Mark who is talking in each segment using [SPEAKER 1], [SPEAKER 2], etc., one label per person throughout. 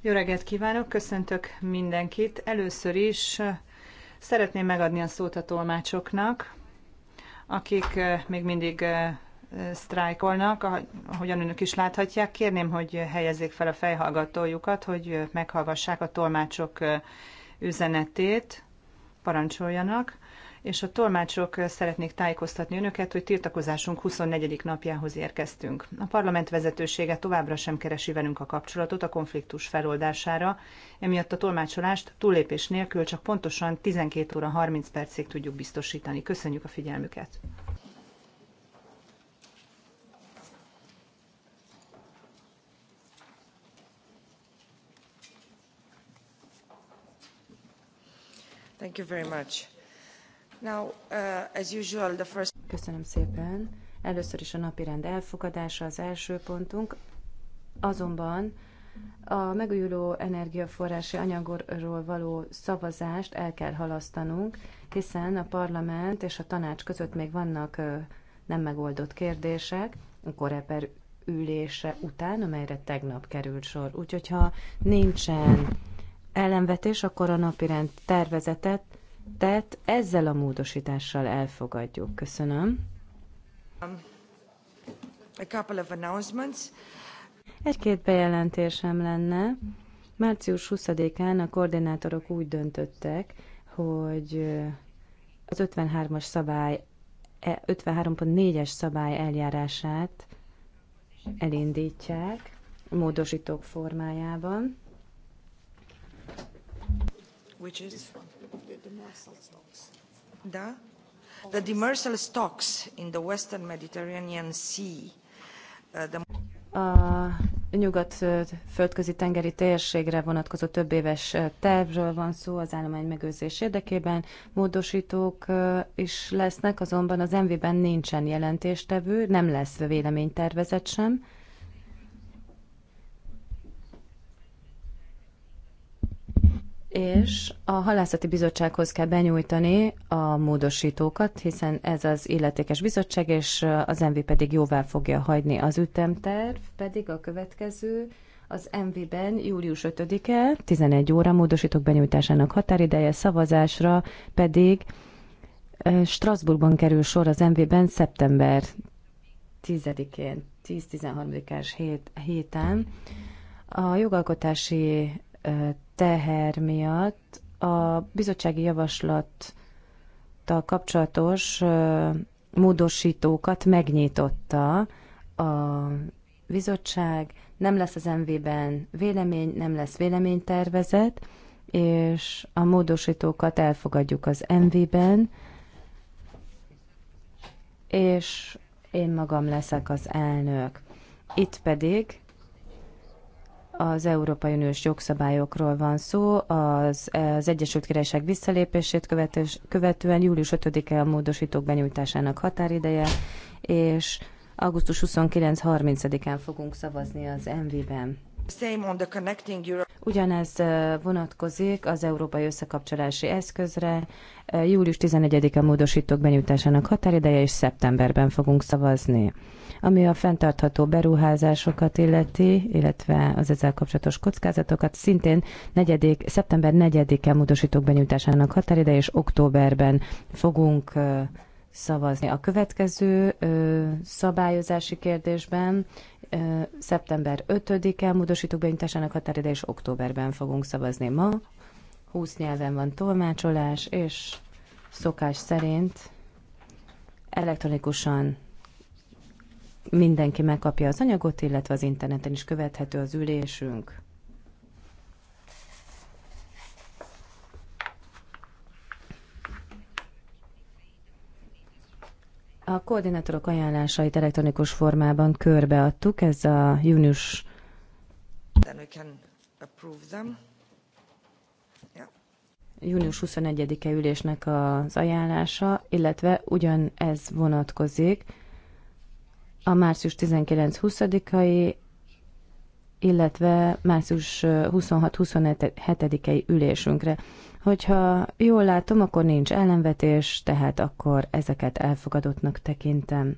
[SPEAKER 1] Jó reggelt kívánok, köszöntök mindenkit. Először is eh, szeretném megadni a szót a tolmácsoknak, akik eh, még mindig eh, sztrájkolnak, ahogyan önök is láthatják. Kérném, hogy helyezzék fel a fejhallgatójukat, hogy meghallgassák a tolmácsok üzenetét, parancsoljanak és a tolmácsok szeretnék tájékoztatni önöket, hogy tiltakozásunk 24. napjához érkeztünk. A parlament vezetősége továbbra sem keresi velünk a kapcsolatot a konfliktus feloldására, emiatt a tolmácsolást túllépés nélkül csak pontosan 12 óra 30 percig tudjuk biztosítani. Köszönjük a figyelmüket!
[SPEAKER 2] Thank you very much. Now, uh, as
[SPEAKER 3] usual, the first...
[SPEAKER 2] Köszönöm szépen. Először is a napirend elfogadása az első pontunk, azonban a megújuló energiaforrási anyagról való szavazást el kell halasztanunk, hiszen a parlament és a tanács között még vannak nem megoldott kérdések, a koreper ülése után, amelyre tegnap került sor. Úgyhogy ha nincsen ellenvetés, akkor a napirend tervezetet tett, ezzel a módosítással elfogadjuk. Köszönöm. Egy-két bejelentésem lenne. Március 20-án a koordinátorok úgy döntöttek, hogy az 53-as szabály, 53.4-es e, szabály eljárását elindítják módosítók formájában.
[SPEAKER 1] Which is? the demersal stocks. Да. The demersal stocks in the Western Mediterranean
[SPEAKER 2] Sea. Uh, the... A nyugat-földközi tengeri térségre vonatkozó több éves tervről van szó az állomány megőrzés érdekében. Módosítók is lesznek, azonban az MV-ben nincsen jelentéstevő, nem lesz véleménytervezet sem. és a halászati bizottsághoz kell benyújtani a módosítókat, hiszen ez az illetékes bizottság, és az MV pedig jóvá fogja hagyni az ütemterv, pedig a következő az MV-ben július 5-e, 11 óra módosítók benyújtásának határideje, szavazásra pedig Strasbourgban kerül sor az MV-ben szeptember 10-én, 10-13-ás hét, héten. A jogalkotási teher miatt a bizottsági javaslattal kapcsolatos módosítókat megnyitotta a bizottság, nem lesz az MV-ben vélemény, nem lesz véleménytervezet, és a módosítókat elfogadjuk az MV-ben, és én magam leszek az elnök. Itt pedig az Európai Uniós jogszabályokról van szó, az, az Egyesült Királyság visszalépését követős, követően július 5-e a módosítók benyújtásának határideje, és augusztus 29-30-án fogunk szavazni az MV-ben. Ugyanez vonatkozik az Európai Összekapcsolási Eszközre. Július 11-e módosítók benyújtásának határideje, és szeptemberben fogunk szavazni. Ami a fenntartható beruházásokat illeti, illetve az ezzel kapcsolatos kockázatokat, szintén 4. szeptember 4-e módosítók benyújtásának határideje, és októberben fogunk szavazni. A következő ö, szabályozási kérdésben szeptember 5-e, módosítók benyújtásának határideje, és októberben fogunk szavazni ma. 20 nyelven van tolmácsolás, és szokás szerint elektronikusan mindenki megkapja az anyagot, illetve az interneten is követhető az ülésünk. A koordinátorok ajánlásait elektronikus formában körbeadtuk, ez a június... Június 21-e ülésnek az ajánlása, illetve ugyan ez vonatkozik a március 19-20-ai, illetve március 26-27-ei ülésünkre. Hogyha jól látom, akkor nincs ellenvetés, tehát akkor ezeket elfogadottnak tekintem.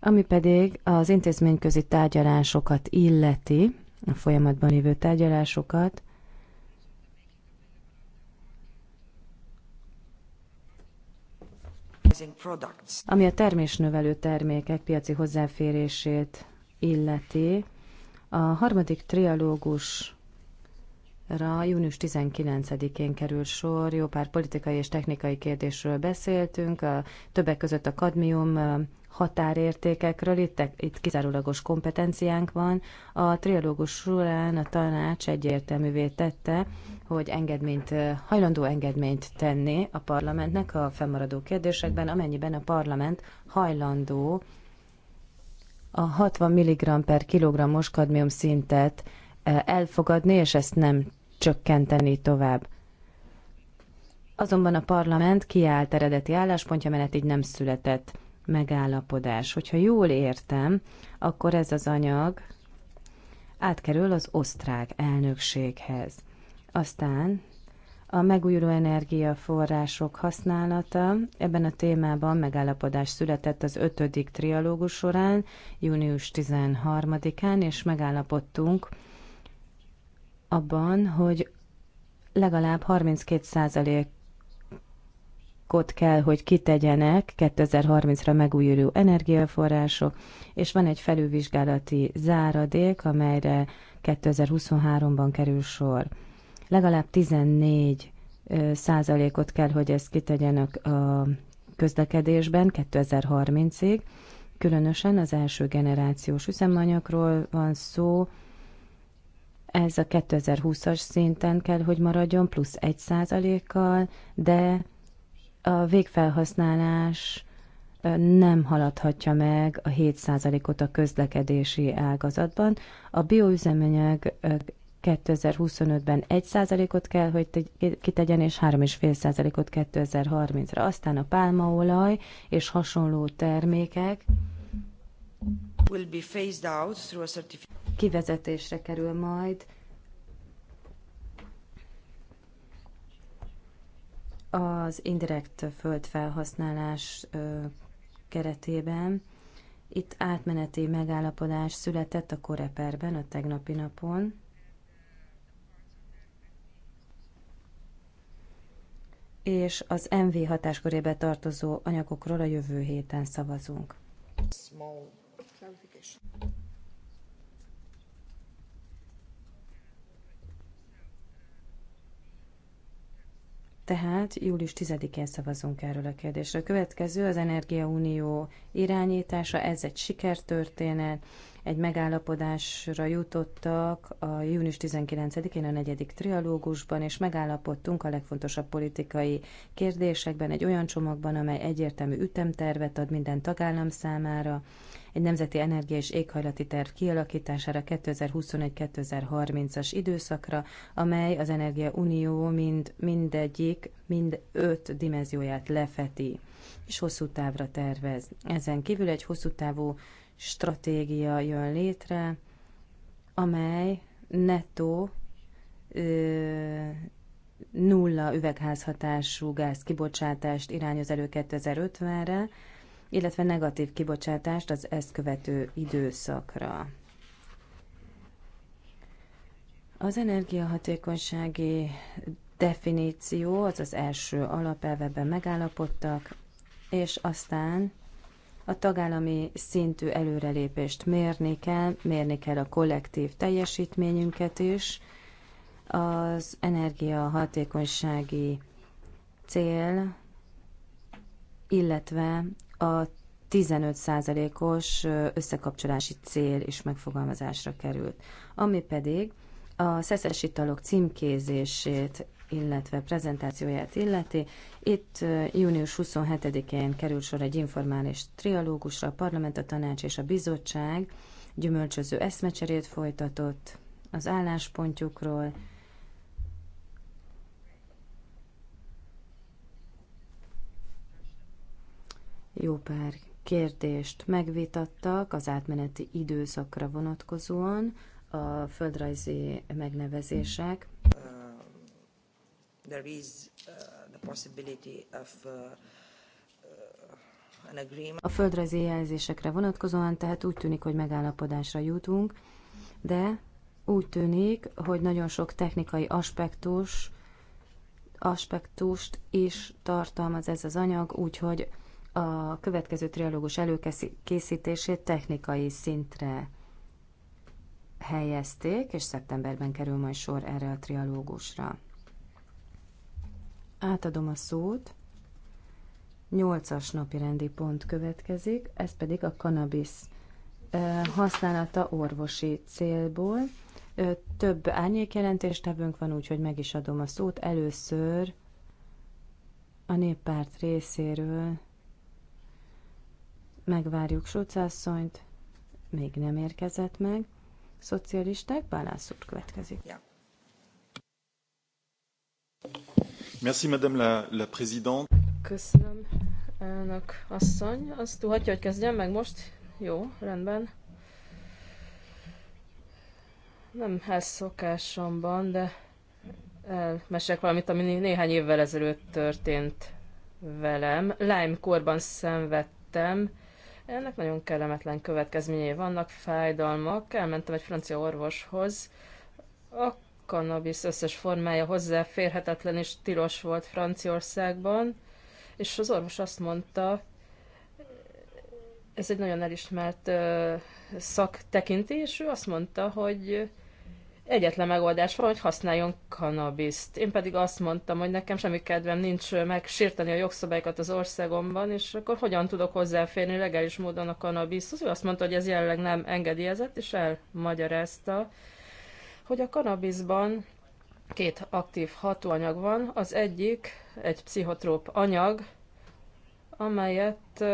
[SPEAKER 2] Ami pedig az intézményközi tárgyalásokat illeti, a folyamatban lévő tárgyalásokat, Ami a termésnövelő termékek piaci hozzáférését illeti, a harmadik trialógus Ra június 19-én kerül sor, jó pár politikai és technikai kérdésről beszéltünk, a, többek között a kadmium határértékekről, itt, itt kizárólagos kompetenciánk van. A trialógus során a tanács egyértelművé tette, hogy engedményt, hajlandó engedményt tenni a parlamentnek a fennmaradó kérdésekben, amennyiben a parlament hajlandó a 60 mg per kilogrammos kadmium szintet elfogadni, és ezt nem csökkenteni tovább. Azonban a parlament kiállt eredeti álláspontja mert így nem született megállapodás. Hogyha jól értem, akkor ez az anyag átkerül az osztrák elnökséghez. Aztán a megújuló energiaforrások használata. Ebben a témában megállapodás született az ötödik trialógus során, június 13-án, és megállapodtunk abban, hogy legalább 32%-ot kell, hogy kitegyenek 2030-ra megújuló energiaforrások, és van egy felülvizsgálati záradék, amelyre 2023-ban kerül sor. Legalább 14 százalékot kell, hogy ezt kitegyenek a közlekedésben 2030-ig. Különösen az első generációs üzemanyagról van szó, ez a 2020-as szinten kell, hogy maradjon, plusz 1 százalékkal, de a végfelhasználás nem haladhatja meg a 7 százalékot a közlekedési ágazatban. A bioüzemanyag 2025-ben 1 százalékot kell, hogy kitegyen, és 35 százalékot 2030-ra. Aztán a pálmaolaj és hasonló termékek kivezetésre kerül majd. Az indirekt földfelhasználás keretében itt átmeneti megállapodás született a Koreperben a tegnapi napon. és az MV hatáskörébe tartozó anyagokról a jövő héten szavazunk. Tehát július 10-én szavazunk erről a kérdésről. A következő az Energiaunió irányítása, ez egy sikertörténet, egy megállapodásra jutottak a június 19-én a negyedik trialógusban, és megállapodtunk a legfontosabb politikai kérdésekben, egy olyan csomagban, amely egyértelmű ütemtervet ad minden tagállam számára, egy nemzeti energia és éghajlati terv kialakítására 2021-2030-as időszakra, amely az Energia Unió mind, mindegyik, mind öt dimenzióját lefeti, és hosszú távra tervez. Ezen kívül egy hosszú távú stratégia jön létre, amely nettó nulla üvegházhatású gáz kibocsátást irányoz elő 2050-re, illetve negatív kibocsátást az ezt követő időszakra. Az energiahatékonysági definíció az az első alapelveben megállapodtak, és aztán a tagállami szintű előrelépést mérni kell, mérni kell a kollektív teljesítményünket is. Az energiahatékonysági cél, illetve a 15%-os összekapcsolási cél is megfogalmazásra került, ami pedig a szeszes italok címkézését, illetve prezentációját illeti. Itt június 27-én kerül sor egy informális trialógusra, a parlament, a tanács és a bizottság gyümölcsöző eszmecserét folytatott az álláspontjukról, jó pár kérdést megvitattak az átmeneti időszakra vonatkozóan a földrajzi megnevezések.
[SPEAKER 1] Uh, there is uh, the possibility of uh,
[SPEAKER 2] uh A földrajzi jelzésekre vonatkozóan tehát úgy tűnik, hogy megállapodásra jutunk, de úgy tűnik, hogy nagyon sok technikai aspektus aspektust is tartalmaz ez az anyag, úgyhogy a következő trialógus előkészítését technikai szintre helyezték, és szeptemberben kerül majd sor erre a trialógusra. Átadom a szót. Nyolcas napi rendi pont következik, ez pedig a kanabisz használata orvosi célból. Több árnyékjelentéstevőnk van, úgyhogy meg is adom a szót. Először a néppárt részéről Megvárjuk Sucászonyt, még nem érkezett meg. Szocialisták, Bálász úr következik. Ja.
[SPEAKER 4] Merci, madame la, la présidente.
[SPEAKER 3] Köszönöm, elnök asszony. Azt tudhatja, hogy kezdjem meg most? Jó, rendben. Nem ez szokásomban, de elmesek valamit, ami néhány évvel ezelőtt történt velem. Lime korban szenvedtem, ennek nagyon kellemetlen következményei vannak, fájdalmak. Elmentem egy francia orvoshoz. A kannabisz összes formája hozzáférhetetlen és tilos volt Franciaországban, és az orvos azt mondta, ez egy nagyon elismert szaktekintés, ő azt mondta, hogy egyetlen megoldás van, hogy használjon kanabiszt. Én pedig azt mondtam, hogy nekem semmi kedvem nincs megsérteni a jogszabályokat az országomban, és akkor hogyan tudok hozzáférni legális módon a kanabiszhoz. Ő azt mondta, hogy ez jelenleg nem engedélyezett, és elmagyarázta, hogy a kanabiszban két aktív hatóanyag van. Az egyik egy pszichotróp anyag, amelyet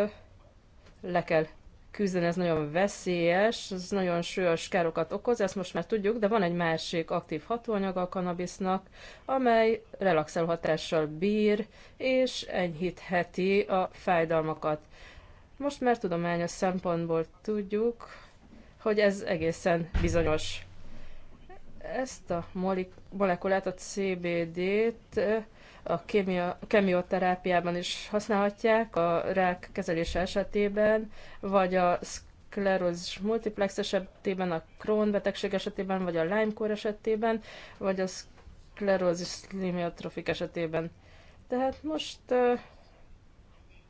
[SPEAKER 3] le kell küzdeni, ez nagyon veszélyes, ez nagyon súlyos károkat okoz, ezt most már tudjuk, de van egy másik aktív hatóanyag a kanabisznak, amely relaxáló hatással bír, és enyhítheti a fájdalmakat. Most már tudományos szempontból tudjuk, hogy ez egészen bizonyos. Ezt a molekulát, a CBD-t a kémia, kemioterápiában is használhatják, a rák kezelése esetében, vagy a szklerózis multiplex esetében, a Crohn betegség esetében, vagy a Lyme-kór esetében, vagy a szklerózis limiotrofik esetében. Tehát most uh,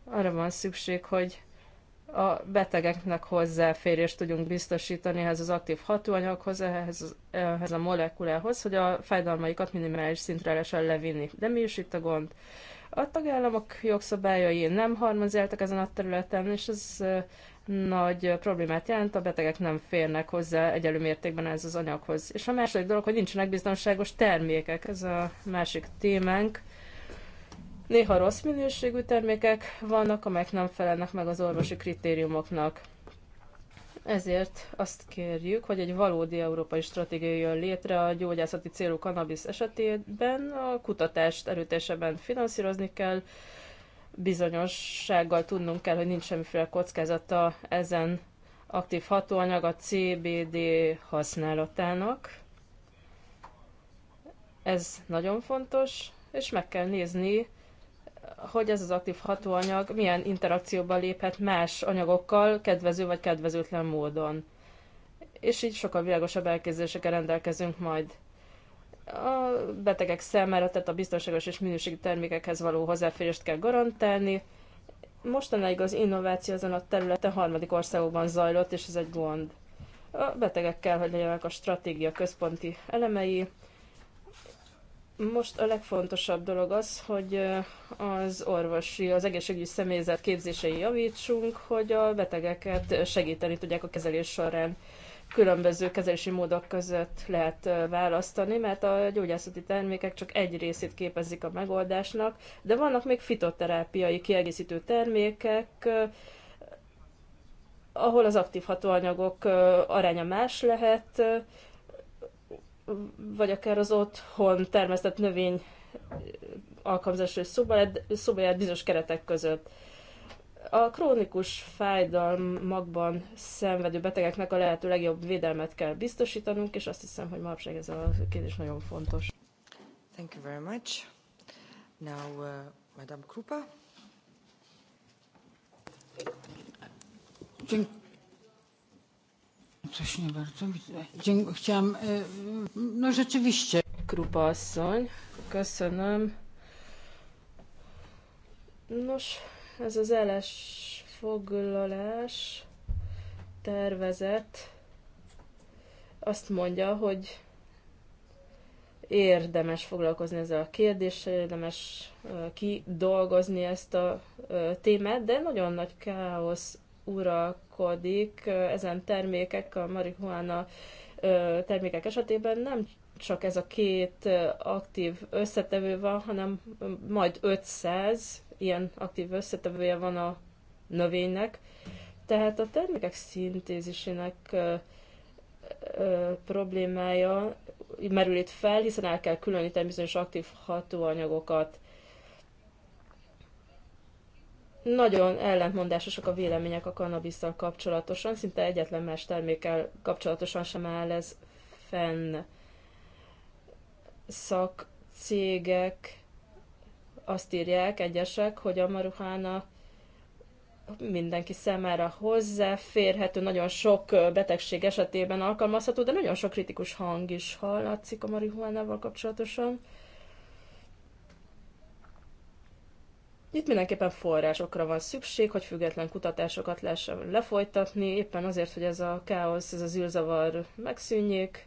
[SPEAKER 3] arra van szükség, hogy a betegeknek hozzáférést tudjunk biztosítani ehhez az aktív hatóanyaghoz, ehhez, ehhez a molekulához, hogy a fájdalmaikat minimális szintre lehessen levinni. De mi is itt a gond? A tagállamok jogszabályai nem harmonizáltak ezen a területen, és ez nagy problémát jelent, a betegek nem férnek hozzá egyelő mértékben ez az anyaghoz. És a második dolog, hogy nincsenek biztonságos termékek, ez a másik témánk. Néha rossz minőségű termékek vannak, amelyek nem felelnek meg az orvosi kritériumoknak. Ezért azt kérjük, hogy egy valódi európai stratégia jön létre a gyógyászati célú kanabisz esetében, a kutatást erőtésebben finanszírozni kell, bizonyossággal tudnunk kell, hogy nincs semmiféle kockázata ezen aktív hatóanyag a CBD használatának. Ez nagyon fontos, és meg kell nézni, hogy ez az aktív hatóanyag milyen interakcióba léphet más anyagokkal, kedvező vagy kedvezőtlen módon. És így sokkal világosabb elképzelésekkel rendelkezünk majd. A betegek számára, tehát a biztonságos és minőségi termékekhez való hozzáférést kell garantálni. Mostanáig az innováció ezen a területen harmadik országokban zajlott, és ez egy gond. A betegekkel hogy legyenek a stratégia központi elemei, most a legfontosabb dolog az, hogy az orvosi, az egészségügyi személyzet képzései javítsunk, hogy a betegeket segíteni tudják a kezelés során. Különböző kezelési módok között lehet választani, mert a gyógyászati termékek csak egy részét képezik a megoldásnak, de vannak még fitoterápiai kiegészítő termékek, ahol az aktív hatóanyagok aránya más lehet, vagy akár az otthon termesztett növény alkalmazásra szóba jár bizonyos keretek között. A krónikus fájdalmakban szenvedő betegeknek a lehető legjobb védelmet kell biztosítanunk, és azt hiszem, hogy manapság ez a kérdés nagyon fontos. Thank you very much. Now, uh, Madame Krupa. Thank coś bardzo widzę. Chciałam, e, no rzeczywiście. Krupa asszony, köszönöm. Nos, ez az eles foglalás tervezet azt mondja, hogy érdemes foglalkozni ezzel a kérdéssel, érdemes e, kidolgozni ezt a e, témát, de nagyon nagy káosz urak gondolkodik ezen termékek, a marihuana termékek esetében, nem csak ez a két aktív összetevő van, hanem majd 500 ilyen aktív összetevője van a növénynek. Tehát a termékek szintézisének problémája merül itt fel, hiszen el kell különíteni bizonyos aktív hatóanyagokat nagyon ellentmondásosak a vélemények a kannabisszal kapcsolatosan, szinte egyetlen más termékkel kapcsolatosan sem áll ez fenn. Szakcégek azt írják egyesek, hogy a maruhána mindenki számára hozzáférhető, nagyon sok betegség esetében alkalmazható, de nagyon sok kritikus hang is hallatszik a marihuánával kapcsolatosan. Itt mindenképpen forrásokra van szükség, hogy független kutatásokat lehessen lefolytatni, éppen azért, hogy ez a káosz, ez az űrzavar megszűnjék,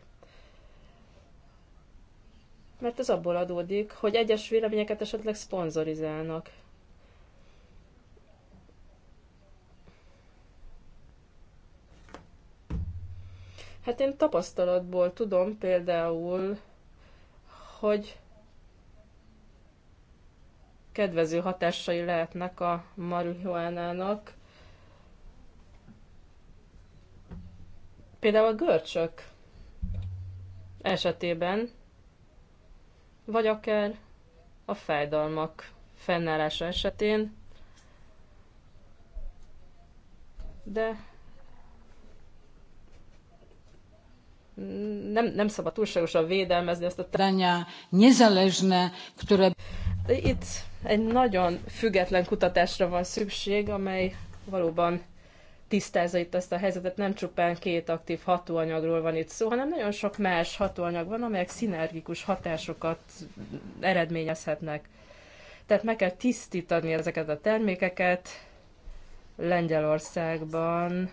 [SPEAKER 3] mert ez abból adódik, hogy egyes véleményeket esetleg szponzorizálnak. Hát én tapasztalatból tudom például, hogy kedvező hatásai lehetnek a marihuánának. Például a görcsök esetében, vagy akár a fájdalmak fennállása esetén, de nem, nem szabad túlságosan védelmezni ezt a tárgyat. Itt egy nagyon független kutatásra van szükség, amely valóban tisztázza itt ezt a helyzetet, nem csupán két aktív hatóanyagról van itt szó, hanem nagyon sok más hatóanyag van, amelyek szinergikus hatásokat eredményezhetnek. Tehát meg kell tisztítani ezeket a termékeket. Lengyelországban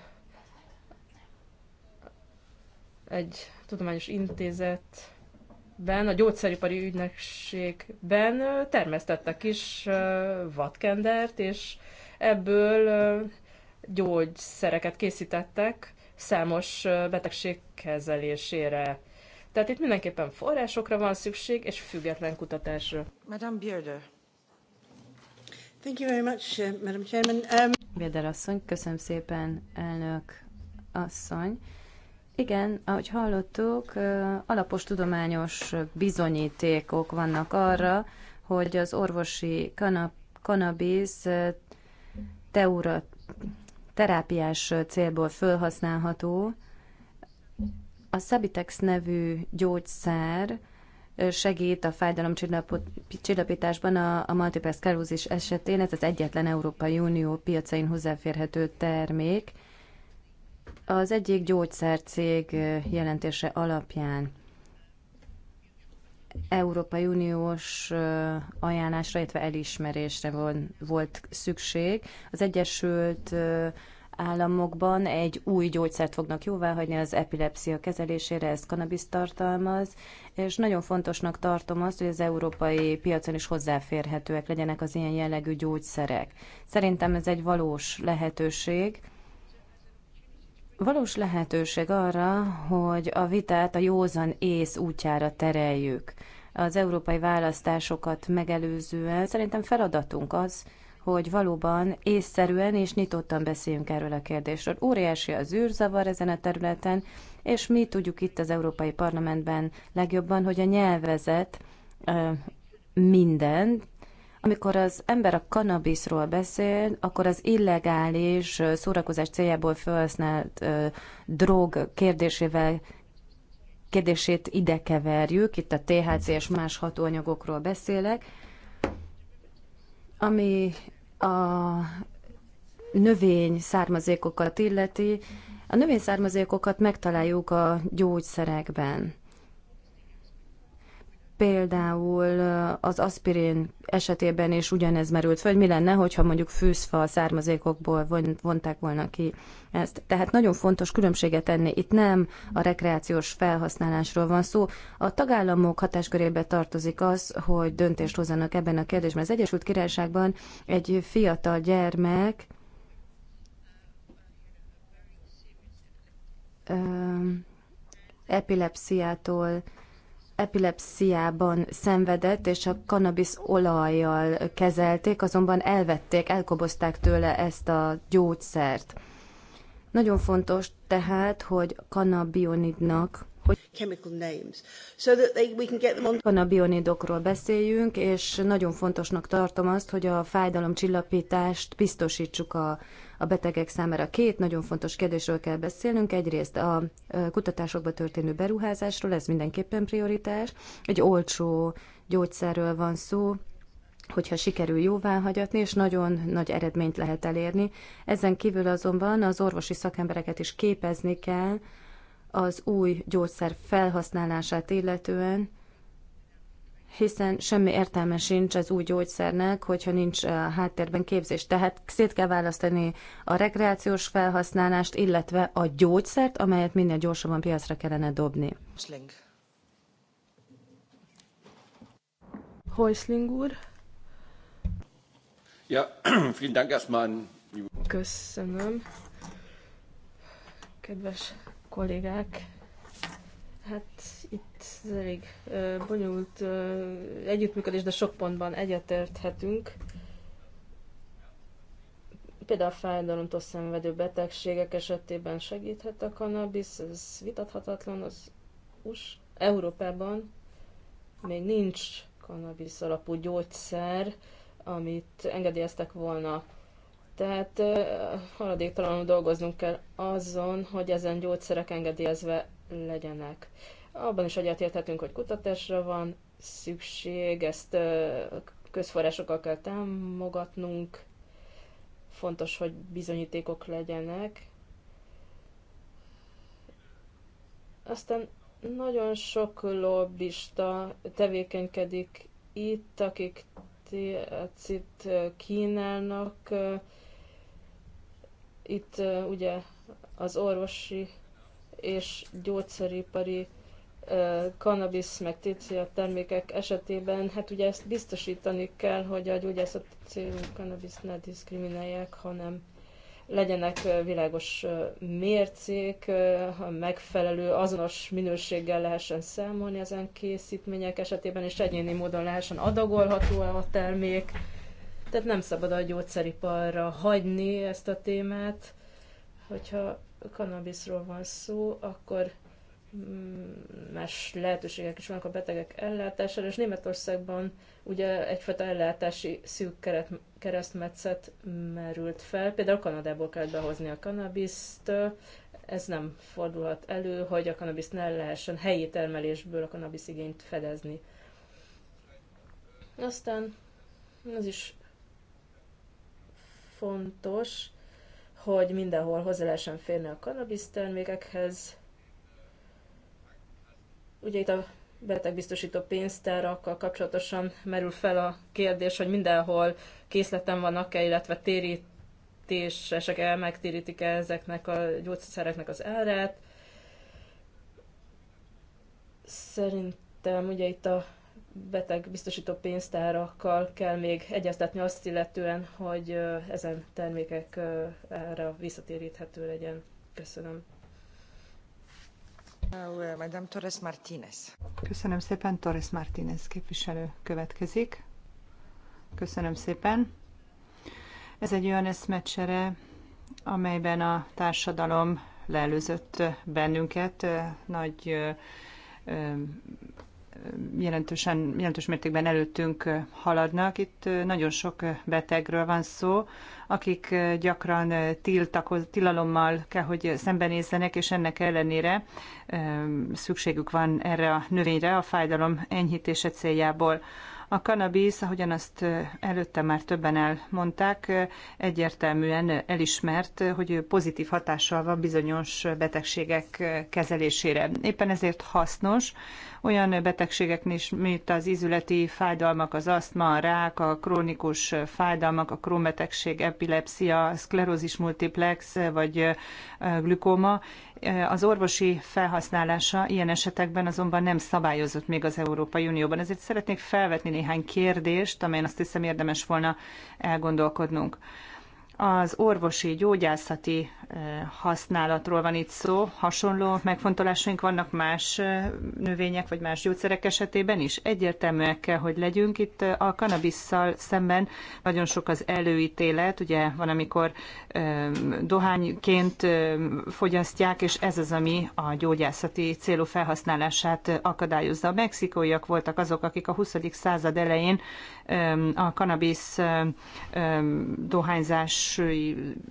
[SPEAKER 3] egy tudományos intézet ben, a gyógyszeripari ügynökségben termesztettek is vatkendert, és ebből gyógyszereket készítettek számos betegség kezelésére. Tehát itt mindenképpen forrásokra van szükség, és független kutatásra.
[SPEAKER 2] Madame Bierder. Thank you very much, uh, Madame Chairman. Um... Bierder asszony, köszönöm szépen, elnök asszony. Igen, ahogy hallottuk, alapos tudományos bizonyítékok vannak arra, hogy az orvosi kanabis kanabisz teura, terápiás célból felhasználható. A Sabitex nevű gyógyszer segít a fájdalomcsillapításban a, a multiple esetén. Ez az egyetlen Európai Unió piacain hozzáférhető termék az egyik gyógyszercég jelentése alapján Európai Uniós ajánlásra, illetve elismerésre von, volt szükség. Az Egyesült államokban egy új gyógyszert fognak jóváhagyni az epilepszia kezelésére, ez kanabis tartalmaz, és nagyon fontosnak tartom azt, hogy az európai piacon is hozzáférhetőek legyenek az ilyen jellegű gyógyszerek. Szerintem ez egy valós lehetőség, valós lehetőség arra, hogy a vitát a józan ész útjára tereljük. Az európai választásokat megelőzően szerintem feladatunk az, hogy valóban észszerűen és nyitottan beszéljünk erről a kérdésről. Óriási az űrzavar ezen a területen, és mi tudjuk itt az Európai Parlamentben legjobban, hogy a nyelvezet minden, amikor az ember a kanabiszról beszél, akkor az illegális szórakozás céljából felhasznált drog kérdésével kérdését ide keverjük, itt a THC és más hatóanyagokról beszélek, ami a növény származékokat illeti, a növény származékokat megtaláljuk a gyógyszerekben. Például az aspirin esetében is ugyanez merült föl, hogy mi lenne, hogyha mondjuk fűszfa származékokból vonták volna ki ezt. Tehát nagyon fontos különbséget tenni. Itt nem a rekreációs felhasználásról van szó. A tagállamok hatáskörébe tartozik az, hogy döntést hozzanak ebben a kérdésben. Az Egyesült Királyságban egy fiatal gyermek epilepsziától epilepsziában szenvedett, és a cannabis olajjal kezelték, azonban elvették, elkobozták tőle ezt a gyógyszert. Nagyon fontos tehát, hogy kannabionidnak hogy chemical names, so that they, we can get them on... beszéljünk, és nagyon fontosnak tartom azt, hogy a fájdalomcsillapítást biztosítsuk a a betegek számára. Két nagyon fontos kérdésről kell beszélnünk. Egyrészt a kutatásokba történő beruházásról, ez mindenképpen prioritás. Egy olcsó gyógyszerről van szó, hogyha sikerül jóvá hagyatni, és nagyon nagy eredményt lehet elérni. Ezen kívül azonban az orvosi szakembereket is képezni kell az új gyógyszer felhasználását illetően, hiszen semmi értelme sincs az új gyógyszernek, hogyha nincs a eh, háttérben képzés. Tehát szét kell választani a rekreációs felhasználást, illetve a gyógyszert, amelyet minél gyorsabban piacra kellene dobni. Sling. Heusling úr.
[SPEAKER 4] Ja, vielen Dank erstmal.
[SPEAKER 3] Köszönöm. Kedves kollégák, hát itt elég bonyolult együttműködés, de sok pontban egyetérthetünk. Például a fájdalomtól szenvedő betegségek esetében segíthet a kannabisz, ez vitathatatlan, az US, Európában még nincs kannabisz alapú gyógyszer, amit engedélyeztek volna. Tehát haladéktalanul dolgoznunk kell azon, hogy ezen gyógyszerek engedélyezve legyenek. Abban is egyetérthetünk, hogy kutatásra van szükség, ezt közforrásokkal kell támogatnunk, fontos, hogy bizonyítékok legyenek. Aztán nagyon sok lobbista tevékenykedik itt, akik hát itt kínálnak. Itt ugye az orvosi és gyógyszeripari cannabis meg TCA termékek esetében, hát ugye ezt biztosítani kell, hogy a gyógyászat célú cannabis ne diszkriminálják, hanem legyenek világos mércék, ha megfelelő, azonos minőséggel lehessen számolni ezen készítmények esetében, és egyéni módon lehessen adagolható a termék. Tehát nem szabad a gyógyszeriparra hagyni ezt a témát. Hogyha kannabiszról van szó, akkor más lehetőségek is vannak a betegek ellátására, és Németországban ugye egyfajta ellátási szűk keret, keresztmetszet merült fel. Például Kanadából kellett behozni a kanabiszt, ez nem fordulhat elő, hogy a kanabiszt ne lehessen helyi termelésből a kanabisz igényt fedezni. Aztán az is fontos, hogy mindenhol hozzá lehessen férni a kanabisz termékekhez, Ugye itt a betegbiztosító pénztárakkal kapcsolatosan merül fel a kérdés, hogy mindenhol készleten vannak-e, illetve térítések el, megtérítik -e ezeknek a gyógyszereknek az árát. Szerintem ugye itt a beteg biztosító pénztárakkal kell még egyeztetni azt illetően, hogy ezen termékek erre visszatéríthető legyen. Köszönöm.
[SPEAKER 1] Köszönöm szépen, Torres Martínez képviselő következik. Köszönöm szépen. Ez egy olyan eszmecsere, amelyben a társadalom leelőzött bennünket nagy jelentősen, jelentős mértékben előttünk haladnak. Itt nagyon sok betegről van szó, akik gyakran tiltakoz, tilalommal kell, hogy szembenézzenek, és ennek ellenére szükségük van erre a növényre a fájdalom enyhítése céljából. A kanabisz, ahogyan azt előtte már többen elmondták, egyértelműen elismert, hogy pozitív hatással van bizonyos betegségek kezelésére. Éppen ezért hasznos, olyan betegségeknél is, mint az izületi fájdalmak, az asztma, a rák, a krónikus fájdalmak, a krómbetegség, epilepsia, szklerózis multiplex vagy glükóma. Az orvosi felhasználása ilyen esetekben azonban nem szabályozott még az Európai Unióban. Ezért szeretnék felvetni néhány kérdést, amelyen azt hiszem érdemes volna elgondolkodnunk. Az orvosi, gyógyászati használatról van itt szó. Hasonló megfontolásaink vannak más növények vagy más gyógyszerek esetében is. Egyértelműek kell, hogy legyünk. Itt a kanabisszal szemben nagyon sok az előítélet. Ugye van, amikor dohányként fogyasztják, és ez az, ami a gyógyászati célú felhasználását akadályozza. A mexikóiak voltak azok, akik a 20. század elején a kanabisz dohányzás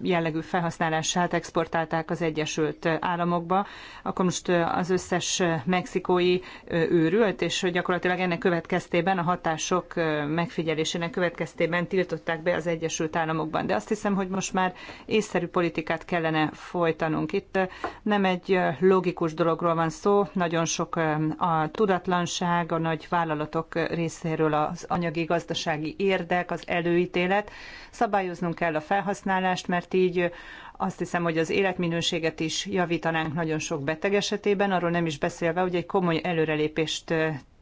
[SPEAKER 1] jellegű felhasználását exportálták az Egyesült Államokba, akkor most az összes mexikói őrült, és gyakorlatilag ennek következtében a hatások megfigyelésének következtében tiltották be az Egyesült Államokban. De azt hiszem, hogy most már észszerű politikát kellene folytanunk. Itt nem egy logikus dologról van szó, nagyon sok a tudatlanság, a nagy vállalatok részéről az anyagi igaz gazdasági érdek, az előítélet. Szabályoznunk kell a felhasználást, mert így azt hiszem, hogy az életminőséget is javítanánk nagyon sok beteg esetében, arról nem is beszélve, hogy egy komoly előrelépést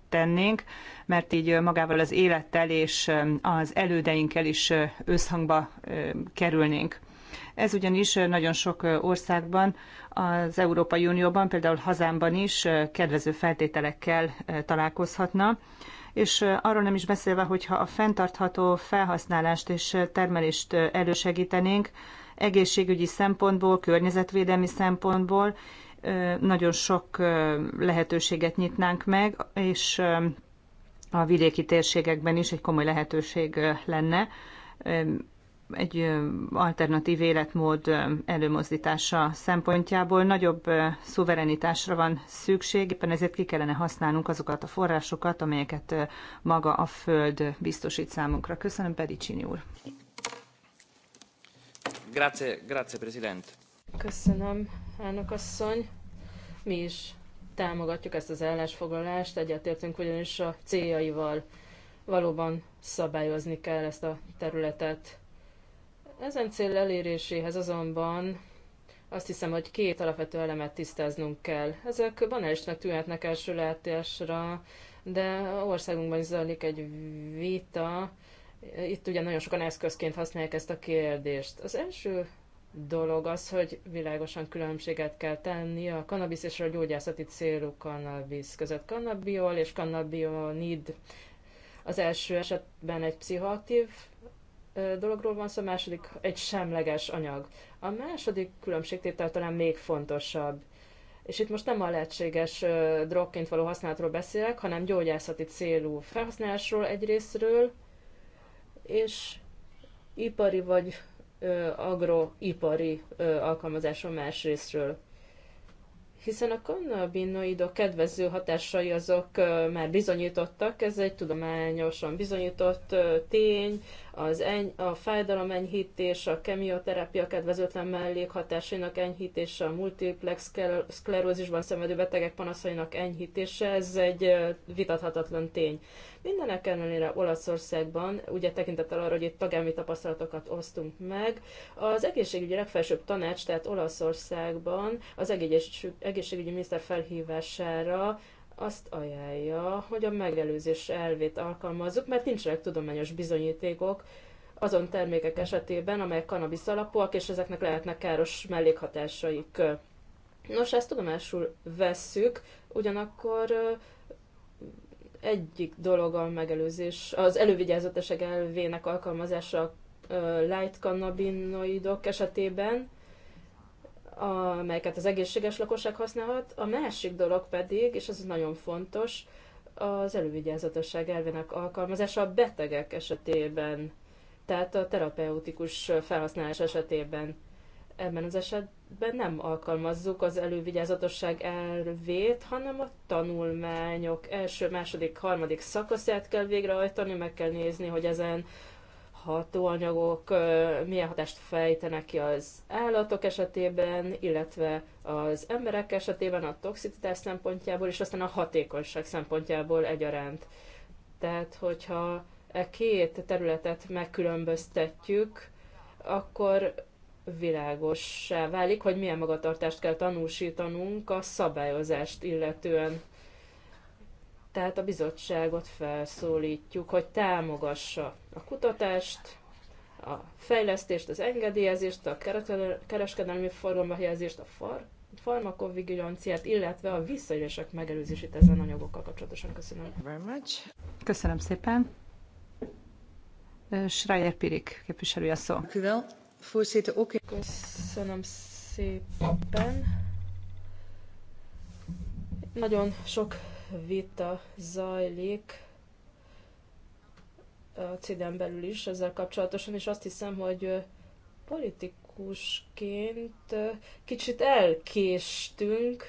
[SPEAKER 1] tennénk, mert így magával az élettel és az elődeinkkel is összhangba kerülnénk. Ez ugyanis nagyon sok országban, az Európai Unióban, például hazámban is kedvező feltételekkel találkozhatna és arról nem is beszélve, hogyha a fenntartható felhasználást és termelést elősegítenénk, egészségügyi szempontból, környezetvédelmi szempontból nagyon sok lehetőséget nyitnánk meg, és a vidéki térségekben is egy komoly lehetőség lenne egy alternatív életmód előmozdítása szempontjából nagyobb szuverenitásra van szükség, éppen ezért ki kellene használnunk azokat a forrásokat, amelyeket maga a Föld biztosít számunkra. Köszönöm, Pedicsini úr.
[SPEAKER 3] Grazie, grazie, President. Köszönöm, elnök asszony. Mi is támogatjuk ezt az állásfoglalást, egyetértünk ugyanis a céljaival valóban szabályozni kell ezt a területet. Ezen cél eléréséhez azonban azt hiszem, hogy két alapvető elemet tisztáznunk kell. Ezek banálisnak tűnhetnek első látásra, de országunkban is zajlik egy vita. Itt ugye nagyon sokan eszközként használják ezt a kérdést. Az első dolog az, hogy világosan különbséget kell tenni a kannabisz és a gyógyászati célú kannabisz között. Kannabiol és kannabionid az első esetben egy pszichoaktív dologról van szó, a második egy semleges anyag. A második különbségtétel talán még fontosabb. És itt most nem a lehetséges drogként való használatról beszélek, hanem gyógyászati célú felhasználásról egyrésztről, és ipari vagy agroipari alkalmazáson más részről. Hiszen a kannabinoidok kedvező hatásai azok már bizonyítottak, ez egy tudományosan bizonyított tény, az eny, a fájdalom enyhítés, a kemioterápia kedvezőtlen mellékhatásainak enyhítése, a multiplex szklerózisban szenvedő betegek panaszainak enyhítése, ez egy vitathatatlan tény. Mindenek ellenére Olaszországban, ugye tekintettel arra, hogy itt tagállami tapasztalatokat osztunk meg, az egészségügyi legfelsőbb tanács, tehát Olaszországban az egészségügyi miniszter felhívására azt ajánlja, hogy a megelőzés elvét alkalmazzuk, mert nincsenek tudományos bizonyítékok azon termékek esetében, amelyek kanabisz alapúak, és ezeknek lehetnek káros mellékhatásaik. Nos, ezt tudomásul vesszük, ugyanakkor egyik dolog a megelőzés, az elővigyázatosság elvének alkalmazása a light cannabinoidok esetében, amelyeket az egészséges lakosság használhat. A másik dolog pedig, és ez nagyon fontos, az elővigyázatosság elvének alkalmazása a betegek esetében, tehát a terapeutikus felhasználás esetében. Ebben az esetben nem alkalmazzuk az elővigyázatosság elvét, hanem a tanulmányok első, második, harmadik szakaszát kell végrehajtani, meg kell nézni, hogy ezen hatóanyagok milyen hatást fejtenek ki az állatok esetében, illetve az emberek esetében a toxicitás szempontjából, és aztán a hatékonyság szempontjából egyaránt. Tehát, hogyha e két területet megkülönböztetjük, akkor világossá válik, hogy milyen magatartást kell tanúsítanunk a szabályozást illetően tehát a bizottságot felszólítjuk, hogy támogassa a kutatást, a fejlesztést, az engedélyezést, a kereskedelmi forgalomba helyezést, a far farmakovigilanciát, illetve a visszaélések megelőzését ezen anyagokkal kapcsolatosan. Köszönöm. Very much.
[SPEAKER 1] Köszönöm szépen. Schreier Pirik képviselője szó.
[SPEAKER 3] Köszönöm szépen. Nagyon sok vita zajlik a CIDEN belül is ezzel kapcsolatosan, és azt hiszem, hogy politikusként kicsit elkéstünk.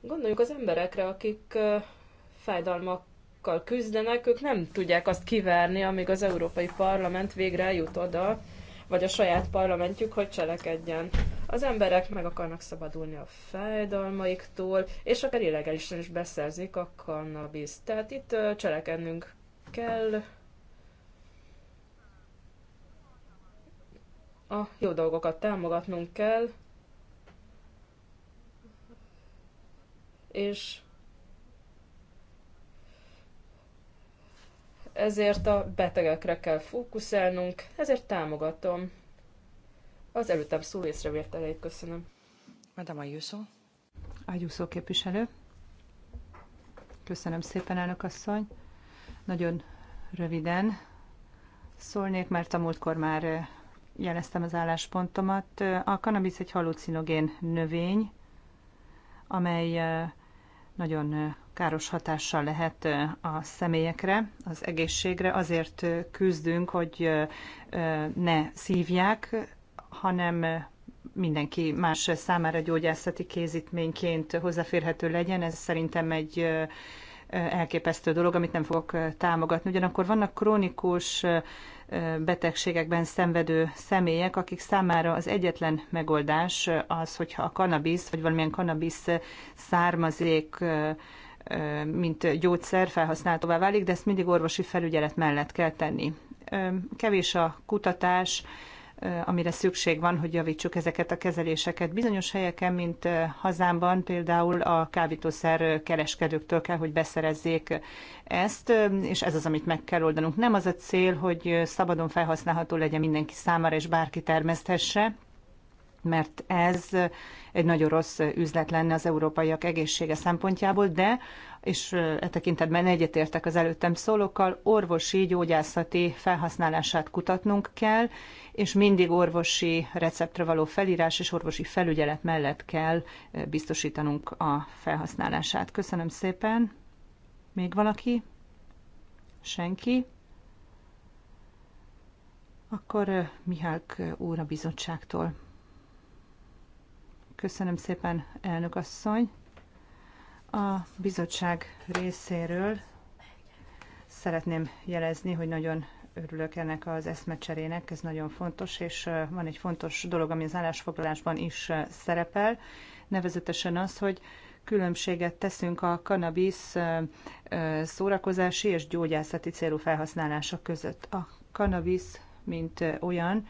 [SPEAKER 3] Gondoljuk az emberekre, akik fájdalmakkal küzdenek, ők nem tudják azt kivárni, amíg az Európai Parlament végre eljut oda, vagy a saját parlamentjük, hogy cselekedjen. Az emberek meg akarnak szabadulni a fájdalmaiktól, és akár illegálisan is beszerzik a cannabis. Tehát itt cselekednünk kell. A jó dolgokat támogatnunk kell. És ezért a betegekre kell fókuszálnunk, ezért támogatom az előttem szó észrevételeit köszönöm. Madame Ayuso.
[SPEAKER 1] Ayuso képviselő. Köszönöm szépen, elnök asszony. Nagyon röviden szólnék, mert a múltkor már eh, jeleztem az álláspontomat. A kanabisz egy halucinogén növény, amely eh, nagyon eh, káros hatással lehet a személyekre, az egészségre. Azért küzdünk, hogy ne szívják, hanem eh, mindenki más számára gyógyászati kézítményként hozzáférhető legyen. Ez szerintem egy eh, elképesztő dolog, amit nem fogok eh, támogatni. Ugyanakkor vannak krónikus betegségekben szenvedő személyek, akik számára az egyetlen megoldás az, hogyha a kannabisz vagy valamilyen kannabisz származék mint gyógyszer felhasználtóvá válik, de ezt mindig orvosi felügyelet mellett kell tenni. Kevés a kutatás, Eh, amire szükség van, hogy javítsuk ezeket a kezeléseket. Bizonyos helyeken, mint eh, hazámban például a kábítószer eh, kereskedőktől kell, hogy beszerezzék ezt, és ez az, amit meg kell oldanunk. Nem az a cél, hogy szabadon felhasználható legyen mindenki számára, és bárki termeszthesse, mert ez egy nagyon rossz üzlet lenne az európaiak egészsége szempontjából, de és e tekintetben egyetértek az előttem szólókkal, orvosi gyógyászati felhasználását kutatnunk kell, és mindig orvosi receptre való felírás és orvosi felügyelet mellett kell biztosítanunk a felhasználását. Köszönöm szépen. Még valaki? Senki? Akkor Mihálk úr a bizottságtól. Köszönöm szépen, elnök asszony. A bizottság részéről szeretném jelezni, hogy nagyon örülök ennek az eszmecserének, ez nagyon fontos, és van egy fontos dolog, ami az állásfoglalásban is szerepel, nevezetesen az, hogy különbséget teszünk a kanabisz szórakozási és gyógyászati célú felhasználása között. A kanabisz, mint olyan,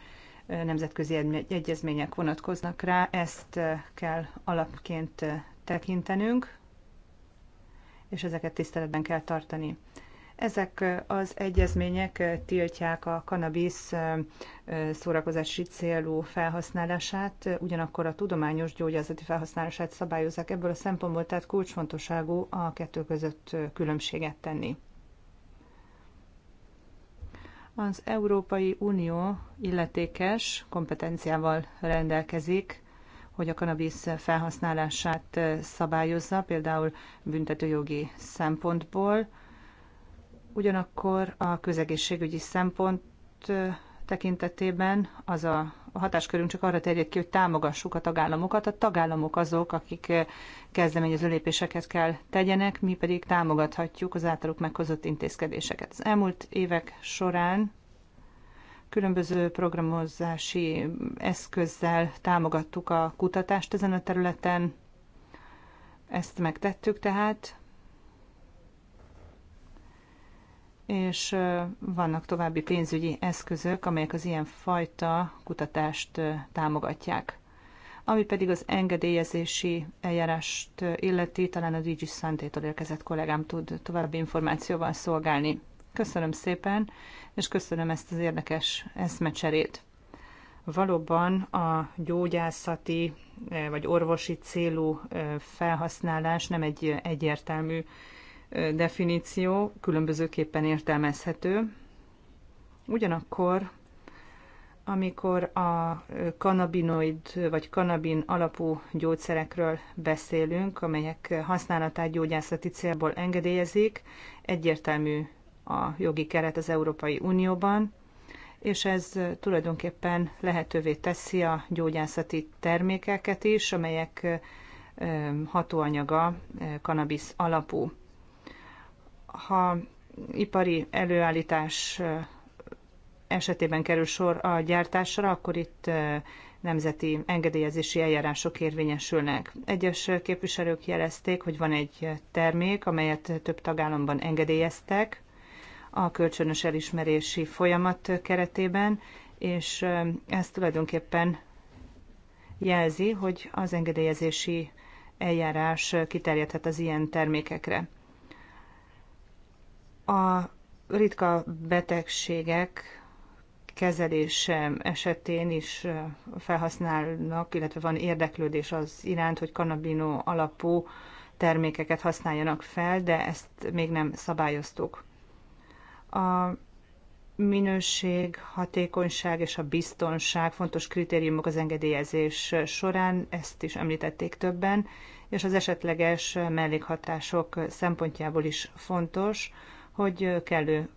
[SPEAKER 1] nemzetközi egyezmények vonatkoznak rá, ezt kell alapként tekintenünk, és ezeket tiszteletben kell tartani. Ezek az egyezmények tiltják a kanabisz szórakozási célú felhasználását, ugyanakkor a tudományos gyógyászati felhasználását szabályozzák ebből a szempontból, tehát kulcsfontosságú a kettő között különbséget tenni. Az Európai Unió illetékes kompetenciával rendelkezik hogy a kanabisz felhasználását szabályozza, például büntetőjogi szempontból. Ugyanakkor a közegészségügyi szempont tekintetében az a a hatáskörünk csak arra terjed ki, hogy támogassuk a tagállamokat. A tagállamok azok, akik kezdeményező lépéseket kell tegyenek, mi pedig támogathatjuk az általuk meghozott intézkedéseket. Az elmúlt évek során különböző programozási eszközzel támogattuk a kutatást ezen a területen. Ezt megtettük tehát. És vannak további pénzügyi eszközök, amelyek az ilyen fajta kutatást támogatják. Ami pedig az engedélyezési eljárást illeti, talán a Digi Szentétől érkezett kollégám tud további információval szolgálni. Köszönöm szépen, és köszönöm ezt az érdekes eszmecserét. Valóban a gyógyászati eh, vagy orvosi célú eh, felhasználás nem egy egyértelmű eh, definíció, különbözőképpen értelmezhető. Ugyanakkor, amikor a kanabinoid vagy kanabin alapú gyógyszerekről beszélünk, amelyek használatát gyógyászati célból engedélyezik, egyértelmű a jogi keret az Európai Unióban, és ez tulajdonképpen lehetővé teszi a gyógyászati termékeket is, amelyek hatóanyaga kanabisz alapú. Ha ipari előállítás esetében kerül sor a gyártásra, akkor itt nemzeti engedélyezési eljárások érvényesülnek. Egyes képviselők jelezték, hogy van egy termék, amelyet több tagállamban engedélyeztek, a kölcsönös elismerési folyamat keretében, és ez tulajdonképpen jelzi, hogy az engedélyezési eljárás kiterjedhet az ilyen termékekre. A ritka betegségek kezelése esetén is felhasználnak, illetve van érdeklődés az iránt, hogy kanabino alapú termékeket használjanak fel, de ezt még nem szabályoztuk. A minőség, hatékonyság és a biztonság fontos kritériumok az engedélyezés során, ezt is említették többen, és az esetleges mellékhatások szempontjából is fontos, hogy kellő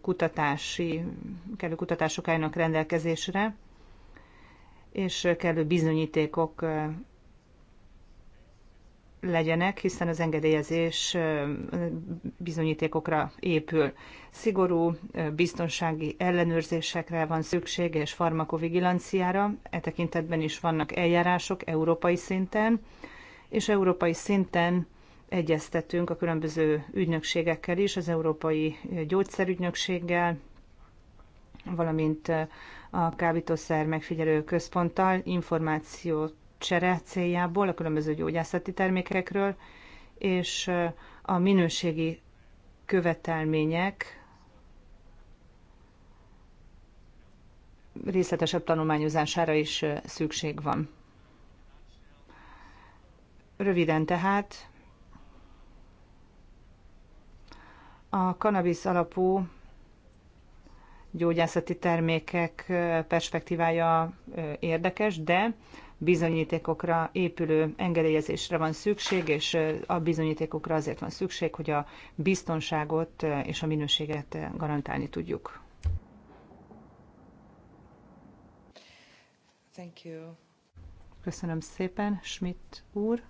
[SPEAKER 1] kutatási, kellő kutatások álljanak rendelkezésre, és kellő bizonyítékok legyenek, hiszen az engedélyezés bizonyítékokra épül. Szigorú biztonsági ellenőrzésekre van szükség és farmakovigilanciára, e tekintetben is vannak eljárások európai szinten, és európai szinten egyeztetünk a különböző ügynökségekkel is, az Európai Gyógyszerügynökséggel, valamint a kábítószer megfigyelő központtal információt csere céljából a különböző gyógyászati termékekről, és eh, a minőségi követelmények részletesebb tanulmányozására is eh, szükség van. Röviden tehát a kanabisz alapú gyógyászati termékek eh, perspektívája érdekes, de bizonyítékokra épülő engedélyezésre van szükség, és a bizonyítékokra azért van szükség, hogy a biztonságot és a minőséget garantálni tudjuk. Thank you. Köszönöm szépen, Schmidt úr.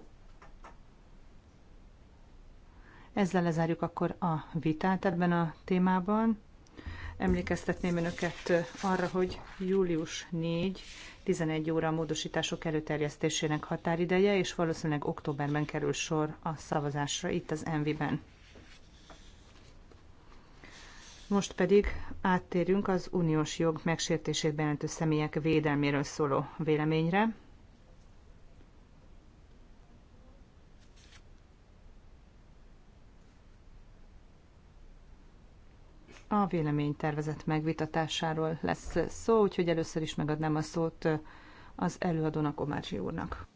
[SPEAKER 1] Ezzel lezárjuk akkor a vitát ebben a témában. Emlékeztetném önöket arra, hogy július 4, 11 óra a módosítások előterjesztésének határideje, és valószínűleg októberben kerül sor a szavazásra itt az Envi-ben. Most pedig áttérünk az uniós jog megsértését bejelentő személyek védelméről szóló véleményre. a véleménytervezet megvitatásáról lesz szó, úgyhogy először is megadnám a szót az előadónak, Omárzsi
[SPEAKER 4] úrnak.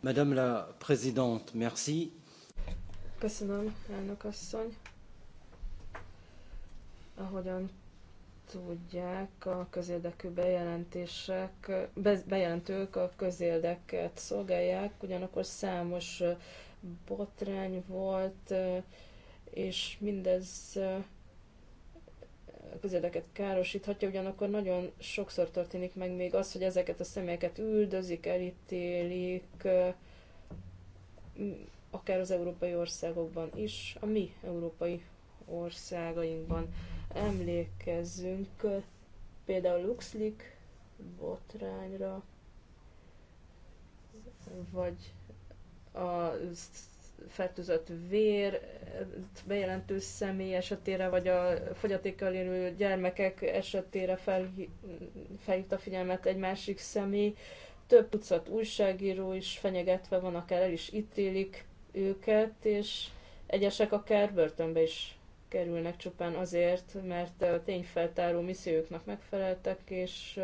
[SPEAKER 4] Madame la Présidente,
[SPEAKER 3] merci. Köszönöm, elnök asszony. Ahogyan tudják, a közérdekű bejelentések, bejelentők a közérdeket szolgálják, ugyanakkor számos botrány volt, és mindez közérdeket károsíthatja, ugyanakkor nagyon sokszor történik meg még az, hogy ezeket a személyeket üldözik, elítélik, akár az európai országokban is, a mi európai országainkban emlékezzünk például LuxLeak botrányra, vagy a fertőzött vér bejelentő személy esetére, vagy a fogyatékkal élő gyermekek esetére fel, felhívta a figyelmet egy másik személy. Több tucat újságíró is fenyegetve van, akár el is ítélik őket, és egyesek akár börtönbe is kerülnek csupán azért, mert a tényfeltáró misszióknak megfeleltek, és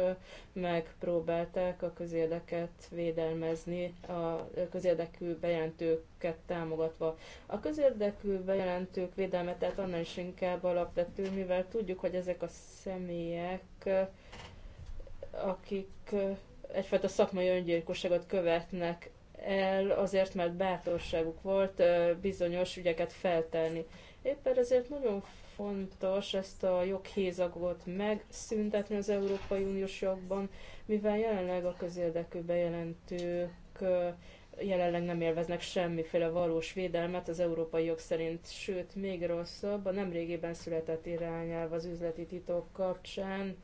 [SPEAKER 3] megpróbálták a közérdeket védelmezni, a közérdekű bejelentőket támogatva. A közérdekű bejelentők védelme tehát annál is inkább alapvető, mivel tudjuk, hogy ezek a személyek, akik egyfajta szakmai öngyilkosságot követnek el, azért, mert bátorságuk volt bizonyos ügyeket feltelni. Éppen ezért nagyon fontos ezt a joghézagot megszüntetni az Európai Uniós jogban, mivel jelenleg a közérdekű bejelentők jelenleg nem élveznek semmiféle valós védelmet az európai jog szerint, sőt, még rosszabb, a nemrégében született irányelv az üzleti titok kapcsán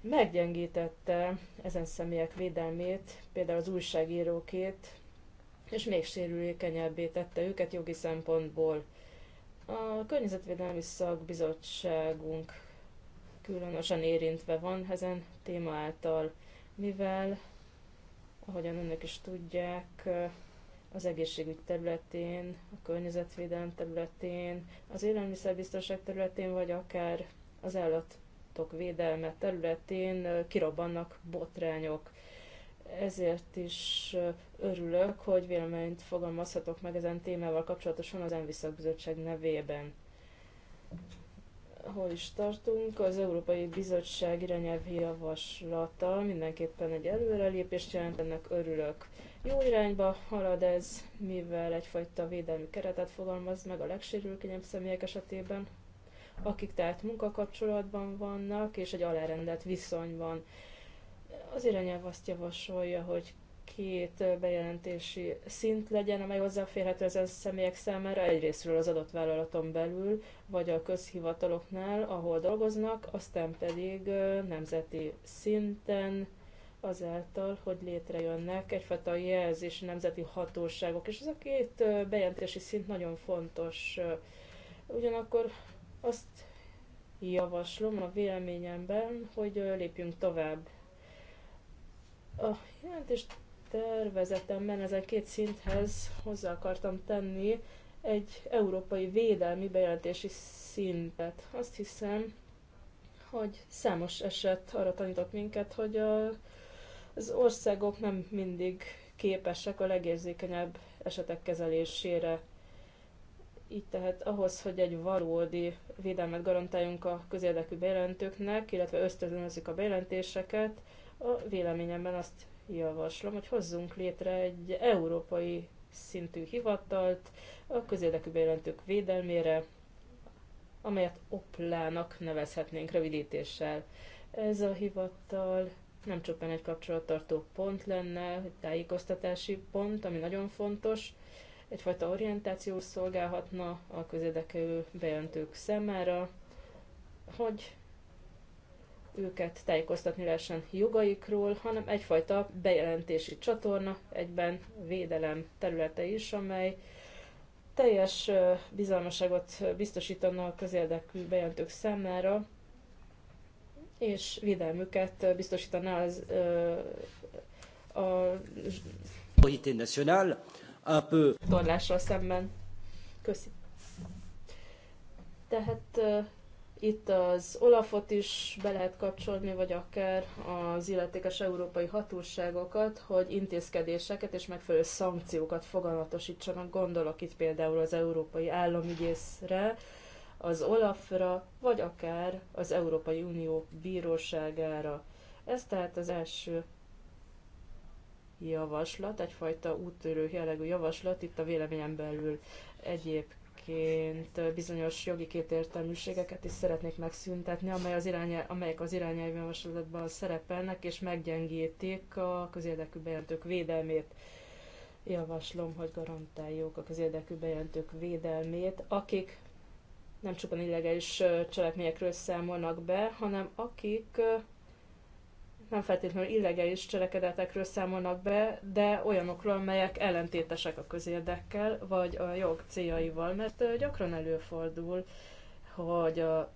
[SPEAKER 3] meggyengítette ezen személyek védelmét, például az újságírókét, és még sérülékenyebbé tette őket jogi szempontból. A Környezetvédelmi Szakbizottságunk különösen érintve van ezen téma által, mivel, ahogyan önök is tudják, az egészségügy területén, a környezetvédelem területén, az élelmiszerbiztonság területén, vagy akár az állatok védelme területén kirobbannak botrányok. Ezért is örülök, hogy véleményt fogalmazhatok meg ezen témával kapcsolatosan az Enviszak Bizottság nevében. Hol is tartunk? Az Európai Bizottság irányelvi javaslata mindenképpen egy előrelépést jelent, ennek örülök. Jó irányba halad ez, mivel egyfajta védelmi keretet fogalmaz meg a legsérülékenyebb személyek esetében, akik tehát munkakapcsolatban vannak, és egy alárendelt viszonyban. van az irányelv azt javasolja, hogy két bejelentési szint legyen, amely hozzáférhető ezen személyek számára egyrésztről az adott vállalaton belül, vagy a közhivataloknál, ahol dolgoznak, aztán pedig nemzeti szinten azáltal, hogy létrejönnek egyfajta jelzési nemzeti hatóságok. És ez a két bejelentési szint nagyon fontos. Ugyanakkor azt javaslom a véleményemben, hogy lépjünk tovább a jelentés tervezetemben ezen két szinthez hozzá akartam tenni egy európai védelmi bejelentési szintet. Azt hiszem, hogy számos eset arra tanított minket, hogy a, az országok nem mindig képesek a legérzékenyebb esetek kezelésére. Így tehát ahhoz, hogy egy valódi védelmet garantáljunk a közérdekű bejelentőknek, illetve ösztönözzük a bejelentéseket, a véleményemben azt javaslom, hogy hozzunk létre egy európai szintű hivatalt a közérdekű bejelentők védelmére, amelyet oplának nevezhetnénk rövidítéssel. Ez a hivatal nem csupán egy kapcsolattartó pont lenne, egy tájékoztatási pont, ami nagyon fontos, egyfajta orientáció szolgálhatna a közérdekű bejelentők számára, hogy őket tájékoztatni lehessen jogaikról, hanem egyfajta bejelentési csatorna, egyben védelem területe is, amely teljes bizalmaságot biztosítana a közérdekű bejelentők számára, és védelmüket biztosítaná az a, a
[SPEAKER 2] National un peu...
[SPEAKER 3] torlással szemben. Köszi. Tehát itt az Olafot is be lehet kapcsolni, vagy akár az illetékes európai hatóságokat, hogy intézkedéseket és megfelelő szankciókat fogalmatosítsanak. Gondolok itt például az európai államügyészre, az Olafra, vagy akár az Európai Unió bíróságára. Ez tehát az első javaslat, egyfajta úttörő jellegű javaslat itt a véleményen belül egyéb példaként bizonyos jogi kétértelműségeket is szeretnék megszüntetni, amely az irányel, amelyek az irányelvjavaslatban szerepelnek, és meggyengítik a közérdekű bejelentők védelmét. Javaslom, hogy garantáljuk a közérdekű bejelentők védelmét, akik nem csupán illegális cselekményekről számolnak be, hanem akik nem feltétlenül illegális cselekedetekről számolnak be, de olyanokról, amelyek ellentétesek a közérdekkel, vagy a jog céljaival, mert gyakran előfordul, hogy a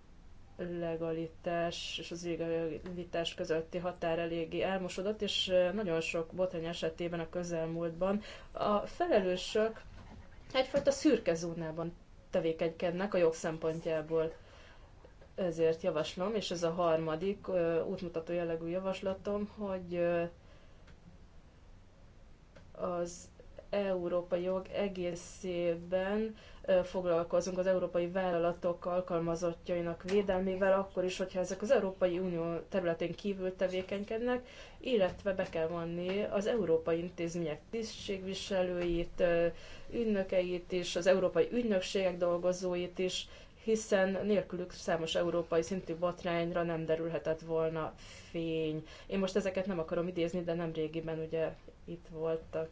[SPEAKER 3] legalitás és az illegalitás közötti határ eléggé elmosodott, és nagyon sok botrány esetében a közelmúltban a felelősök egyfajta szürke zónában tevékenykednek a jog szempontjából ezért javaslom, és ez a harmadik útmutató jellegű javaslatom, hogy az európai jog egészében foglalkozunk az európai vállalatok alkalmazottjainak védelmével, akkor is, hogyha ezek az Európai Unió területén kívül tevékenykednek, illetve be kell vonni az európai intézmények tisztségviselőit, ünnökeit is, az európai ügynökségek dolgozóit is, hiszen nélkülük számos európai szintű botrányra nem derülhetett volna fény. Én most ezeket nem akarom idézni, de nem régiben ugye itt voltak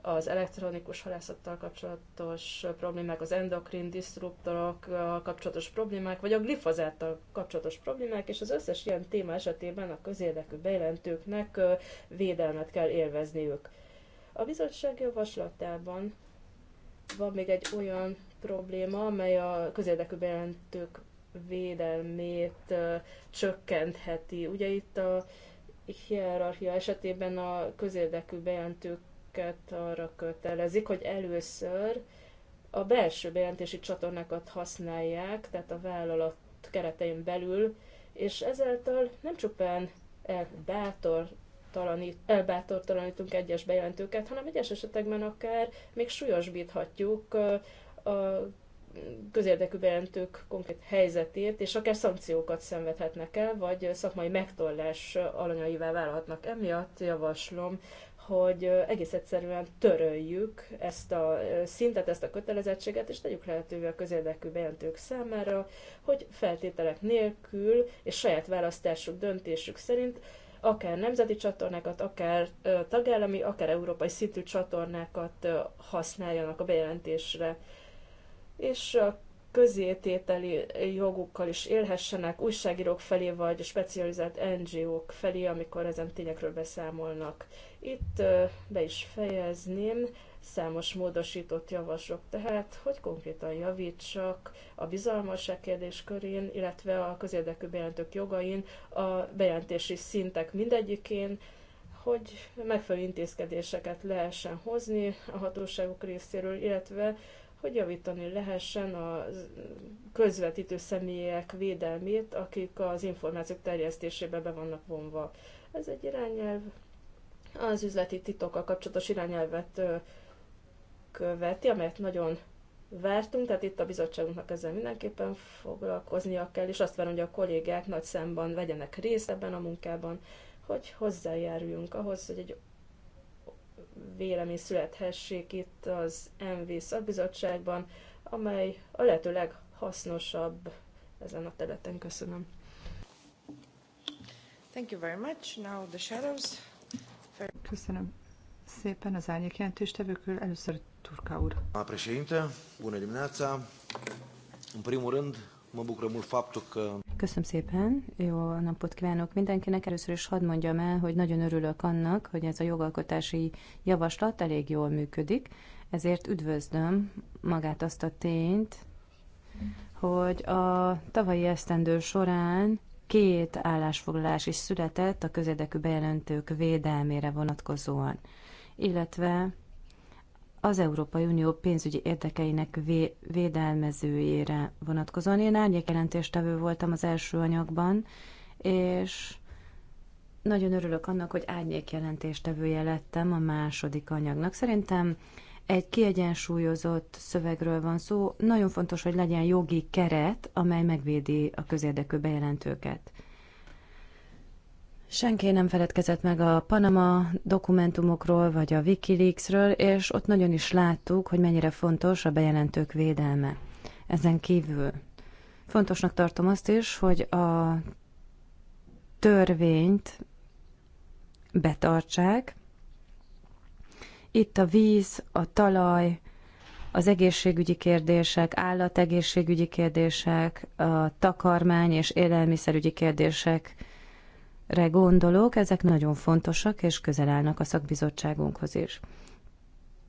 [SPEAKER 3] az elektronikus halászattal kapcsolatos problémák, az endokrin disruptorok kapcsolatos problémák, vagy a glifozáttal kapcsolatos problémák, és az összes ilyen téma esetében a közérdekű bejelentőknek védelmet kell élvezniük. A bizottság javaslatában van még egy olyan probléma, amely a közérdekű bejelentők védelmét csökkentheti. Ugye itt a hierarchia esetében a közérdekű bejelentőket arra kötelezik, hogy először a belső bejelentési csatornákat használják, tehát a vállalat keretein belül, és ezáltal nem csupán elbátor talanít, elbátortalanítunk egyes bejelentőket, hanem egyes esetekben akár még súlyosbíthatjuk a közérdekű bejelentők konkrét helyzetét, és akár szankciókat szenvedhetnek el, vagy szakmai megtorlás alanyaivá válhatnak. Emiatt javaslom, hogy egész egyszerűen töröljük ezt a szintet, ezt a kötelezettséget, és tegyük lehetővé a közérdekű bejelentők számára, hogy feltételek nélkül és saját választásuk, döntésük szerint akár nemzeti csatornákat, akár tagállami, akár európai szintű csatornákat használjanak a bejelentésre és a közétételi jogukkal is élhessenek újságírók felé, vagy specializált NGO-k felé, amikor ezen tényekről beszámolnak. Itt be is fejezném, számos módosított javaslok tehát, hogy konkrétan javítsak a bizalmasság kérdés körén, illetve a közérdekű bejelentők jogain, a bejelentési szintek mindegyikén, hogy megfelelő intézkedéseket lehessen hozni a hatóságok részéről, illetve hogy javítani lehessen a közvetítő személyek védelmét, akik az információk terjesztésébe be vannak vonva. Ez egy irányelv, az üzleti titokkal kapcsolatos irányelvet követi, amelyet nagyon vártunk, tehát itt a bizottságunknak ezzel mindenképpen foglalkoznia kell, és azt várom, hogy a kollégák nagy számban vegyenek részt ebben a munkában, hogy hozzájáruljunk ahhoz, hogy egy vélemény születhessék itt az MV szakbizottságban, amely a lehető leghasznosabb ezen a területen. Köszönöm. Thank you very much. Now the shadows.
[SPEAKER 1] Köszönöm szépen az árnyék jelentéstevőkül. Először Turka úr.
[SPEAKER 2] A presidente, bună dimineața. În primul rând, Köszönöm szépen, jó napot kívánok mindenkinek. Először is hadd mondjam el, hogy nagyon örülök annak, hogy ez a jogalkotási javaslat elég jól működik, ezért üdvözlöm magát azt a tényt, hogy a tavalyi esztendő során két állásfoglalás is született a közérdekű bejelentők védelmére vonatkozóan, illetve az Európai Unió pénzügyi érdekeinek vé- védelmezőjére vonatkozóan. Én árnyékjelentéstevő voltam az első anyagban, és nagyon örülök annak, hogy árnyékjelentéstevője lettem a második anyagnak. Szerintem egy kiegyensúlyozott szövegről van szó. Nagyon fontos, hogy legyen jogi keret, amely megvédi a közérdekű bejelentőket. Senki nem feledkezett meg a Panama dokumentumokról, vagy a Wikileaksről, és ott nagyon is láttuk, hogy mennyire fontos a bejelentők védelme. Ezen kívül fontosnak tartom azt is, hogy a törvényt betartsák. Itt a víz, a talaj, az egészségügyi kérdések, állategészségügyi kérdések, a takarmány és élelmiszerügyi kérdések re gondolok, ezek nagyon fontosak, és közel állnak a szakbizottságunkhoz is.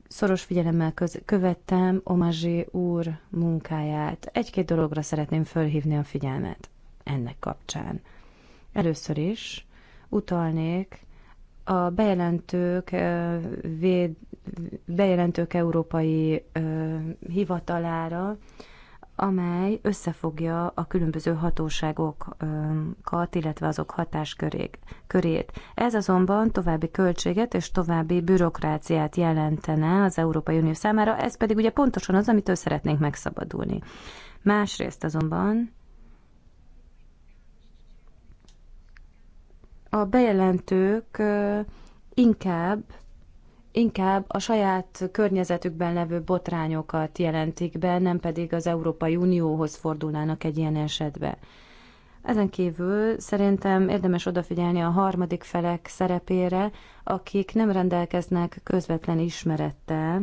[SPEAKER 2] Szoros figyelemmel köz- követtem Omazsi úr munkáját. Egy-két dologra szeretném fölhívni a figyelmet ennek kapcsán. Először is utalnék a bejelentők, véd, bejelentők európai hivatalára, amely összefogja a különböző hatóságokat, illetve azok hatáskörét. Ez azonban további költséget és további bürokráciát jelentene az Európai Unió számára, ez pedig ugye pontosan az, amitől szeretnénk megszabadulni. Másrészt azonban a bejelentők inkább inkább a saját környezetükben levő botrányokat jelentik be, nem pedig az Európai Unióhoz fordulnának egy ilyen esetbe. Ezen kívül szerintem érdemes odafigyelni a harmadik felek szerepére, akik nem rendelkeznek közvetlen ismerettel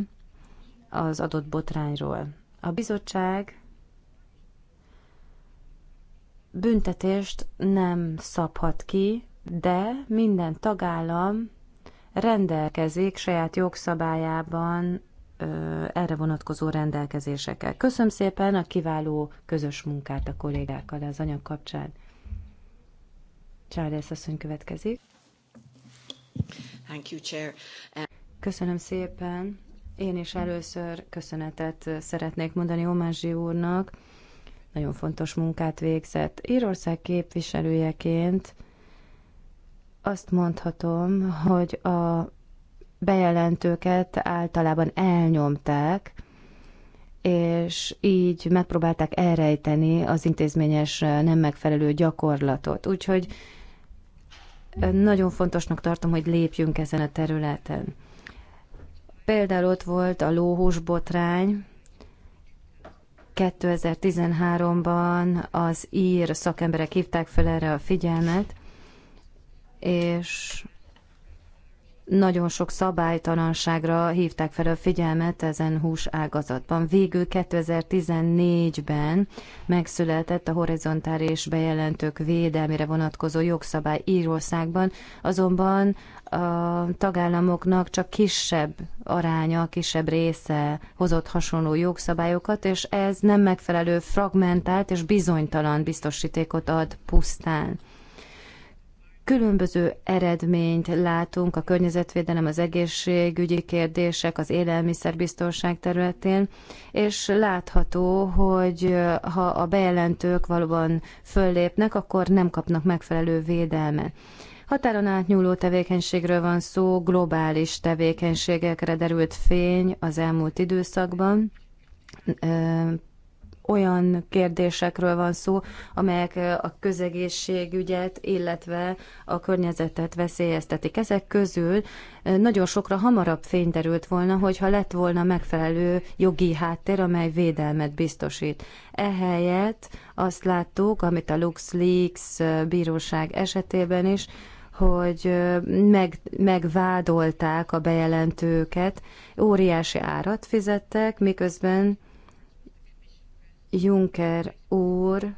[SPEAKER 2] az adott botrányról. A bizottság büntetést nem szabhat ki, de minden tagállam rendelkezik saját jogszabályában erre vonatkozó rendelkezésekkel. Köszönöm szépen a kiváló közös munkát a kollégákkal az anyag kapcsán. Charles asszony következik. Thank you, Chair. Köszönöm szépen. Én is először köszönetet szeretnék mondani Omázsi úrnak. Nagyon fontos munkát végzett. Írország képviselőjeként azt mondhatom, hogy a bejelentőket általában elnyomták, és így megpróbálták elrejteni az intézményes nem megfelelő gyakorlatot. Úgyhogy nagyon fontosnak tartom, hogy lépjünk ezen a területen. Például ott volt a lóhús botrány, 2013-ban az ír szakemberek hívták fel erre a figyelmet, és nagyon sok szabálytalanságra hívták fel a figyelmet ezen hús ágazatban. Végül 2014-ben megszületett a horizontális bejelentők védelmére vonatkozó jogszabály Írországban, azonban a tagállamoknak csak kisebb aránya, kisebb része hozott hasonló jogszabályokat, és ez nem megfelelő fragmentált és bizonytalan biztosítékot ad pusztán különböző eredményt látunk a környezetvédelem, az egészségügyi kérdések, az élelmiszerbiztonság területén, és látható, hogy ha a bejelentők valóban föllépnek, akkor nem kapnak megfelelő védelmet. Határon átnyúló tevékenységről van szó, globális tevékenységekre derült fény az elmúlt időszakban olyan kérdésekről van szó, amelyek a közegészségügyet, illetve a környezetet veszélyeztetik. Ezek közül nagyon sokra hamarabb fény derült volna, hogyha lett volna megfelelő jogi háttér, amely védelmet biztosít. Ehelyett azt láttuk, amit a LuxLeaks bíróság esetében is, hogy meg, megvádolták a bejelentőket, óriási árat fizettek, miközben Juncker úr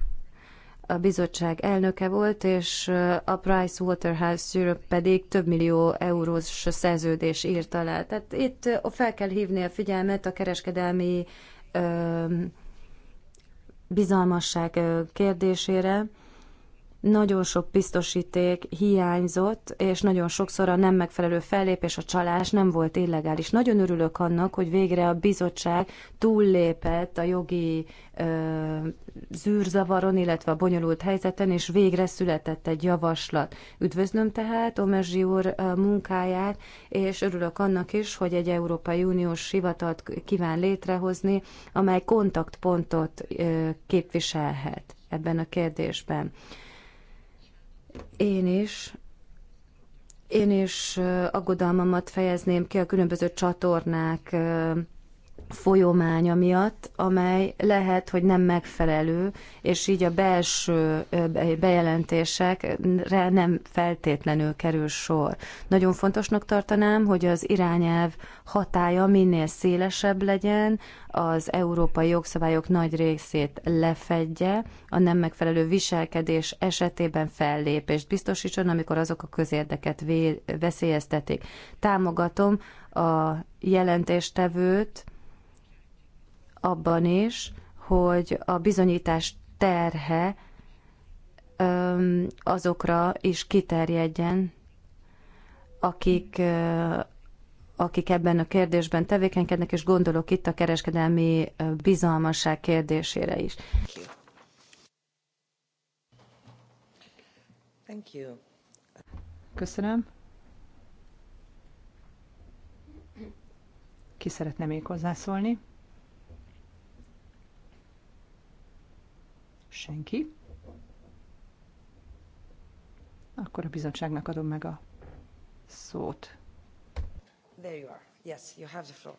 [SPEAKER 2] a bizottság elnöke volt, és uh, a Price Waterhouse Europe pedig több millió eurós szerződés írt alá. Tehát itt uh, fel kell hívni a figyelmet a kereskedelmi um, bizalmasság uh, kérdésére nagyon sok biztosíték hiányzott, és nagyon sokszor a nem megfelelő fellépés, a csalás nem volt illegális. Nagyon örülök annak, hogy végre a bizottság túllépett a jogi ö, zűrzavaron, illetve a bonyolult helyzeten, és végre született egy javaslat. Üdvözlöm tehát Omerzsi úr munkáját, és örülök annak is, hogy egy Európai Uniós hivatalt kíván létrehozni, amely kontaktpontot ö, képviselhet ebben a kérdésben. Én is én is aggodalmamat fejezném ki a különböző csatornák folyománya miatt, amely lehet, hogy nem megfelelő, és így a belső bejelentésekre nem feltétlenül kerül sor. Nagyon fontosnak tartanám, hogy az irányelv hatája minél szélesebb legyen, az európai jogszabályok nagy részét lefedje, a nem megfelelő viselkedés esetében fellépést biztosítson, amikor azok a közérdeket veszélyeztetik. Támogatom a jelentéstevőt, abban is, hogy a bizonyítás terhe azokra is kiterjedjen, akik, akik ebben a kérdésben tevékenykednek, és gondolok itt a kereskedelmi bizalmasság kérdésére is. Thank you. Köszönöm.
[SPEAKER 1] Ki szeretne még hozzászólni? Senki? Akkor a bizottságnak adom meg a szót.
[SPEAKER 2] There you are. Yes, you have the floor.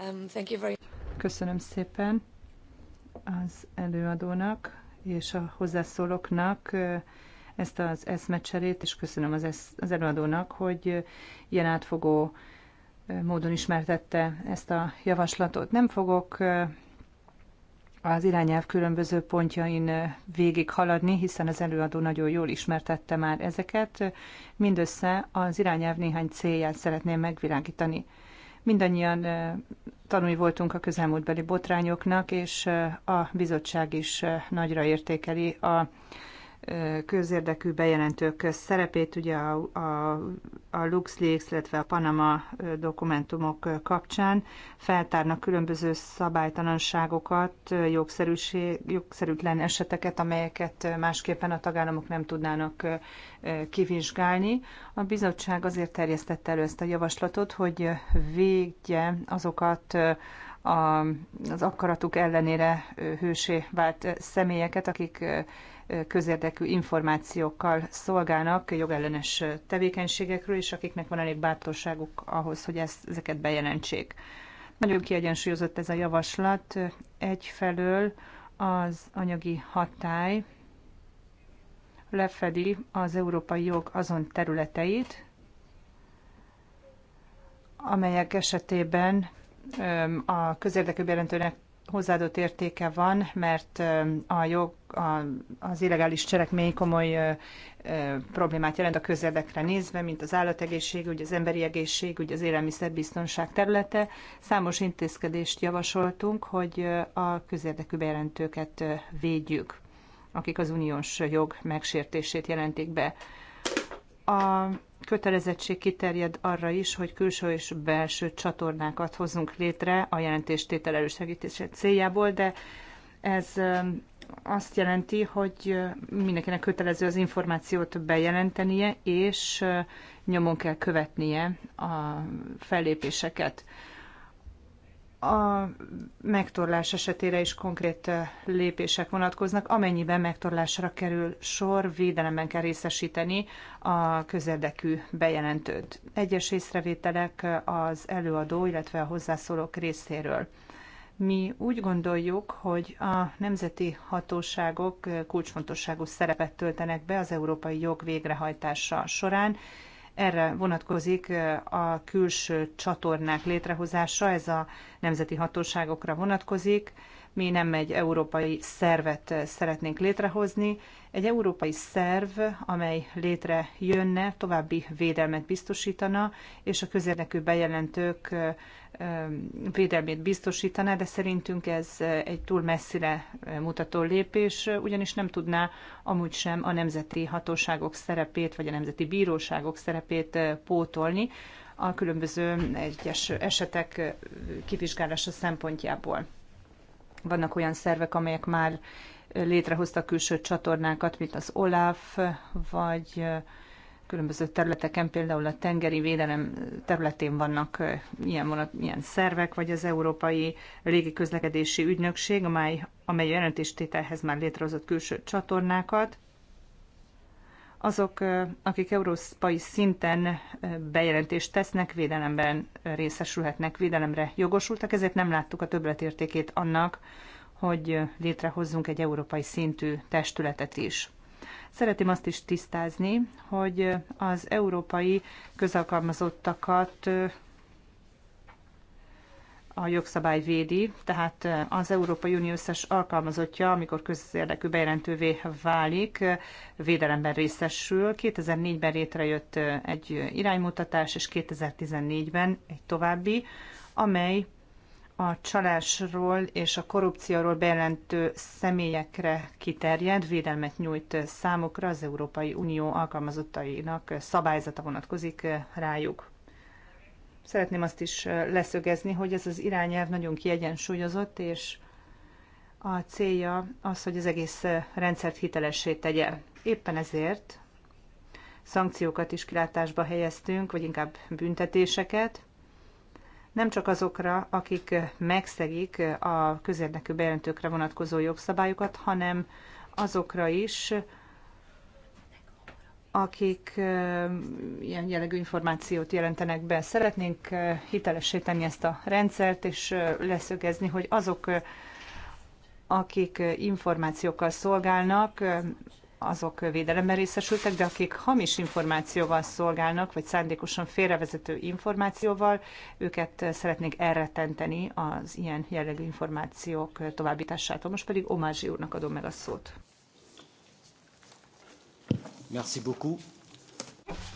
[SPEAKER 2] Um, thank you very...
[SPEAKER 1] Köszönöm szépen az előadónak és a hozzászólóknak ezt az eszmecserét, és köszönöm az, esz, az előadónak, hogy ilyen átfogó módon ismertette ezt a javaslatot. Nem fogok az irányelv különböző pontjain végig haladni, hiszen az előadó nagyon jól ismertette már ezeket. Mindössze az irányelv néhány célját szeretném megvilágítani. Mindannyian tanulj voltunk a közelmúltbeli botrányoknak, és a bizottság is nagyra értékeli a közérdekű bejelentők szerepét, ugye a, a, a LuxLeaks, illetve a Panama dokumentumok kapcsán feltárnak különböző szabálytalanságokat, jogszerűtlen eseteket, amelyeket másképpen a tagállamok nem tudnának kivizsgálni. A bizottság azért terjesztette elő ezt a javaslatot, hogy végje azokat az akaratuk ellenére hősé vált személyeket, akik közérdekű információkkal szolgálnak jogellenes tevékenységekről, és akiknek van elég bátorságuk ahhoz, hogy ezt, ezeket bejelentsék. Nagyon kiegyensúlyozott ez a javaslat. Egyfelől az anyagi hatály lefedi az európai jog azon területeit, amelyek esetében a közérdekű bejelentőnek hozzáadott értéke van, mert a jog, a, az illegális cselekmény komoly ö, ö, problémát jelent a közérdekre nézve, mint az ugye az emberi egészség, ugye az élelmiszerbiztonság területe. Számos intézkedést javasoltunk, hogy a közérdekű bejelentőket védjük, akik az uniós jog megsértését jelentik be. A kötelezettség kiterjed arra is, hogy külső és belső csatornákat hozzunk létre a jelentéstétel elősegítése céljából, de ez um, azt jelenti, hogy uh, mindenkinek kötelező az információt bejelentenie, és uh, nyomon kell követnie a fellépéseket a megtorlás esetére is konkrét lépések vonatkoznak, amennyiben megtorlásra kerül sor, védelemben kell részesíteni a közérdekű bejelentőt. Egyes észrevételek az előadó, illetve a hozzászólók részéről. Mi úgy gondoljuk, hogy a nemzeti hatóságok kulcsfontosságú szerepet töltenek be az európai jog végrehajtása során, erre vonatkozik a külső csatornák létrehozása, ez a nemzeti hatóságokra vonatkozik, mi nem egy európai szervet eh, szeretnénk létrehozni, egy európai szerv, amely létrejönne, további védelmet biztosítana, és a közérdekű bejelentők eh, eh, védelmét biztosítaná, de szerintünk ez egy túl messzire mutató lépés, ugyanis nem tudná amúgy sem a nemzeti hatóságok szerepét, vagy a nemzeti bíróságok szerepét pótolni a különböző egyes esetek kivizsgálása szempontjából. Vannak olyan szervek, amelyek már létrehoztak külső csatornákat, mint az OLAF, vagy különböző területeken, például a tengeri védelem területén vannak ilyen, vonat, ilyen szervek, vagy az Európai Légiközlekedési Ügynökség, amely, amely jelentéstételhez már létrehozott külső csatornákat azok, akik európai szinten bejelentést tesznek, védelemben részesülhetnek, védelemre jogosultak, ezért nem láttuk a többletértékét annak, hogy létrehozzunk egy európai szintű testületet is. Szeretném azt is tisztázni, hogy az európai közalkalmazottakat a jogszabály védi, tehát eh, az Európai Unió összes alkalmazottja, amikor közérdekű bejelentővé válik, eh, védelemben részesül. 2004-ben létrejött eh, egy iránymutatás, és 2014-ben egy további, amely a csalásról és a korrupcióról bejelentő személyekre kiterjed, védelmet nyújt számukra az Európai Unió alkalmazottainak szabályzata vonatkozik rájuk. Szeretném azt is leszögezni, hogy ez az irányelv nagyon kiegyensúlyozott, és a célja az, hogy az egész rendszert hitelessé tegye. Éppen ezért szankciókat is kilátásba helyeztünk, vagy inkább büntetéseket, nem csak azokra, akik megszegik a közérdekű bejelentőkre vonatkozó jogszabályokat, hanem azokra is, akik ilyen jellegű információt jelentenek be. Szeretnénk hitelessé tenni ezt a rendszert, és leszögezni, hogy azok, akik információkkal szolgálnak, azok védelemben részesültek, de akik hamis információval szolgálnak, vagy szándékosan félrevezető információval, őket szeretnék elretenteni az ilyen jellegű információk továbbításától. Most pedig Omázsi úrnak adom meg a
[SPEAKER 4] szót. Merci beaucoup.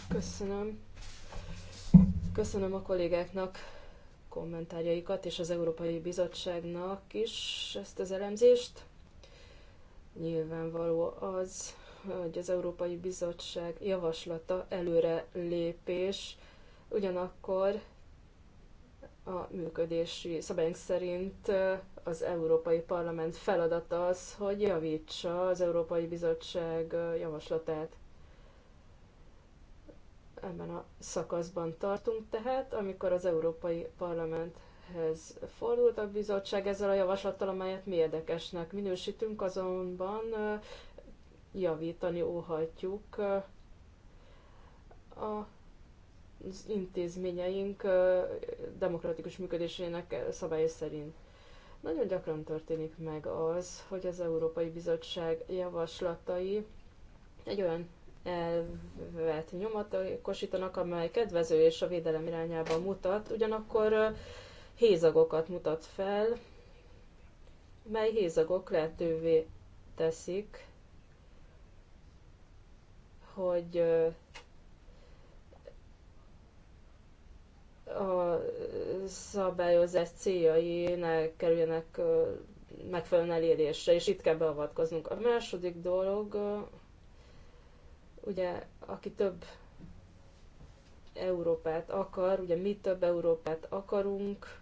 [SPEAKER 3] Köszönöm. Köszönöm a kollégáknak kommentárjaikat, és az Európai Bizottságnak is ezt az elemzést. Nyilvánvaló az, hogy az Európai Bizottság javaslata előre lépés, ugyanakkor a működési szabályunk szerint az Európai Parlament feladata az, hogy javítsa az Európai Bizottság javaslatát. Ebben a szakaszban tartunk tehát, amikor az Európai Parlamenthez fordult a bizottság ezzel a javaslattal, amelyet mi érdekesnek minősítünk, azonban javítani óhatjuk a az intézményeink demokratikus működésének szabályai szerint. Nagyon gyakran történik meg az, hogy az Európai Bizottság javaslatai egy olyan elvett nyomatosítanak, amely kedvező és a védelem irányába mutat, ugyanakkor hézagokat mutat fel, mely hézagok lehetővé teszik, hogy a szabályozás céljai ne kerüljenek megfelelően elérésre, és itt kell beavatkoznunk. A második dolog, ugye, aki több Európát akar, ugye mi több Európát akarunk,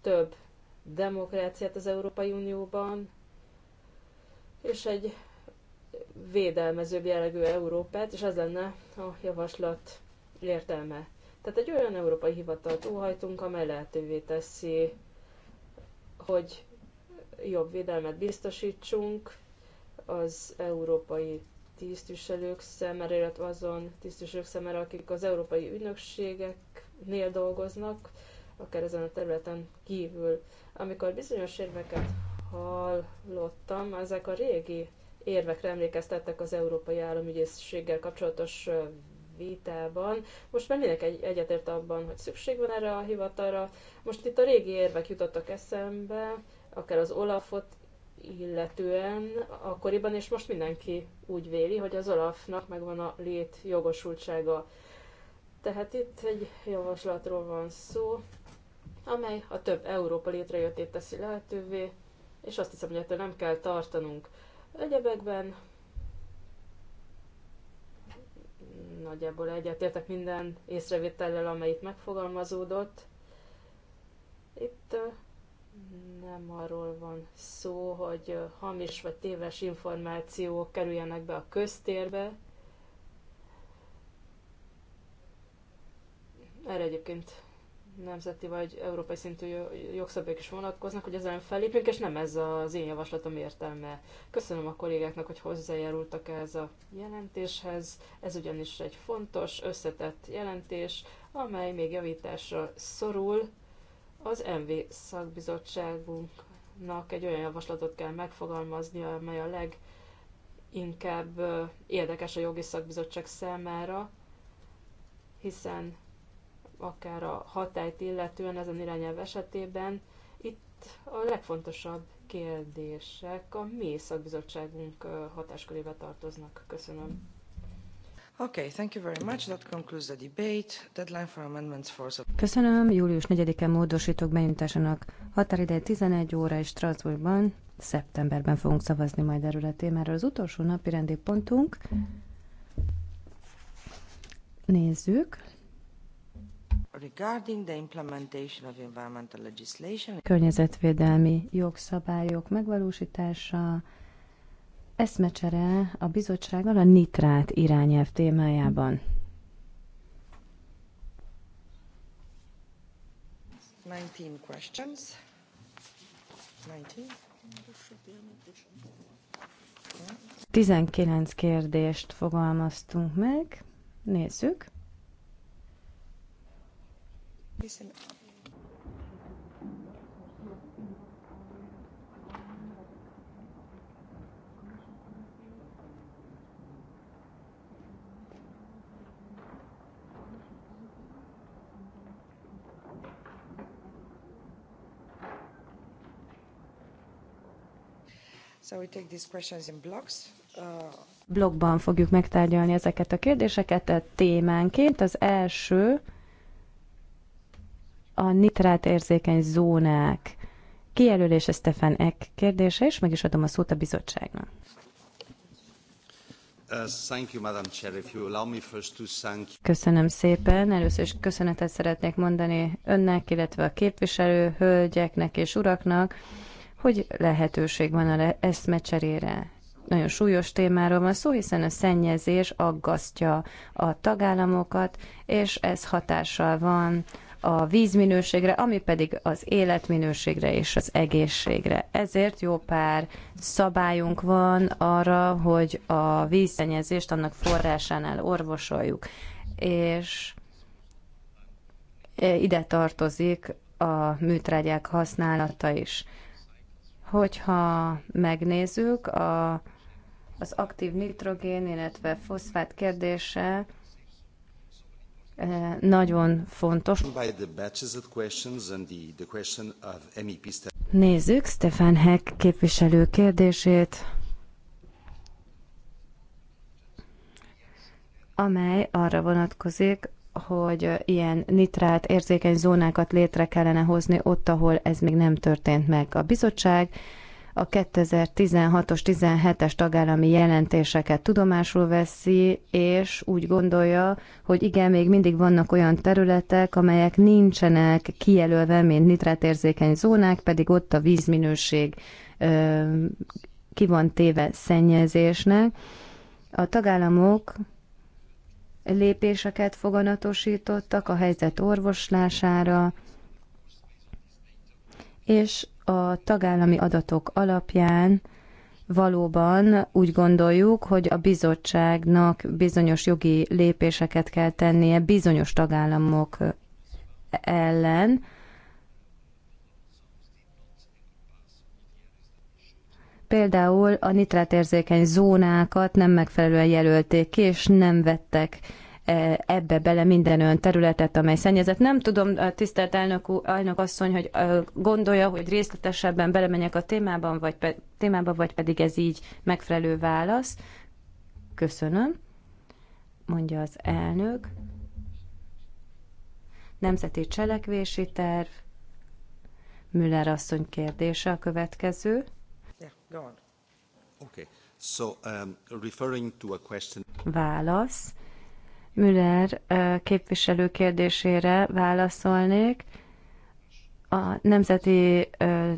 [SPEAKER 3] több demokráciát az Európai Unióban, és egy védelmezőbb jellegű Európát, és ez lenne a javaslat értelme. Tehát egy olyan európai hivatalt óhajtunk, amely lehetővé teszi, hogy jobb védelmet biztosítsunk az európai tisztviselők szemére, illetve azon tisztviselők szemére, akik az európai ügynökségeknél dolgoznak, akár ezen a területen kívül. Amikor bizonyos érveket hallottam, ezek a régi érvekre emlékeztettek az Európai Államügyészséggel kapcsolatos vitában. Most már mindenki egy, egyetért abban, hogy szükség van erre a hivatalra. Most itt a régi érvek jutottak eszembe, akár az Olafot illetően akkoriban, és most mindenki úgy véli, hogy az Olafnak megvan a lét jogosultsága. Tehát itt egy javaslatról van szó, amely a több Európa létrejöttét teszi lehetővé, és azt hiszem, hogy ettől nem kell tartanunk. Egyebekben nagyjából egyetértek minden észrevétellel, amelyik megfogalmazódott. Itt nem arról van szó, hogy hamis vagy téves információk kerüljenek be a köztérbe. Erre egyébként nemzeti vagy európai szintű jogszabályok is vonatkoznak, hogy ezzel felépünk, és nem ez az én javaslatom értelme. Köszönöm a kollégáknak, hogy hozzájárultak ez a jelentéshez. Ez ugyanis egy fontos, összetett jelentés, amely még javításra szorul, az MV szakbizottságunknak egy olyan javaslatot kell megfogalmaznia, amely a leginkább érdekes a jogi szakbizottság számára, hiszen akár a hatályt illetően ezen irányelv esetében itt a legfontosabb kérdések a mi szakbizottságunk hatáskörébe tartoznak. Köszönöm. Okay, thank you very much. That concludes the debate. Deadline for amendments for...
[SPEAKER 1] Köszönöm.
[SPEAKER 2] Július 4-e módosítók bejutásának határideje 11 óra és Strasbourgban. Szeptemberben fogunk szavazni majd erről a témáról. Az utolsó napi rendi pontunk. Nézzük.
[SPEAKER 1] Regarding the implementation of environmental
[SPEAKER 2] legislation. Környezetvédelmi jogszabályok megvalósítása eszmecsere a bizottsággal a nitrát irányelv témájában. Tizenkilenc kérdést fogalmaztunk meg. Nézzük. Blogban uh, fogjuk megtárgyalni ezeket a kérdéseket a témánként. Az első a nitrát érzékeny zónák kijelölése Stefan Eck kérdése, és meg is adom a szót a bizottságnak.
[SPEAKER 4] Uh,
[SPEAKER 2] Köszönöm szépen. Először is köszönetet szeretnék mondani önnek, illetve a képviselő hölgyeknek és uraknak hogy lehetőség van a eszmecserére. Nagyon súlyos témáról van szó, hiszen a szennyezés aggasztja a tagállamokat, és ez hatással van a vízminőségre, ami pedig az életminőségre és az egészségre. Ezért jó pár szabályunk van arra, hogy a vízszennyezést annak forrásánál orvosoljuk. És e, ide tartozik a műtrágyák használata is. Hogyha megnézzük a, az aktív nitrogén, illetve foszfát kérdése, eh, nagyon
[SPEAKER 4] fontos. E Nézzük
[SPEAKER 2] Stefan Heck képviselő kérdését, amely arra
[SPEAKER 4] vonatkozik,
[SPEAKER 2] hogy ilyen nitrát érzékeny zónákat létre kellene hozni ott, ahol ez még nem történt meg. A bizottság a 2016-os, 17-es tagállami jelentéseket tudomásul veszi, és úgy gondolja, hogy igen, még mindig vannak olyan területek, amelyek nincsenek kijelölve, mint nitrátérzékeny zónák, pedig ott a vízminőség ö, ki van téve szennyezésnek. A tagállamok lépéseket foganatosítottak a helyzet orvoslására, és a tagállami adatok alapján valóban úgy gondoljuk, hogy a bizottságnak bizonyos jogi lépéseket kell tennie bizonyos tagállamok ellen, Például a nitrátérzékeny zónákat nem megfelelően jelölték ki, és nem vettek e, ebbe bele minden olyan területet, amely szennyezett. Nem tudom, tisztelt elnök, elnök asszony, hogy gondolja, hogy részletesebben belemenjek a témában, vagy, pe, témába, vagy pedig ez így megfelelő válasz. Köszönöm, mondja az elnök. Nemzeti cselekvési terv. Müller asszony kérdése a következő.
[SPEAKER 4] Go on. Okay. So, um, referring to a question...
[SPEAKER 2] Válasz. Müller képviselő kérdésére válaszolnék. A nemzeti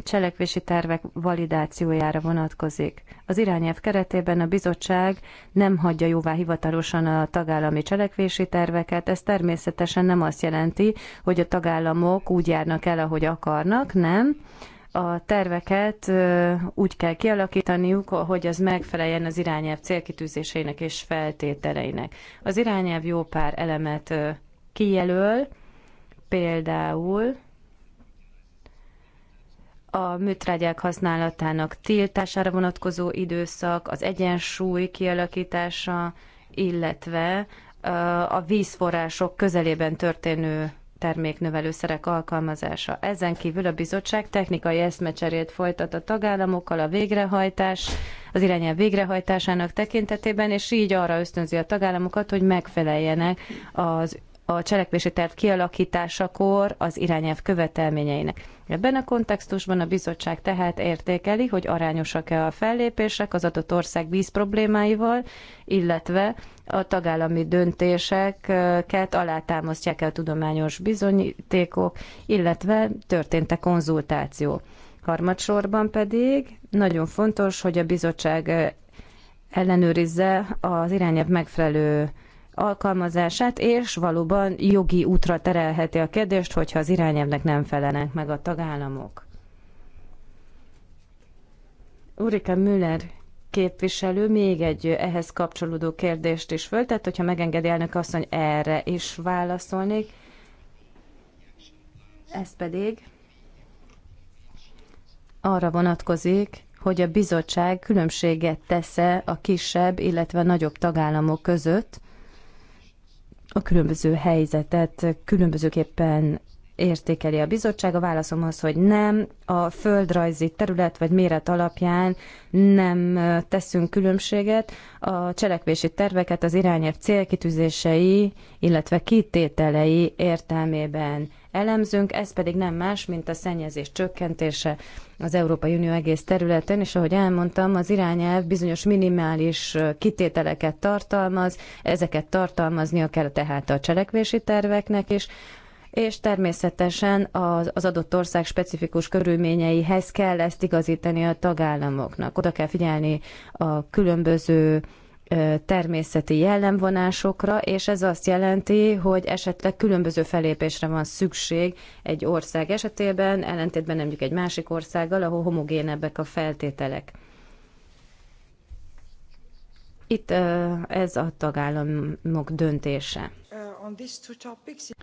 [SPEAKER 2] cselekvési tervek validációjára vonatkozik. Az irányelv keretében a bizottság nem hagyja jóvá hivatalosan a tagállami cselekvési terveket. Ez természetesen nem azt jelenti, hogy a tagállamok úgy járnak el, ahogy akarnak, nem a terveket úgy kell kialakítaniuk, hogy az megfeleljen az irányelv célkitűzéseinek és feltételeinek. Az irányelv jó pár elemet kijelöl, például a műtrágyák használatának tiltására vonatkozó időszak, az egyensúly kialakítása, illetve a vízforrások közelében történő terméknövelőszerek alkalmazása. Ezen kívül a bizottság technikai eszmecserét folytat a tagállamokkal a végrehajtás, az irányelv végrehajtásának tekintetében, és így arra ösztönzi a tagállamokat, hogy megfeleljenek az a cselekvési terv kialakításakor az irányelv követelményeinek. Ebben a kontextusban a bizottság tehát értékeli, hogy arányosak-e a fellépések az adott ország víz problémáival, illetve a tagállami döntéseket alátámasztják-e a tudományos bizonyítékok, illetve történt-e konzultáció. Harmadsorban pedig nagyon fontos, hogy a bizottság ellenőrizze az irányelv megfelelő alkalmazását, és valóban jogi útra terelheti a kérdést, hogyha az irányelvnek nem felelnek meg a tagállamok. Urika Müller képviselő még egy ehhez kapcsolódó kérdést is föltett, hogyha megengedi elnök asszony, erre is válaszolnék. Ez pedig arra vonatkozik, hogy a bizottság különbséget tesz-e a kisebb, illetve nagyobb tagállamok között, a különböző helyzetet különbözőképpen értékeli a bizottság. A válaszom az, hogy nem, a földrajzi terület vagy méret alapján nem teszünk különbséget. A cselekvési terveket az irányelv célkitűzései, illetve kitételei értelmében elemzünk, ez pedig nem más, mint a szennyezés csökkentése az Európai Unió egész területen, és ahogy elmondtam, az irányelv bizonyos minimális kitételeket tartalmaz, ezeket tartalmaznia kell tehát a cselekvési terveknek is, és természetesen az, az adott ország specifikus körülményeihez kell ezt igazítani a tagállamoknak. Oda kell figyelni a különböző természeti jellemvonásokra, és ez azt jelenti, hogy esetleg különböző felépésre van szükség egy ország esetében, ellentétben mondjuk egy másik országgal, ahol homogénebbek a feltételek. Itt ez a tagállamok döntése.
[SPEAKER 1] Uh,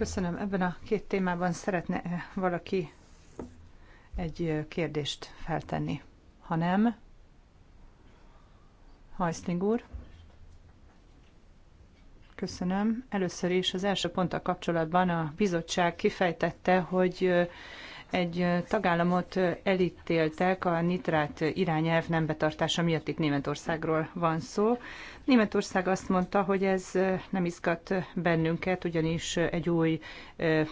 [SPEAKER 1] Köszönöm. Ebben a két témában szeretne valaki egy kérdést feltenni? Ha nem, Hajszling úr. Köszönöm. Először is az első ponttal kapcsolatban a bizottság kifejtette, hogy egy tagállamot elítéltek a nitrát irányelv nem betartása miatt itt Németországról van szó. Németország azt mondta, hogy ez nem izgat bennünket, ugyanis egy új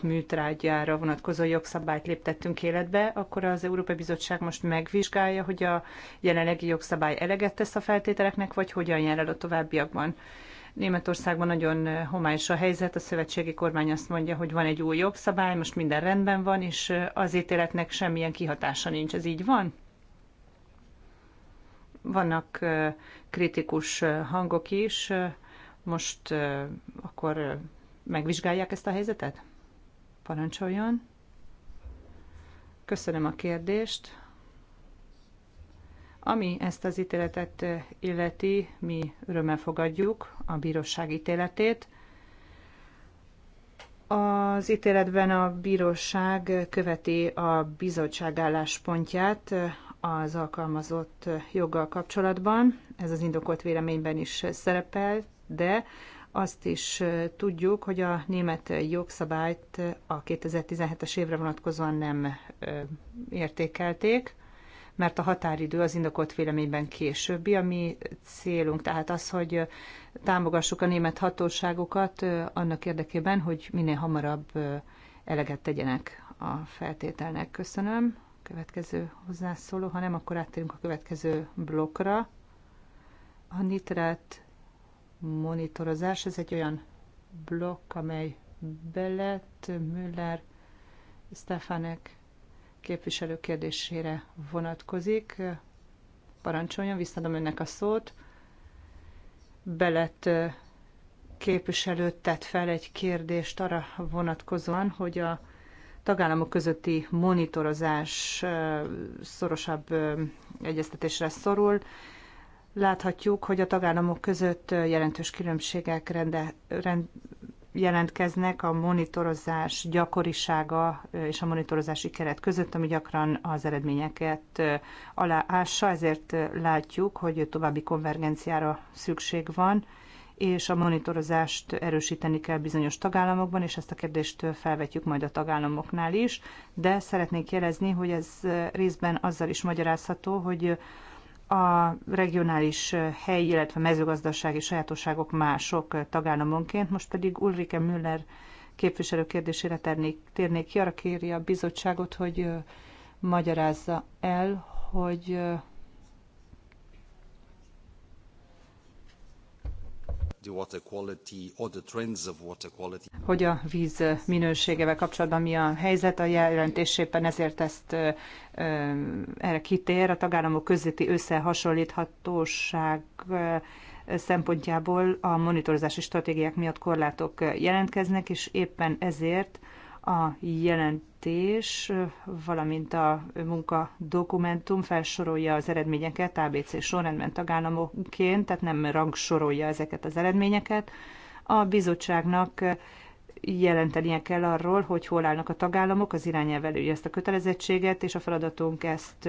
[SPEAKER 1] műtrágyára vonatkozó jogszabályt léptettünk életbe, akkor az Európai Bizottság most megvizsgálja, hogy a jelenlegi jogszabály eleget tesz a feltételeknek, vagy hogyan jár el a továbbiakban. Németországban nagyon eh, homályos a helyzet, a szövetségi kormány azt mondja, hogy van egy új jogszabály, most minden rendben van, és eh, az ítéletnek semmilyen kihatása nincs. Ez így van? Vannak eh, kritikus hangok is, most akkor megvizsgálják ezt a helyzetet? Parancsoljon. Köszönöm a kérdést. Ami ezt az ítéletet illeti, mi örömmel fogadjuk a bíróság ítéletét. Az ítéletben a bíróság követi a bizottság álláspontját az alkalmazott joggal kapcsolatban. Ez az indokolt véleményben is szerepel, de azt is tudjuk, hogy a német jogszabályt a 2017-es évre vonatkozóan nem értékelték mert a határidő az indokolt véleményben későbbi. A mi célunk tehát az, hogy támogassuk a német hatóságokat annak érdekében, hogy minél hamarabb eleget tegyenek a feltételnek. Köszönöm. Következő hozzászóló, ha nem, akkor áttérünk a következő blokkra. A nitrát monitorozás, ez egy olyan blokk, amely Belet, Müller, Stefanek képviselő kérdésére vonatkozik. Parancsoljon, visszadom önnek a szót. Belet képviselő tett fel egy kérdést arra vonatkozóan, hogy a tagállamok közötti monitorozás szorosabb egyeztetésre szorul. Láthatjuk, hogy a tagállamok között jelentős különbségek rende, rend, jelentkeznek a monitorozás gyakorisága és a monitorozási keret között, ami gyakran az eredményeket aláássa, ezért látjuk, hogy további konvergenciára szükség van, és a monitorozást erősíteni kell bizonyos tagállamokban, és ezt a kérdést felvetjük majd a tagállamoknál is, de szeretnék jelezni, hogy ez részben azzal is magyarázható, hogy a regionális helyi, illetve mezőgazdasági sajátosságok mások tagállamonként. Most pedig Ulrike Müller képviselő kérdésére ternék, térnék ki, arra kéri a bizottságot, hogy magyarázza el, hogy Hogy a víz minőségevel kapcsolatban mi a helyzet, a jelentés éppen ezért ezt erre kitér, a tagállamok közötti összehasonlíthatóság szempontjából a monitorozási stratégiák miatt korlátok jelentkeznek, és éppen ezért a jelent jelentés, valamint a munka dokumentum felsorolja az eredményeket ABC sorrendben tagállamoként, tehát nem rangsorolja ezeket az eredményeket. A bizottságnak jelentenie kell arról, hogy hol állnak a tagállamok, az irányelv előírja ezt a kötelezettséget, és a feladatunk ezt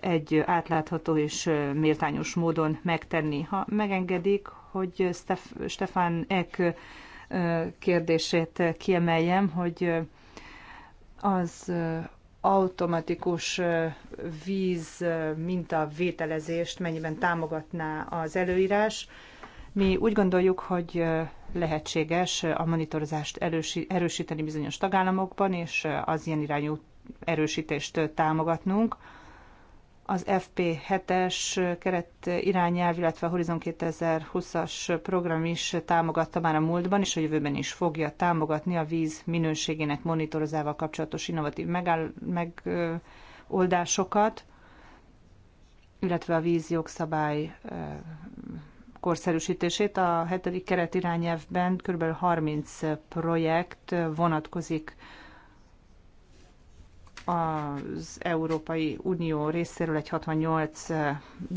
[SPEAKER 1] egy átlátható és méltányos módon megtenni. Ha megengedik, hogy Stefan Eck kérdését kiemeljem, hogy az automatikus víz mintavételezést mennyiben támogatná az előírás. Mi úgy gondoljuk, hogy lehetséges a monitorozást erősíteni bizonyos tagállamokban, és az ilyen irányú erősítést támogatnunk az FP7-es keret irányelv, illetve a Horizon 2020-as program is támogatta már a múltban, és a jövőben is fogja támogatni a víz minőségének monitorozával kapcsolatos innovatív megoldásokat, illetve a jogszabály korszerűsítését. A hetedik keret irányelvben kb. 30 projekt vonatkozik az Európai Unió részéről egy 68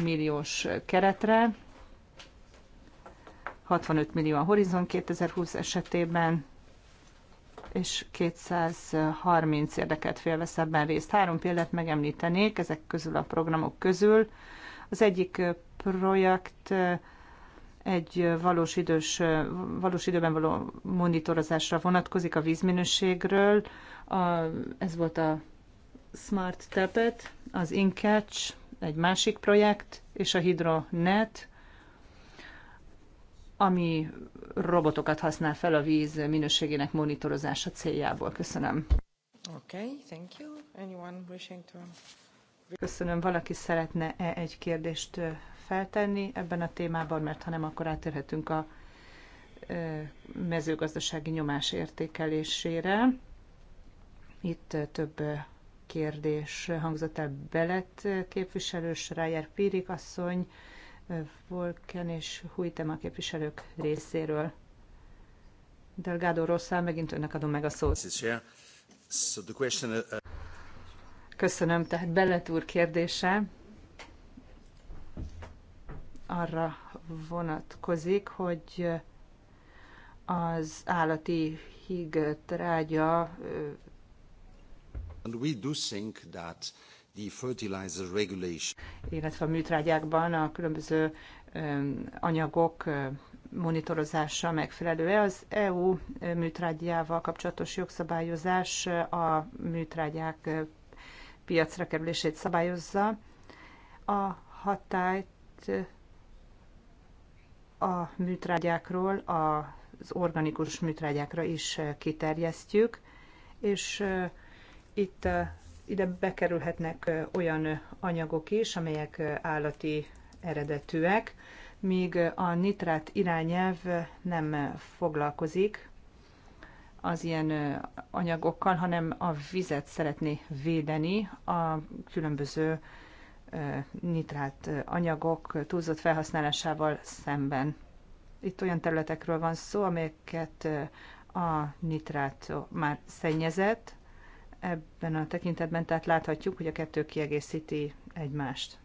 [SPEAKER 1] milliós keretre, 65 millió a Horizon 2020 esetében, és 230 érdeket félvesz ebben részt. Három példát megemlítenék ezek közül a programok közül. Az egyik projekt egy valós, idős, valós időben való monitorozásra vonatkozik a vízminőségről. A, ez volt a Smart Tepet, az Incatch, egy másik projekt, és a HydroNet, ami robotokat használ fel a víz minőségének monitorozása céljából. Köszönöm. Okay, thank you. Anyone wishing to... Köszönöm. Valaki szeretne -e egy kérdést feltenni ebben a témában, mert ha nem, akkor átérhetünk a mezőgazdasági nyomás értékelésére. Itt több kérdés hangzott el Belet képviselő, Schreier Pirik asszony, Volken és Hújtema képviselők részéről. Delgado Rosszá, megint önnek adom meg a
[SPEAKER 4] szót. Uh, uh,
[SPEAKER 1] Köszönöm, tehát Belet úr kérdése arra vonatkozik, hogy az állati híg trágya illetve a műtrágyákban a különböző anyagok monitorozása megfelelő-e. Az EU műtrágyával kapcsolatos jogszabályozás a műtrágyák piacra kerülését szabályozza. A hatályt a műtrágyákról az organikus műtrágyákra is kiterjesztjük, és itt eh, ide bekerülhetnek eh, olyan eh, anyagok is, amelyek állati eredetűek, míg a nitrát irányelv nem foglalkozik az ilyen anyagokkal, hanem a vizet szeretné védeni a különböző nitrát anyagok túlzott felhasználásával szemben. Itt olyan területekről van szó, amelyeket a nitrát már szennyezett, ebben a tekintetben, tehát láthatjuk, hogy a kettő kiegészíti egymást.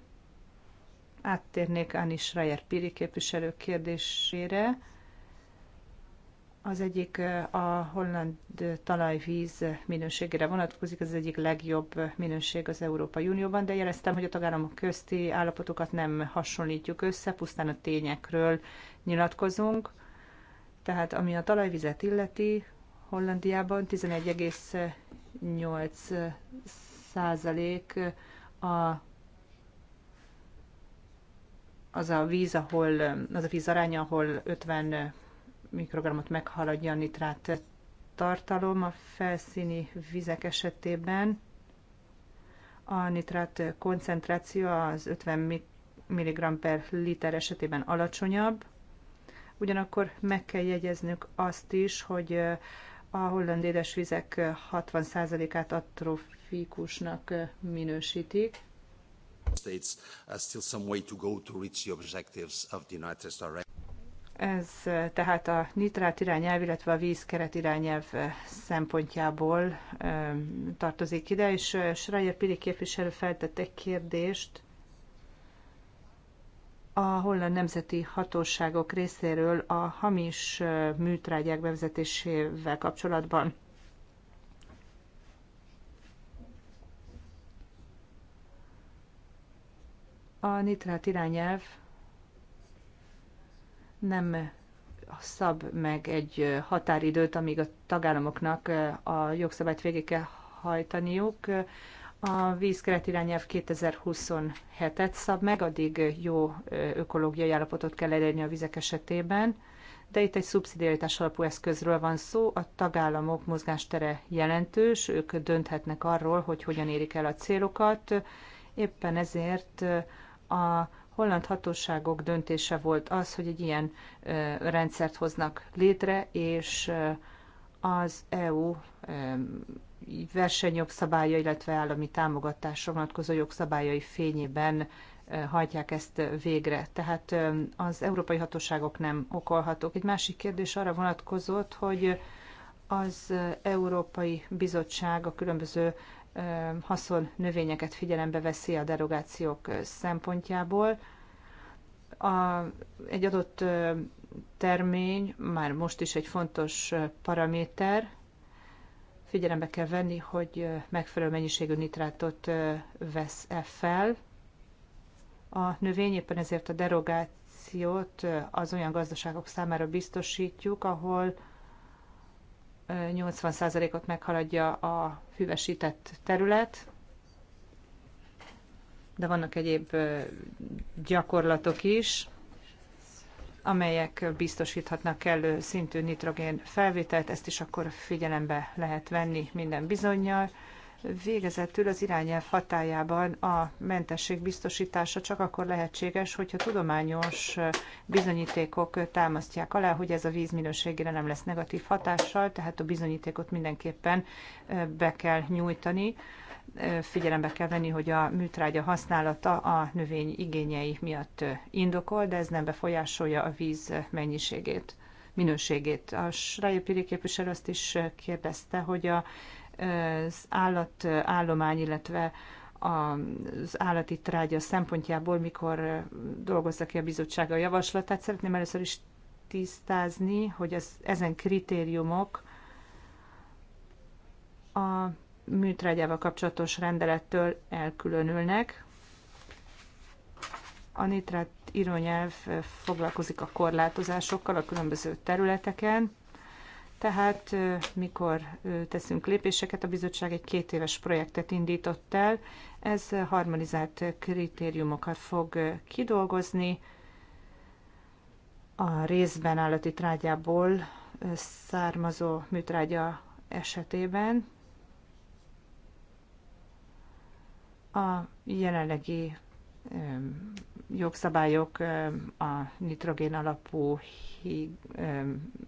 [SPEAKER 1] Áttérnék Anis Schreier Piri képviselő kérdésére. Az egyik a holland talajvíz minőségére vonatkozik, ez az egyik legjobb minőség az Európai Unióban, de jeleztem, hogy a tagállamok közti állapotokat nem hasonlítjuk össze, pusztán a tényekről nyilatkozunk. Tehát ami a talajvizet illeti, Hollandiában 8 százalék a az a víz, ahol, az a víz aránya, ahol 50 mikrogramot meghaladja a nitrát tartalom a felszíni vizek esetében. A nitrát koncentráció az 50 mg per liter esetében alacsonyabb. Ugyanakkor meg kell jegyeznünk azt is, hogy a holland édesvizek 60%-át atrofikusnak minősítik.
[SPEAKER 4] States uh, still some way to go to reach the objectives of the United States
[SPEAKER 1] ez uh, tehát a nitrát irányelv, illetve a vízkeret irányelv uh, szempontjából um, tartozik ide, és Schreier Pili képviselő feltette egy kérdést a holland nemzeti hatóságok részéről a hamis műtrágyák bevezetésével kapcsolatban. A nitrát irányelv nem szab meg egy határidőt, amíg a tagállamoknak a jogszabályt végig kell hajtaniuk. A vízkeret irányelv 2027-et szab meg, addig jó ökológiai állapotot kell elérni a vizek esetében, de itt egy szubszidiaritás alapú eszközről van szó, a tagállamok mozgástere jelentős, ők dönthetnek arról, hogy hogyan érik el a célokat, éppen ezért a holland hatóságok döntése volt az, hogy egy ilyen rendszert hoznak létre, és az EU versenyjogszabálya, illetve állami támogatásra vonatkozó jogszabályai fényében hajtják ezt végre. Tehát az európai hatóságok nem okolhatók. Egy másik kérdés arra vonatkozott, hogy az Európai Bizottság a különböző haszon növényeket figyelembe veszi a derogációk szempontjából. A, egy adott termény már most is egy fontos paraméter, figyelembe kell venni, hogy megfelelő mennyiségű nitrátot vesz -e fel a növény, éppen ezért a derogációt az olyan gazdaságok számára biztosítjuk, ahol 80%-ot meghaladja a hüvesített terület, de vannak egyéb gyakorlatok is, amelyek biztosíthatnak kellő szintű nitrogén felvételt, ezt is akkor figyelembe lehet venni minden bizonyal. Végezetül az irányelv hatájában a mentesség biztosítása csak akkor lehetséges, hogyha tudományos bizonyítékok támasztják alá, hogy ez a víz minőségére nem lesz negatív hatással, tehát a bizonyítékot mindenképpen be kell nyújtani figyelembe kell venni, hogy a műtrágya használata a növény igényei miatt indokol, de ez nem befolyásolja a víz mennyiségét, minőségét. A Schreier Piri képviselő azt is kérdezte, hogy az állatállomány, illetve az állati trágya szempontjából, mikor dolgozza ki a bizottsága a javaslatát. Szeretném először is tisztázni, hogy az, ezen kritériumok a műtrágyával kapcsolatos rendelettől elkülönülnek. A nitrát írónyelv foglalkozik a korlátozásokkal a különböző területeken, tehát mikor teszünk lépéseket, a bizottság egy két éves projektet indított el, ez harmonizált kritériumokat fog kidolgozni, a részben állati trágyából származó műtrágya esetében, A jelenlegi jogszabályok a nitrogén alapú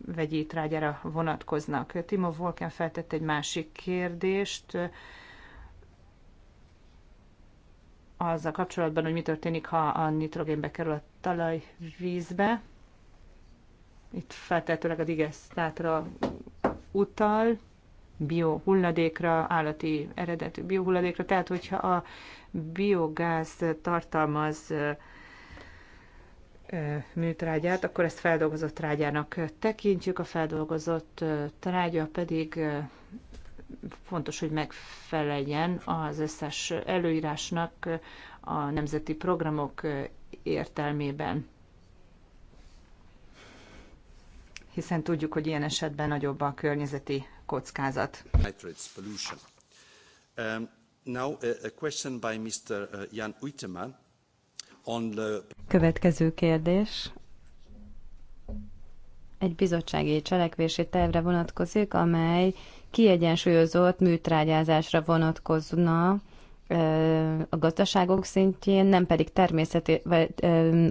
[SPEAKER 1] vegyétrágyára vonatkoznak. Timo Volken feltett egy másik kérdést azzal kapcsolatban, hogy mi történik, ha a nitrogén bekerül a talajvízbe. Itt feltehetőleg a digesztátra utal biohulladékra, állati eredetű biohulladékra. Tehát, hogyha a biogáz tartalmaz műtrágyát, akkor ezt feldolgozott trágyának tekintjük, a feldolgozott trágya pedig fontos, hogy megfeleljen az összes előírásnak a nemzeti programok értelmében. hiszen tudjuk, hogy ilyen esetben nagyobb a
[SPEAKER 4] környezeti kockázat. Um, uh,
[SPEAKER 2] Következő kérdés egy bizottsági cselekvési tervre vonatkozik, amely kiegyensúlyozott műtrágyázásra vonatkozna a gazdaságok szintjén, nem pedig természeti, vagy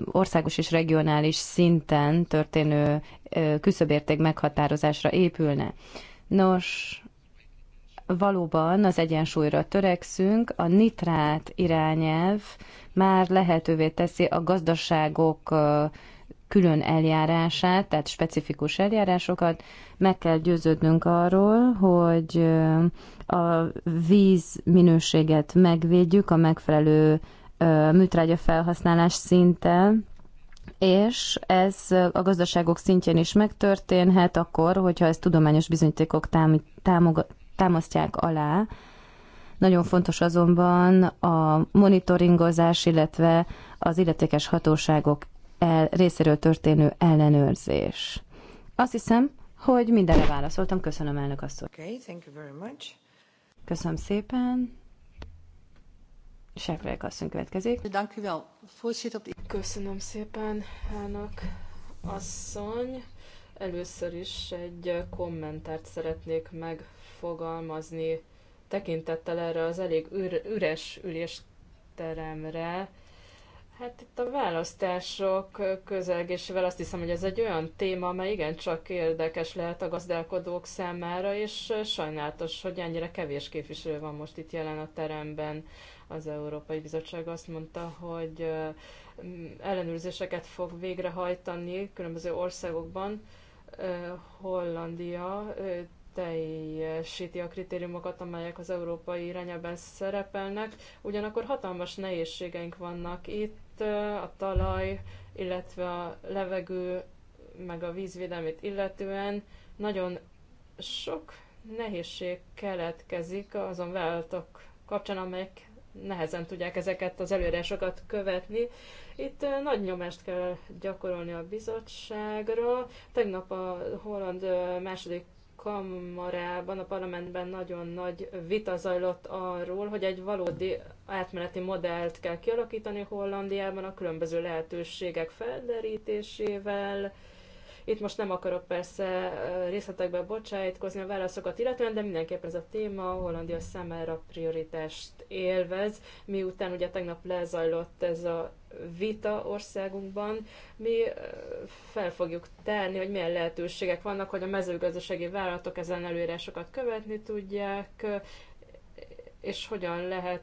[SPEAKER 2] országos és regionális szinten történő küszöbérték meghatározásra épülne. Nos, valóban az egyensúlyra törekszünk, a nitrát irányelv már lehetővé teszi a gazdaságok külön eljárását, tehát specifikus eljárásokat. Meg kell győződnünk arról, hogy a víz minőséget megvédjük a megfelelő műtrágya felhasználás szinten, és ez a gazdaságok szintjén is megtörténhet akkor, hogyha ezt tudományos bizonyítékok tám- támasztják alá. Nagyon fontos azonban a monitoringozás, illetve az illetékes hatóságok el, részéről történő ellenőrzés. Azt hiszem, hogy mindenre válaszoltam. Köszönöm, elnök asszony. Okay, thank you very much. Köszönöm szépen. Sefrejek asszony következik.
[SPEAKER 3] Köszönöm szépen, elnök asszony. Először is egy kommentárt szeretnék megfogalmazni tekintettel erre az elég üres ülésteremre, Hát itt a választások közelgésével azt hiszem, hogy ez egy olyan téma, amely igencsak érdekes lehet a gazdálkodók számára, és sajnálatos, hogy ennyire kevés képviselő van most itt jelen a teremben. Az Európai Bizottság azt mondta, hogy ellenőrzéseket fog végrehajtani különböző országokban. Hollandia teljesíti a kritériumokat, amelyek az európai irányában szerepelnek. Ugyanakkor hatalmas nehézségeink vannak itt, a talaj, illetve a levegő, meg a vízvédelmét illetően. Nagyon sok nehézség keletkezik azon vállalatok kapcsán, amelyek nehezen tudják ezeket az előírásokat követni. Itt nagy nyomást kell gyakorolni a bizottságra. Tegnap a holland második kamarában, a parlamentben nagyon nagy vita zajlott arról, hogy egy valódi átmeneti modellt kell kialakítani Hollandiában a különböző lehetőségek felderítésével. Itt most nem akarok persze részletekbe bocsájtkozni a válaszokat illetően, de mindenképpen ez a téma Hollandia számára prioritást élvez, miután ugye tegnap lezajlott ez a vita országunkban. Mi fel fogjuk tenni, hogy milyen lehetőségek vannak, hogy a mezőgazdasági vállalatok ezen előírásokat követni tudják, és hogyan lehet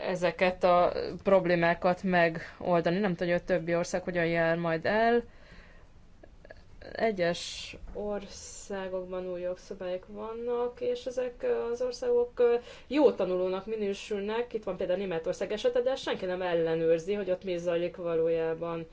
[SPEAKER 3] ezeket a problémákat megoldani. Nem tudja, hogy a többi ország hogyan jár majd el egyes országokban új jogszabályok vannak, és ezek az országok jó tanulónak minősülnek. Itt van például Németország esete, de senki nem ellenőrzi, hogy ott mi zajlik valójában.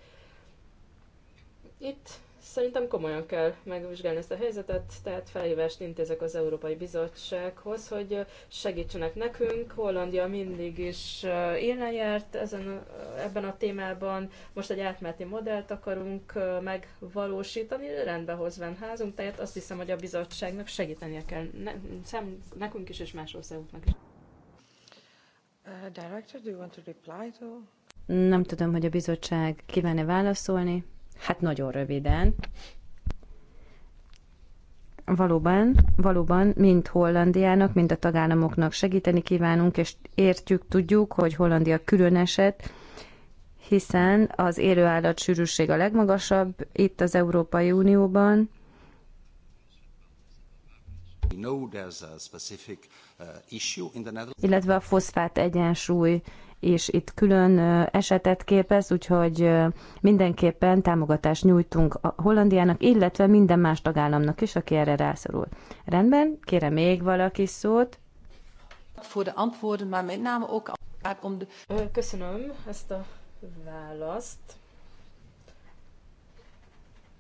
[SPEAKER 3] Itt Szerintem komolyan kell megvizsgálni ezt a helyzetet, tehát felhívást intézek az Európai Bizottsághoz, hogy segítsenek nekünk. Hollandia mindig is eh, élen járt ezen, ebben a témában. Most egy átmeneti modellt akarunk eh, megvalósítani, rendbe hozván házunk, tehát azt hiszem, hogy a bizottságnak segítenie kell ne, szem, nekünk is és más országoknak is. Uh, director, do you want to reply to?
[SPEAKER 2] Nem tudom, hogy a bizottság kívánne válaszolni. Hát nagyon röviden. Valóban, valóban mind Hollandiának, mind a tagállamoknak segíteni kívánunk, és értjük, tudjuk, hogy Hollandia külön eset, hiszen az élőállat sűrűség a legmagasabb itt az Európai Unióban.
[SPEAKER 4] Uh, Illetve a foszfát
[SPEAKER 2] egyensúly is itt külön esetet képez, úgyhogy mindenképpen támogatást nyújtunk a Hollandiának, illetve minden más tagállamnak is, aki erre rászorul. Rendben, kérem még valaki szót.
[SPEAKER 3] Köszönöm ezt a választ.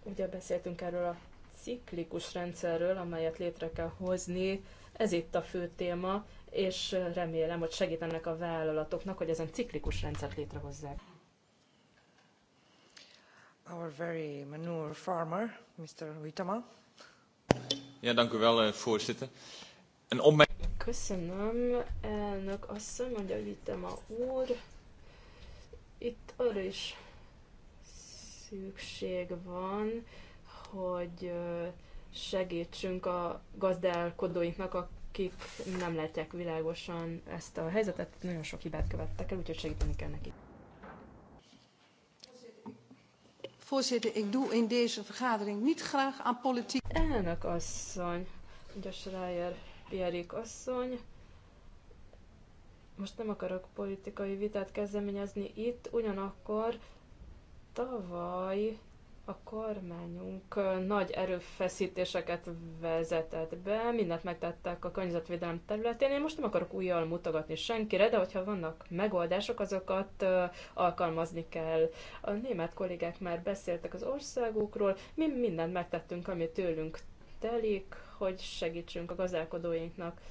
[SPEAKER 3] Ugye beszéltünk erről a ciklikus rendszerről, amelyet létre kell hozni. Ez itt a fő téma, és remélem, hogy segítenek a vállalatoknak, hogy ezen ciklikus rendszert létrehozzák. Our very manure farmer, Mr. Huitama.
[SPEAKER 1] Ja, dank u wel, eh, voorzitter. Een opmerking.
[SPEAKER 3] Köszönöm, elnök asszony, mondja Huitama úr. Itt arra is szükség van, hogy segítsünk a gazdálkodóinknak a akik nem látják világosan ezt a helyzetet, nagyon sok hibát követtek el, úgyhogy segíteni kell nekik. Voorzitter, ik doe in deze vergadering niet graag aan politiek. Elnök asszony, ugye Schreier, Pierik asszony, most nem akarok politikai vitát kezdeményezni itt, ugyanakkor tavaly a kormányunk nagy erőfeszítéseket vezetett be, mindent megtettek a környezetvédelem területén. Én most nem akarok újjal mutogatni senkire, de hogyha vannak megoldások, azokat alkalmazni kell. A német kollégák már beszéltek az országokról, mi mindent megtettünk, ami tőlünk telik, hogy segítsünk a gazdálkodóinknak.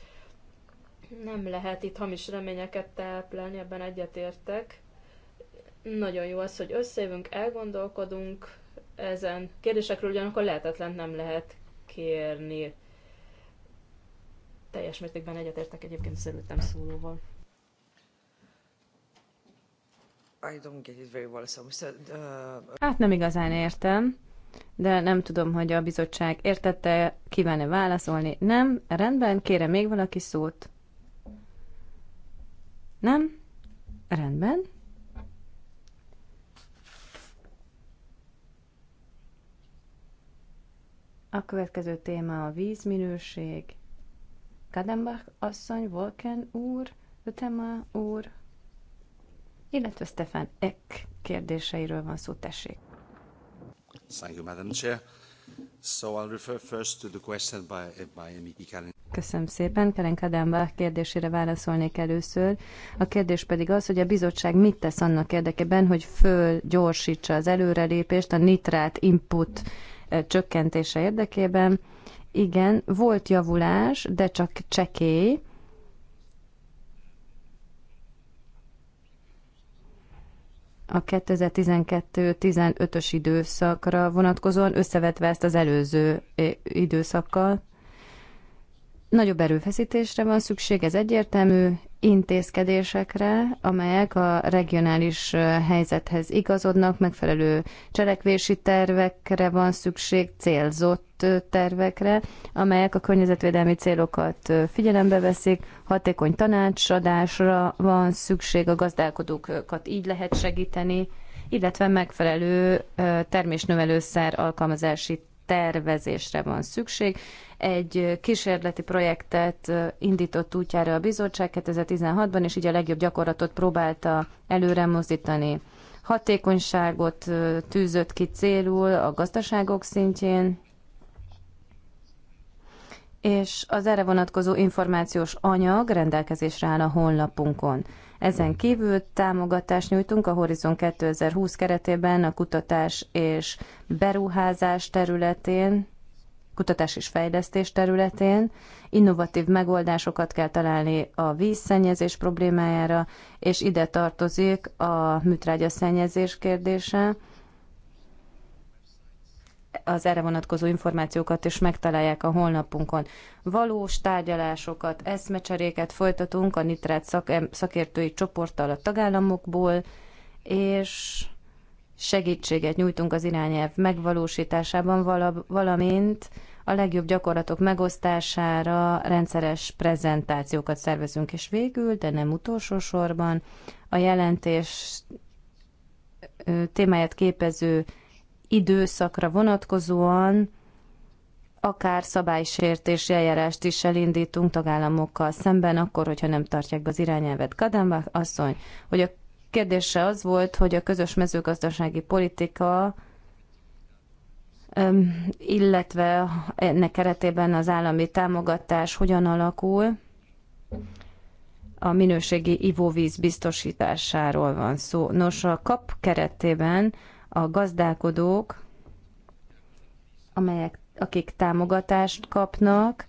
[SPEAKER 3] Nem lehet itt hamis reményeket táplálni, ebben egyetértek. Nagyon jó az, hogy összejövünk, elgondolkodunk, ezen kérdésekről ugyanakkor lehetetlen nem lehet kérni. Teljes mértékben egyetértek egyébként az előttem szólóval.
[SPEAKER 1] I don't get it very well, so uh, uh...
[SPEAKER 2] Hát nem igazán értem, de nem tudom, hogy a bizottság értette, kíván válaszolni. Nem, rendben, kérem még valaki szót. Nem? Rendben. A következő téma a vízminőség. Kadenbach asszony, Volken úr, Ötema úr, illetve Stefan Eck kérdéseiről van szó, tessék.
[SPEAKER 4] Thank you, Madam Chair. So I'll refer first to the question by, by Miki e Kellen.
[SPEAKER 2] Köszönöm szépen. Kellen Kadámba kérdésére válaszolnék először. A kérdés pedig az, hogy a bizottság mit tesz annak érdekében, hogy fölgyorsítsa az előrelépést a nitrát input csökkentése érdekében. Igen, volt javulás, de csak csekély. a 2012-15-ös időszakra vonatkozóan, összevetve ezt az előző eh, időszakkal. Nagyobb erőfeszítésre van szükség, ez egyértelmű, intézkedésekre, amelyek a regionális helyzethez igazodnak, megfelelő cselekvési tervekre van szükség, célzott tervekre, amelyek a környezetvédelmi célokat figyelembe veszik, hatékony tanácsadásra van szükség, a gazdálkodókat így lehet segíteni, illetve megfelelő termésnövelőszer alkalmazási tervezésre van szükség. Egy kísérleti projektet indított útjára a bizottság 2016-ban, és így a legjobb gyakorlatot próbálta előre mozdítani. Hatékonyságot tűzött ki célul a gazdaságok szintjén, és az erre vonatkozó információs anyag rendelkezésre áll a honlapunkon. Ezen kívül támogatást nyújtunk a Horizon 2020 keretében a kutatás és beruházás területén, kutatás és fejlesztés területén. Innovatív megoldásokat kell találni a vízszennyezés problémájára, és ide tartozik a műtrágyaszennyezés kérdése az erre vonatkozó információkat is megtalálják a honlapunkon. Valós tárgyalásokat, eszmecseréket folytatunk a nitrát szak, szakértői csoporttal a tagállamokból, és segítséget nyújtunk az irányelv megvalósításában, valamint a legjobb gyakorlatok megosztására rendszeres prezentációkat szervezünk, és végül, de nem utolsó sorban, a jelentés témáját képező időszakra vonatkozóan akár szabálysértés eljárást is elindítunk tagállamokkal szemben, akkor, hogyha nem tartják be az irányelvet. Kadámba asszony, hogy a kérdése az volt, hogy a közös mezőgazdasági politika illetve ennek keretében az állami támogatás hogyan alakul. A minőségi ivóvíz biztosításáról van szó. Nos, a kap keretében a gazdálkodók, amelyek, akik támogatást kapnak,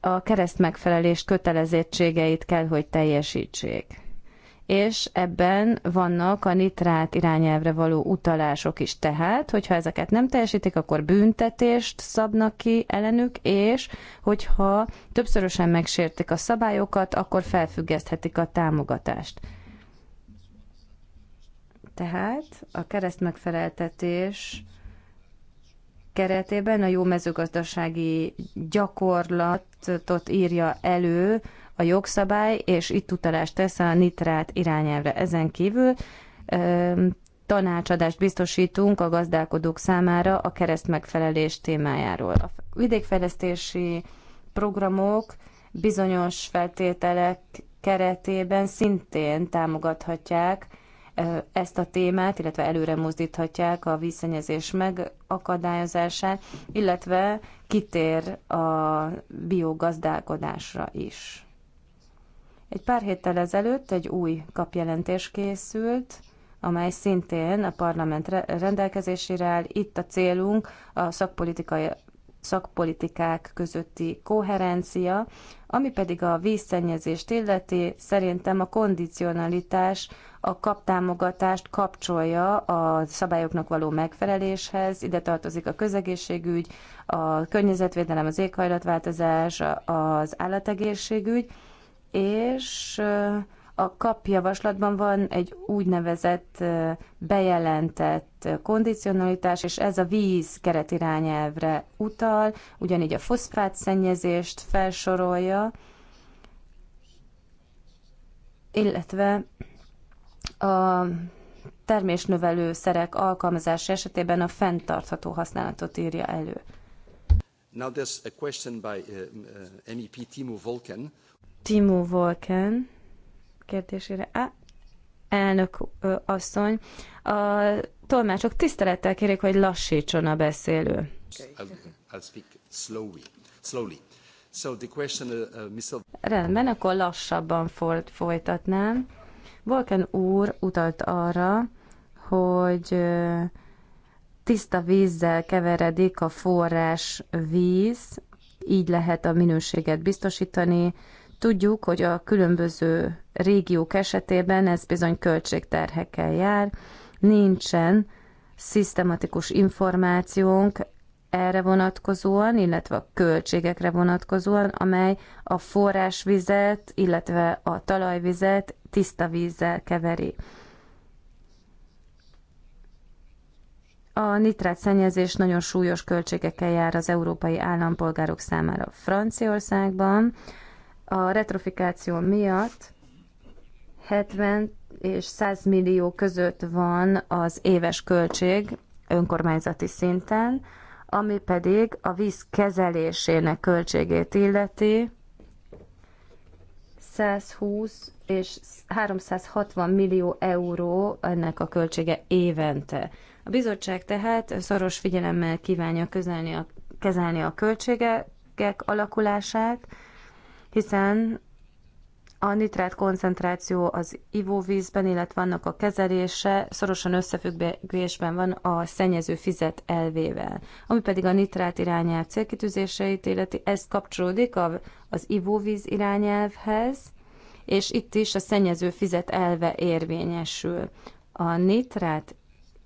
[SPEAKER 2] a keresztmegfelelés kötelezettségeit kell, hogy teljesítsék. És ebben vannak a nitrát irányelvre való utalások is. Tehát, hogyha ezeket nem teljesítik, akkor büntetést szabnak ki ellenük, és hogyha többszörösen megsértik a szabályokat, akkor felfüggeszthetik a támogatást. Tehát a kereszt megfeleltetés keretében a jó mezőgazdasági gyakorlatot írja elő a jogszabály, és itt utalást tesz a nitrát irányelvre. Ezen kívül tanácsadást biztosítunk a gazdálkodók számára a kereszt megfelelés témájáról. A vidékfejlesztési programok bizonyos feltételek keretében szintén támogathatják ezt a témát, illetve előre mozdíthatják a vízszennyezés megakadályozását, illetve kitér a biogazdálkodásra is. Egy pár héttel ezelőtt egy új kapjelentés készült, amely szintén a parlament rendelkezésére áll. Itt a célunk a szakpolitikai szakpolitikák közötti koherencia, ami pedig a vízszennyezést illeti, szerintem a kondicionalitás a kaptámogatást kapcsolja a szabályoknak való megfeleléshez. Ide tartozik a közegészségügy, a környezetvédelem, az éghajlatváltozás, az állategészségügy, és a KAP javaslatban van egy úgynevezett bejelentett kondicionalitás, és ez a víz keretirányelvre utal, ugyanígy a foszfát szennyezést felsorolja, illetve a termésnövelő szerek alkalmazása esetében a fenntartható használatot írja elő.
[SPEAKER 4] Now there's a question by uh, MEP uh, Timo Volken.
[SPEAKER 2] Timo Volken kérdésére. Á, elnök ö, asszony, a tolmácsok tisztelettel kérik, hogy lassítson a beszélő.
[SPEAKER 4] Uh, uh,
[SPEAKER 2] Rendben, akkor lassabban folytatnám. Volken úr utalt arra, hogy tiszta vízzel keveredik a forrás víz, így lehet a minőséget biztosítani, Tudjuk, hogy a különböző régiók esetében ez bizony költségterhekkel jár, nincsen szisztematikus információnk erre vonatkozóan, illetve a költségekre vonatkozóan, amely a forrásvizet, illetve a talajvizet tiszta vízzel keveri. A nitrát szennyezés nagyon súlyos költségekkel jár az európai állampolgárok számára Franciaországban a retrofikáció miatt 70 és 100 millió között van az éves költség önkormányzati szinten, ami pedig a víz kezelésének költségét illeti 120 és 360 millió euró ennek a költsége évente. A bizottság tehát szoros figyelemmel kívánja közelni a, kezelni a költségek alakulását, hiszen a nitrát koncentráció az ivóvízben, illetve annak a kezelése szorosan összefüggésben van a szennyező fizet elvével. Ami pedig a nitrát irányelv célkitűzéseit illeti, ez kapcsolódik az ivóvíz irányelvhez, és itt is a szennyező fizet elve érvényesül. A nitrát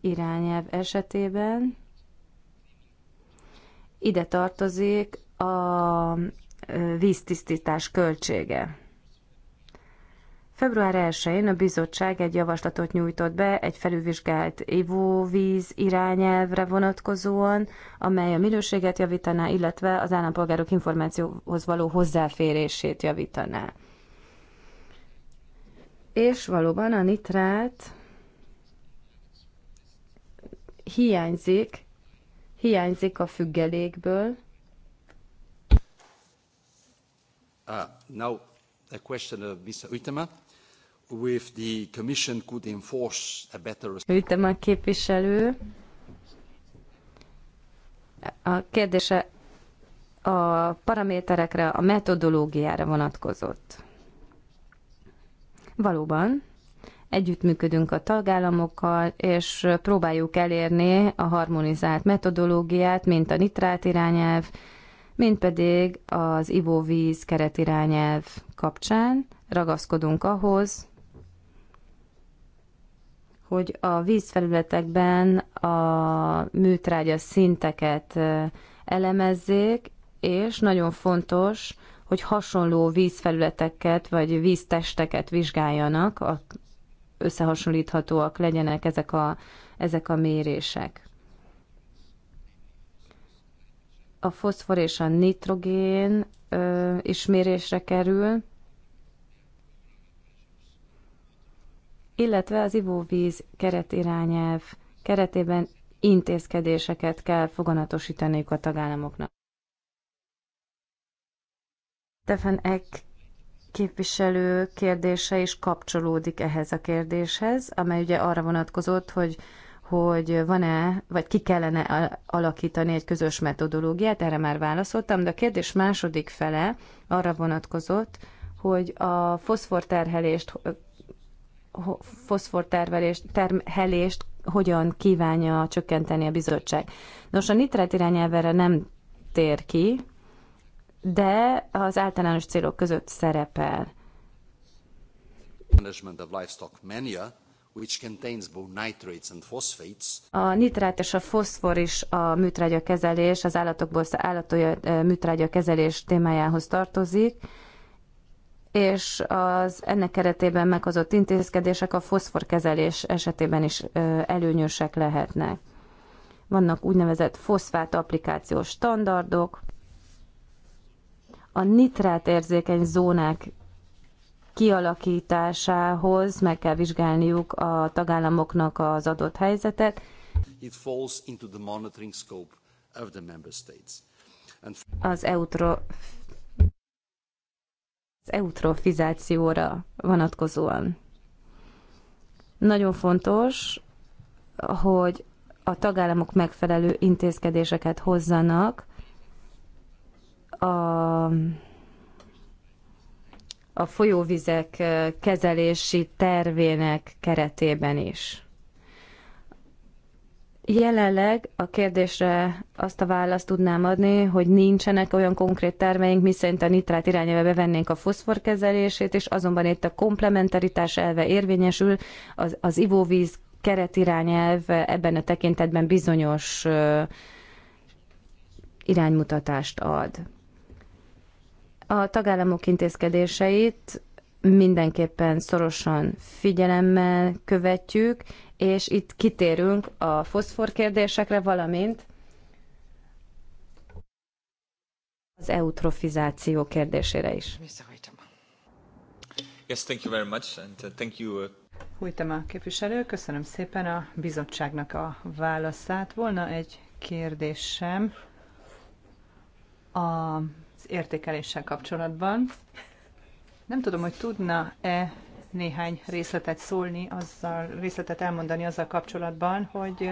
[SPEAKER 2] irányelv esetében ide tartozik a víztisztítás költsége. Február 1-én a bizottság egy javaslatot nyújtott be egy felülvizsgált ivóvíz irányelvre vonatkozóan, amely a minőséget javítaná, illetve az állampolgárok információhoz való hozzáférését javítaná. És valóban a nitrát hiányzik, hiányzik a függelékből,
[SPEAKER 4] Ah, now a question of Mr. Uitema. With the commission could enforce a better...
[SPEAKER 2] Uitema képviselő. A kérdése a paraméterekre, a metodológiára vonatkozott. Valóban, együttműködünk a tagállamokkal, és próbáljuk elérni a harmonizált metodológiát, mint a nitrát irányelv, mint pedig az ivóvíz keretirányelv kapcsán ragaszkodunk ahhoz, hogy a vízfelületekben a műtrágya szinteket elemezzék, és nagyon fontos, hogy hasonló vízfelületeket vagy víztesteket vizsgáljanak, összehasonlíthatóak legyenek ezek a, ezek a mérések. a foszfor és a nitrogén ö, ismérésre kerül, illetve az ivóvíz keretirányelv keretében intézkedéseket kell foganatosítaniuk a tagállamoknak. Stefan Eck képviselő kérdése is kapcsolódik ehhez a kérdéshez, amely ugye arra vonatkozott, hogy hogy van-e, vagy ki kellene alakítani egy közös metodológiát, erre már válaszoltam, de a kérdés második fele arra vonatkozott, hogy a foszforterhelést foszforterhelést terhelést hogyan kívánja csökkenteni a bizottság. Nos, a nitrát irányelvere nem tér ki, de az általános célok között szerepel.
[SPEAKER 4] Management of livestock mania which contains both nitrates and phosphates. A nitrát
[SPEAKER 2] és a foszfor is a műtrágya kezelés, az állatokból állatolja műtrágya kezelés témájához tartozik és az ennek keretében meghozott intézkedések a foszforkezelés esetében is előnyösek lehetnek. Vannak úgynevezett foszfát applikációs standardok, a nitrát érzékeny zónák kialakításához meg kell vizsgálniuk a tagállamoknak az adott helyzetet.
[SPEAKER 4] It falls into the monitoring scope of the member states. And... Az eutro
[SPEAKER 2] az eutrofizációra vonatkozóan. Nagyon fontos, hogy a tagállamok megfelelő intézkedéseket hozzanak a a folyóvizek kezelési tervének keretében is. Jelenleg a kérdésre azt a választ tudnám adni, hogy nincsenek olyan konkrét terveink, miszerint a nitrát irányába bevennénk a foszfor kezelését, és azonban itt a komplementaritás elve érvényesül, az, az ivóvíz keretirányelv ebben a tekintetben bizonyos iránymutatást ad. A tagállamok intézkedéseit mindenképpen szorosan figyelemmel követjük, és itt kitérünk a foszfor kérdésekre, valamint az eutrofizáció kérdésére is.
[SPEAKER 1] Yes, thank you very much, and uh, thank you. Hújtema uh, képviselő, köszönöm szépen a bizottságnak a válaszát. Volna egy kérdésem a értékeléssel kapcsolatban. Nem tudom, hogy tudna-e néhány részletet szólni, azzal, részletet elmondani azzal kapcsolatban, hogy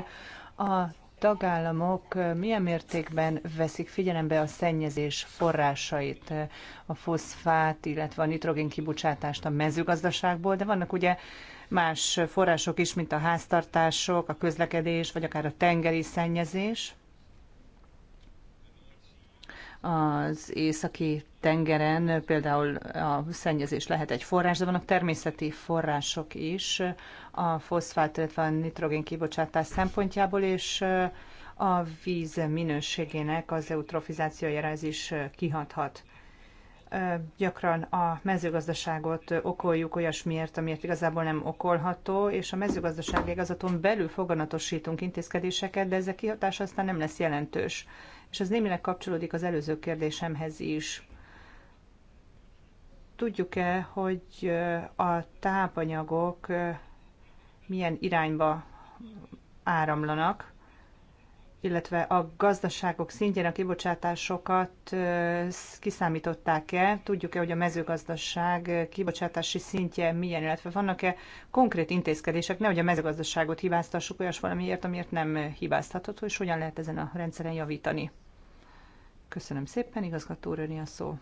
[SPEAKER 1] a tagállamok milyen mértékben veszik figyelembe a szennyezés forrásait, a foszfát, illetve a nitrogén kibocsátást a mezőgazdaságból, de vannak ugye más források is, mint a háztartások, a közlekedés, vagy akár a tengeri szennyezés az északi tengeren például a szennyezés lehet egy forrás, de vannak természeti források is a foszfát, illetve a nitrogén kibocsátás szempontjából, és eh, a víz minőségének az eutrofizáció jelez is eh, kihathat. Eh, gyakran a mezőgazdaságot okoljuk olyasmiért, amiért igazából nem okolható, és a mezőgazdasági igazaton belül foganatosítunk intézkedéseket, de ezek kihatása aztán nem lesz jelentős és ez némileg kapcsolódik az előző kérdésemhez is. Tudjuk-e, hogy a tápanyagok milyen irányba áramlanak? illetve a gazdaságok szintjén a kibocsátásokat kiszámították-e? Tudjuk-e, hogy a mezőgazdaság kibocsátási szintje milyen, illetve vannak-e konkrét intézkedések, nehogy a mezőgazdaságot hibáztassuk olyas valamiért, amiért nem hibáztatható, és hogyan lehet ezen a rendszeren javítani? Köszönöm szépen, igazgató a szó.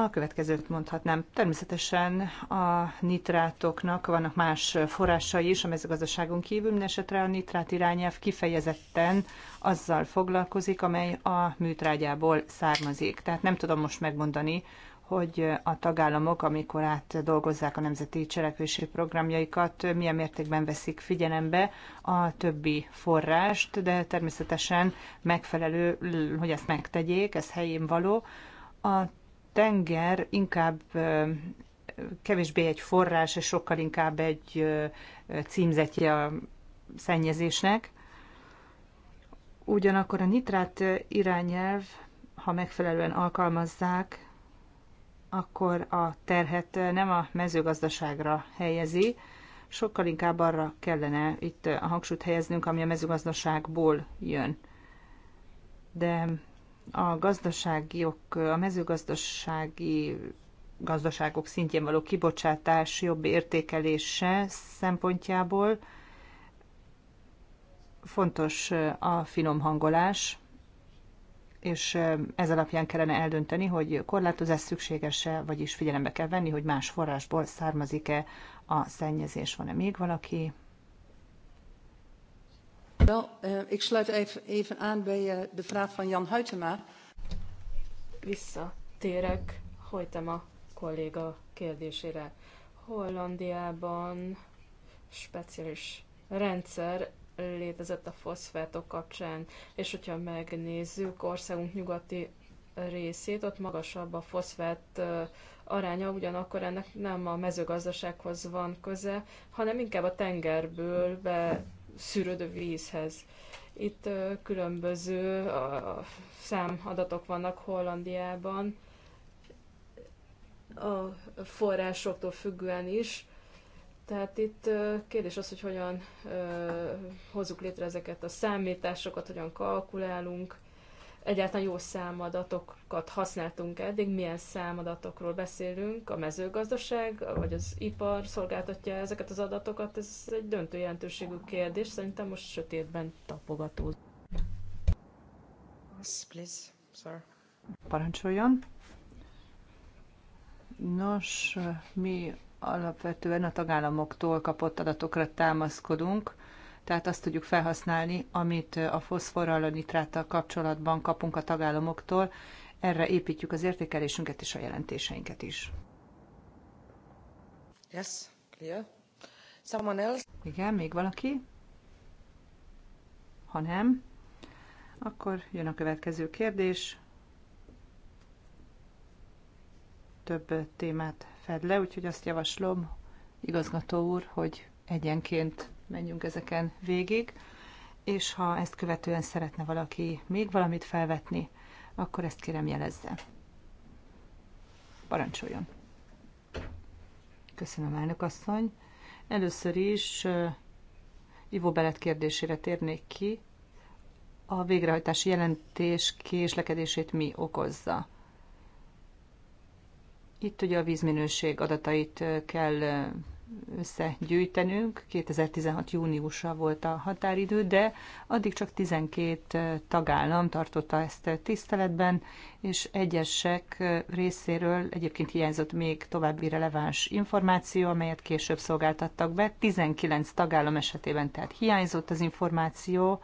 [SPEAKER 1] A következőt mondhatnám. Természetesen a nitrátoknak vannak más forrásai is a mezőgazdaságon kívül, esetre a nitrát irányelv kifejezetten azzal foglalkozik, amely a műtrágyából származik. Tehát nem tudom most megmondani, hogy a tagállamok, amikor átdolgozzák a nemzeti cselekvési programjaikat, milyen mértékben veszik figyelembe a többi forrást, de természetesen megfelelő, hogy ezt megtegyék, ez helyén való. A tenger inkább kevésbé egy forrás, és sokkal inkább egy címzetje a szennyezésnek. Ugyanakkor a nitrát irányelv, ha megfelelően alkalmazzák, akkor a terhet nem a mezőgazdaságra helyezi, sokkal inkább arra kellene itt a hangsúlyt helyeznünk, ami a mezőgazdaságból jön. De a gazdasági ok, a mezőgazdasági gazdaságok szintjén való kibocsátás jobb értékelése szempontjából fontos eh, a finom hangolás, és eh, ez alapján kellene eldönteni, hogy korlátozás szükséges-e, vagyis figyelembe kell venni, hogy más forrásból származik-e a szennyezés. Van-e még valaki,
[SPEAKER 3] Wel, uh, ik sluit even, even aan bij uh, de vraag van Jan Huytema. Visszatérek Huytema kolléga kérdésére. Hollandiában speciális rendszer létezett a foszfátok kapcsán, és hogyha megnézzük országunk nyugati részét, ott magasabb a foszfát eh, aránya, ugyanakkor ennek nem a mezőgazdasághoz van köze, hanem inkább a tengerből be szűrődő vízhez. Itt különböző számadatok vannak Hollandiában, a forrásoktól függően is. Tehát itt kérdés az, hogy hogyan hozzuk létre ezeket a számításokat, hogyan kalkulálunk, egyáltalán jó számadatokat használtunk eddig, milyen számadatokról beszélünk, a mezőgazdaság, vagy az ipar szolgáltatja ezeket az adatokat, ez egy döntő jelentőségű kérdés, szerintem most sötétben tapogató. Please, sir.
[SPEAKER 1] Parancsoljon. Nos, mi alapvetően a tagállamoktól kapott adatokra támaszkodunk, tehát azt tudjuk felhasználni, amit a foszforral, a nitráttal kapcsolatban kapunk a tagállamoktól. Erre építjük az értékelésünket és a jelentéseinket is.
[SPEAKER 3] Yes, clear. Someone else?
[SPEAKER 1] Igen, még valaki? Ha nem, akkor jön a következő kérdés. Több témát fed le, úgyhogy azt javaslom, igazgató úr, hogy egyenként menjünk ezeken végig, és ha ezt követően szeretne valaki még valamit felvetni, akkor ezt kérem jelezze. Parancsoljon! Köszönöm, elnök asszony. Először is uh, Ivo Belet kérdésére térnék ki. A végrehajtási jelentés késlekedését mi okozza? Itt ugye a vízminőség adatait kell összegyűjtenünk. 2016. júniusa volt a határidő, de addig csak 12 eh, tagállam tartotta ezt tiszteletben, és egyesek eh, részéről egyébként hiányzott még további releváns információ, amelyet később szolgáltattak be. 19 tagállam esetében tehát hiányzott az információ,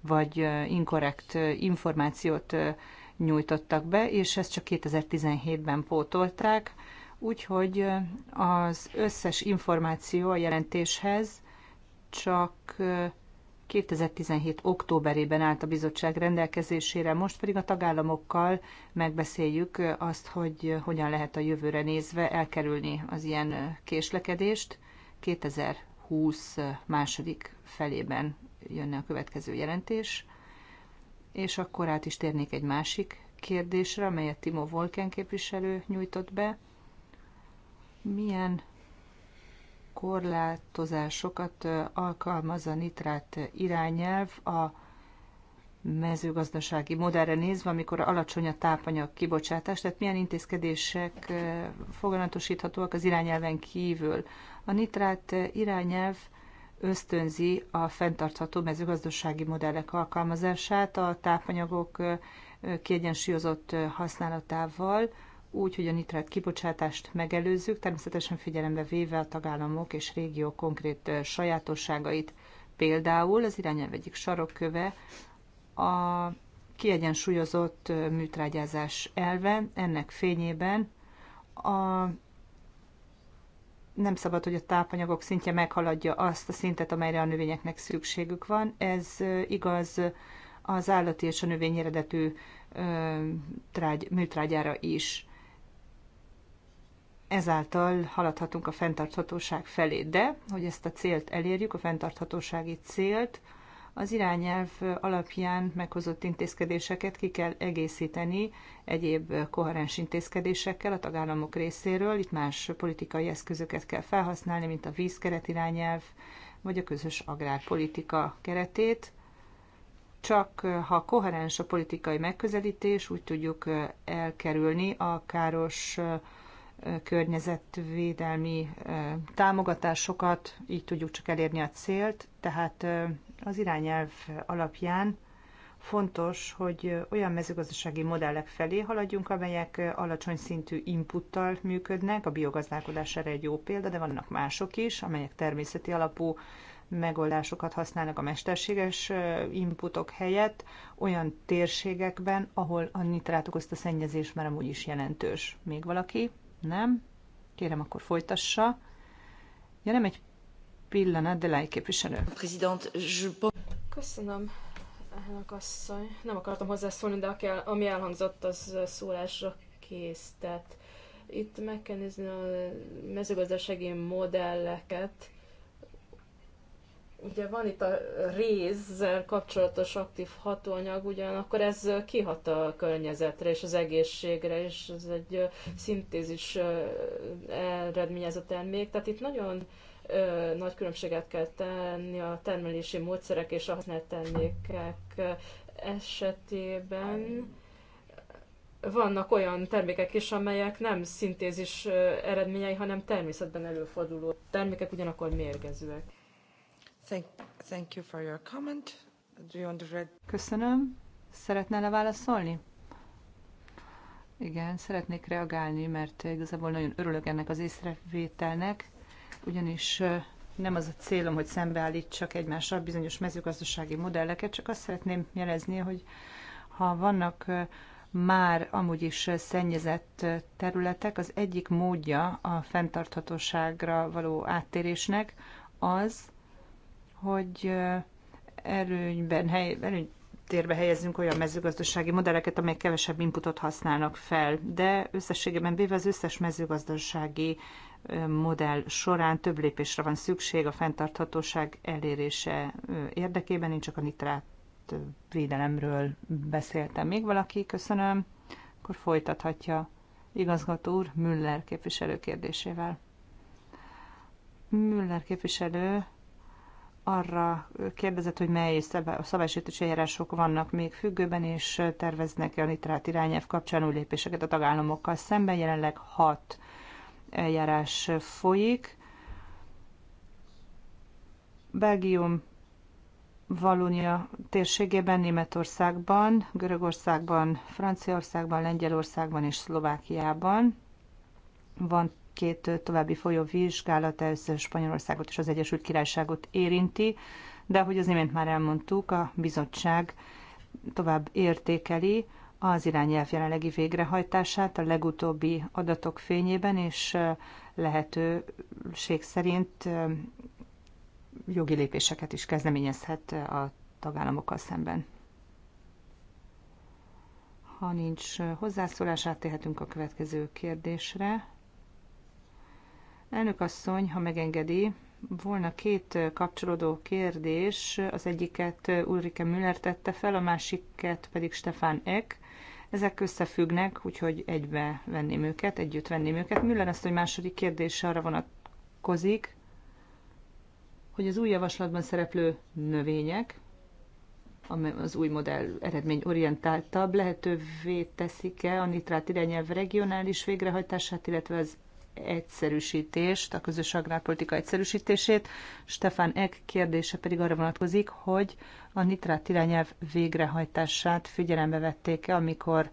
[SPEAKER 1] vagy eh, inkorrekt információt nyújtottak be, és ezt csak 2017-ben pótolták Úgyhogy az összes információ a jelentéshez csak 2017. októberében állt a bizottság rendelkezésére, most pedig a tagállamokkal megbeszéljük azt, hogy hogyan lehet a jövőre nézve elkerülni az ilyen késlekedést. 2020 második felében jönne a következő jelentés, és akkor át is térnék egy másik kérdésre, amelyet Timo Volken képviselő nyújtott be milyen korlátozásokat alkalmaz a nitrát irányelv a mezőgazdasági modellre nézve, amikor alacsony a tápanyag kibocsátás, tehát milyen intézkedések foganatosíthatóak az irányelven kívül. A nitrát irányelv ösztönzi a fenntartható mezőgazdasági modellek alkalmazását a tápanyagok kiegyensúlyozott használatával, úgy, hogy a nitrát kibocsátást megelőzzük, természetesen figyelembe véve a tagállamok és régió konkrét sajátosságait. Például az irányelv egyik sarokköve a kiegyensúlyozott műtrágyázás elve, ennek fényében a nem szabad, hogy a tápanyagok szintje meghaladja azt a szintet, amelyre a növényeknek szükségük van. Ez igaz az állati és a növény eredetű trágy, műtrágyára is ezáltal haladhatunk a fenntarthatóság felé. De, hogy ezt a célt elérjük, a fenntarthatósági célt, az irányelv alapján meghozott intézkedéseket ki kell egészíteni egyéb koherens intézkedésekkel a tagállamok részéről. Itt más politikai eszközöket kell felhasználni, mint a vízkeret irányelv, vagy a közös agrárpolitika keretét. Csak ha koherens a politikai megközelítés, úgy tudjuk elkerülni a káros környezetvédelmi támogatásokat, így tudjuk csak elérni a célt. Tehát az irányelv alapján fontos, hogy olyan mezőgazdasági modellek felé haladjunk, amelyek alacsony szintű inputtal működnek. A biogazdálkodás erre egy jó példa, de vannak mások is, amelyek természeti alapú megoldásokat használnak a mesterséges inputok helyett olyan térségekben, ahol a nitrát okozta szennyezés már amúgy is jelentős. Még valaki? Nem? Kérem, akkor folytassa. Ja, nem egy pillanat, de láj képviselő.
[SPEAKER 3] Köszönöm, elnök asszony. Nem akartam hozzászólni, de aki el, ami elhangzott, az szólásra Tehát Itt meg kell nézni a mezőgazdasági modelleket, Ugye van itt a rézzel kapcsolatos aktív hatóanyag, ugyanakkor ez kihat a környezetre és az egészségre, és ez egy szintézis eredményez a termék. Tehát itt nagyon nagy különbséget kell tenni a termelési módszerek és a használt termékek esetében vannak olyan termékek is, amelyek nem szintézis eredményei, hanem természetben előforduló termékek, ugyanakkor mérgezőek.
[SPEAKER 1] Köszönöm. Szeretne leválaszolni? Igen, szeretnék reagálni, mert igazából nagyon örülök ennek az észrevételnek, ugyanis nem az a célom, hogy szembeállítsak egymással bizonyos mezőgazdasági modelleket, csak azt szeretném jelezni, hogy ha vannak már amúgy is szennyezett területek, az egyik módja a fenntarthatóságra való áttérésnek az, hogy erőnyben, hely, előnytérbe helyezzünk olyan mezőgazdasági modelleket, amelyek kevesebb inputot használnak fel, de összességében véve az összes mezőgazdasági modell során több lépésre van szükség a fenntarthatóság elérése érdekében, én csak a nitrát védelemről beszéltem. Még valaki? Köszönöm. Akkor folytathatja igazgató úr Müller képviselő kérdésével. Müller képviselő arra kérdezett, hogy mely szabálysértési eljárások vannak még függőben, és terveznek-e a nitrát irányelv kapcsán új lépéseket a tagállamokkal szemben. Jelenleg hat eljárás folyik. Belgium, Valónia térségében, Németországban, Görögországban, Franciaországban, Lengyelországban és Szlovákiában van két további folyó vizsgálat, ez Spanyolországot és az Egyesült Királyságot érinti, de ahogy az imént már elmondtuk, a bizottság tovább értékeli az irányelv jelenlegi végrehajtását a legutóbbi adatok fényében, és lehetőség szerint jogi lépéseket is kezdeményezhet a tagállamokkal szemben. Ha nincs hozzászólás, áttérhetünk a következő kérdésre. Elnök asszony, ha megengedi, volna két kapcsolódó kérdés, az egyiket Ulrike Müller tette fel, a másiket pedig Stefan Eck. Ezek összefüggnek, úgyhogy egybe venném őket, együtt venném őket. Müller azt, hogy második kérdése arra vonatkozik, hogy az új javaslatban szereplő növények, amely az új modell eredmény orientáltabb lehetővé teszik-e a nitrát irányelv regionális végrehajtását, illetve az egyszerűsítést, a közös agrárpolitika egyszerűsítését. Stefan Eck kérdése pedig arra vonatkozik, hogy a nitrát irányelv végrehajtását figyelembe vették-e, amikor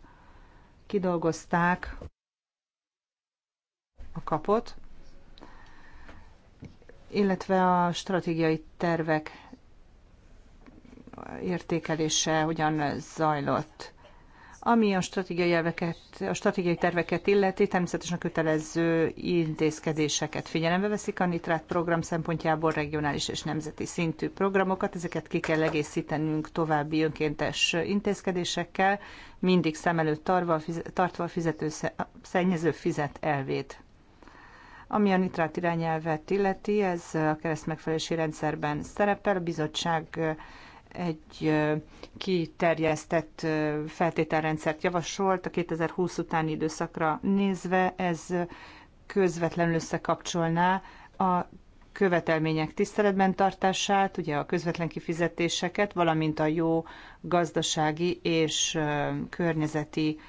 [SPEAKER 1] kidolgozták a kapot, illetve a stratégiai tervek értékelése hogyan zajlott. Ami a stratégiai, elveket, a stratégiai terveket illeti, természetesen a kötelező intézkedéseket figyelembe veszik a nitrát program szempontjából regionális és nemzeti szintű programokat. Ezeket ki kell egészítenünk további önkéntes intézkedésekkel, mindig szem előtt tarva, tartva a fizető, szennyező fizet elvét. Ami a nitrát irányelvet illeti, ez a keresztmegfelelési rendszerben szerepel, a bizottság egy kiterjesztett feltételrendszert javasolt a 2020 utáni időszakra nézve. Ez közvetlenül összekapcsolná a követelmények tiszteletben tartását, ugye a közvetlen kifizetéseket, valamint a jó gazdasági és környezeti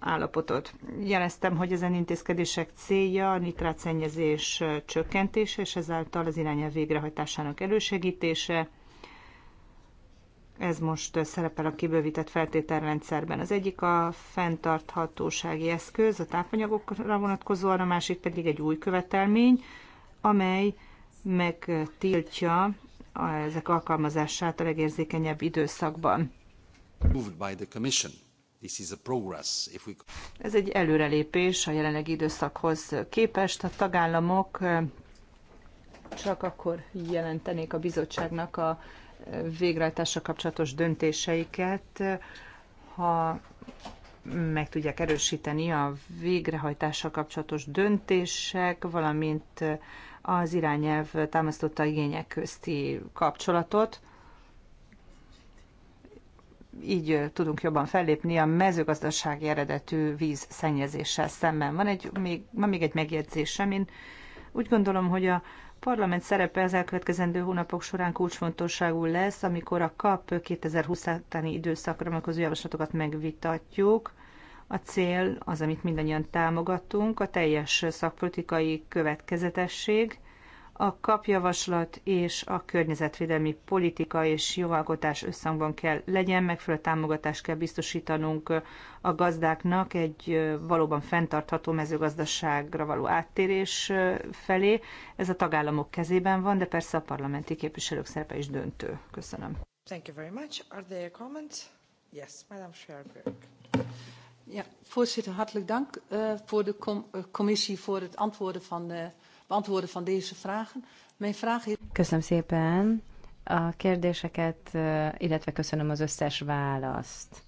[SPEAKER 1] állapotot. Jeleztem, hogy ezen intézkedések célja a nitrátszennyezés csökkentése, és ezáltal az irányel végrehajtásának elősegítése, ez most szerepel a kibővített feltételrendszerben. Az egyik a fenntarthatósági eszköz a tápanyagokra vonatkozóan, a másik pedig egy új követelmény, amely megtiltja ezek alkalmazását a legérzékenyebb időszakban. Ez egy előrelépés a jelenlegi időszakhoz képest. A tagállamok csak akkor jelentenék a bizottságnak a végrehajtásra kapcsolatos döntéseiket, ha meg tudják erősíteni a végrehajtással kapcsolatos döntések, valamint az irányelv támasztotta igények közti kapcsolatot. Így tudunk jobban fellépni a mezőgazdasági eredetű víz szennyezéssel szemben. Van, egy, még, van még egy megjegyzésem. Én úgy gondolom, hogy a parlament szerepe az elkövetkezendő hónapok során kulcsfontosságú lesz, amikor a KAP 2020 utáni időszakra vonatkozó javaslatokat megvitatjuk. A cél az, amit mindannyian támogatunk, a teljes szakpolitikai következetesség, a kapjavaslat és a környezetvédelmi politika és jogalkotás összhangban kell legyen, megfelelő támogatást kell biztosítanunk a gazdáknak egy valóban fenntartható mezőgazdaságra való áttérés felé. Ez a tagállamok kezében van, de persze a parlamenti képviselők szerepe is döntő. Köszönöm. Thank you very much. Are there comments? Yes, Madam Ja, voorzitter, hartelijk dank uh, voor de com uh, eh, commissie voor het antwoorden van uh, beantwoorden van deze vragen. Mijn vraag is...
[SPEAKER 2] Köszönöm szépen a kérdéseket, eh, illetve köszönöm az összes választ.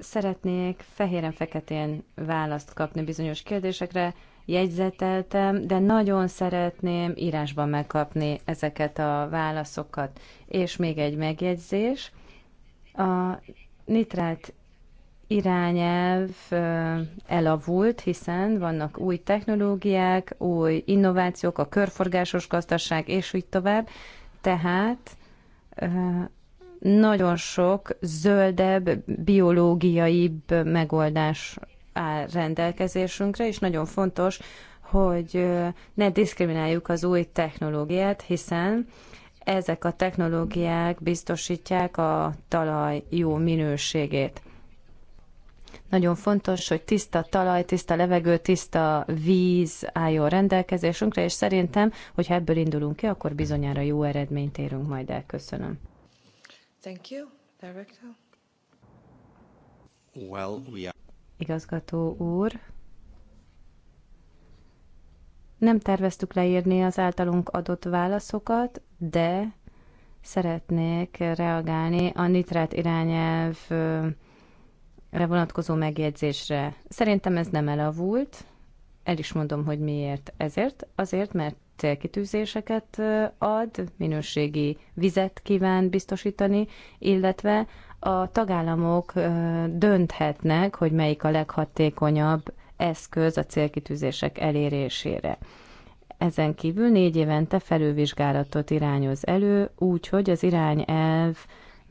[SPEAKER 2] Szeretnék fehéren-feketén választ kapni bizonyos kérdésekre, jegyzeteltem, de nagyon szeretném írásban megkapni ezeket a válaszokat. És még egy megjegyzés. A nitrát irányelv elavult, hiszen vannak új technológiák, új innovációk, a körforgásos gazdaság, és úgy tovább. Tehát nagyon sok zöldebb, biológiaibb megoldás áll rendelkezésünkre, és nagyon fontos, hogy ne diszkrimináljuk az új technológiát, hiszen ezek a technológiák biztosítják a talaj jó minőségét. Nagyon fontos, hogy tiszta talaj, tiszta levegő, tiszta víz álljon rendelkezésünkre, és szerintem, hogyha ebből indulunk ki, akkor bizonyára jó eredményt érünk majd el. Köszönöm.
[SPEAKER 1] Thank you, Director.
[SPEAKER 4] Well, we are...
[SPEAKER 2] Igazgató úr, nem terveztük leírni az általunk adott válaszokat, de szeretnék reagálni a nitrát irányelv vonatkozó megjegyzésre. Szerintem ez nem elavult. El is mondom, hogy miért. Ezért, azért, mert célkitűzéseket ad, minőségi vizet kíván biztosítani, illetve a tagállamok dönthetnek, hogy melyik a leghatékonyabb eszköz a célkitűzések elérésére. Ezen kívül négy évente felülvizsgálatot irányoz elő, úgy, hogy az irányelv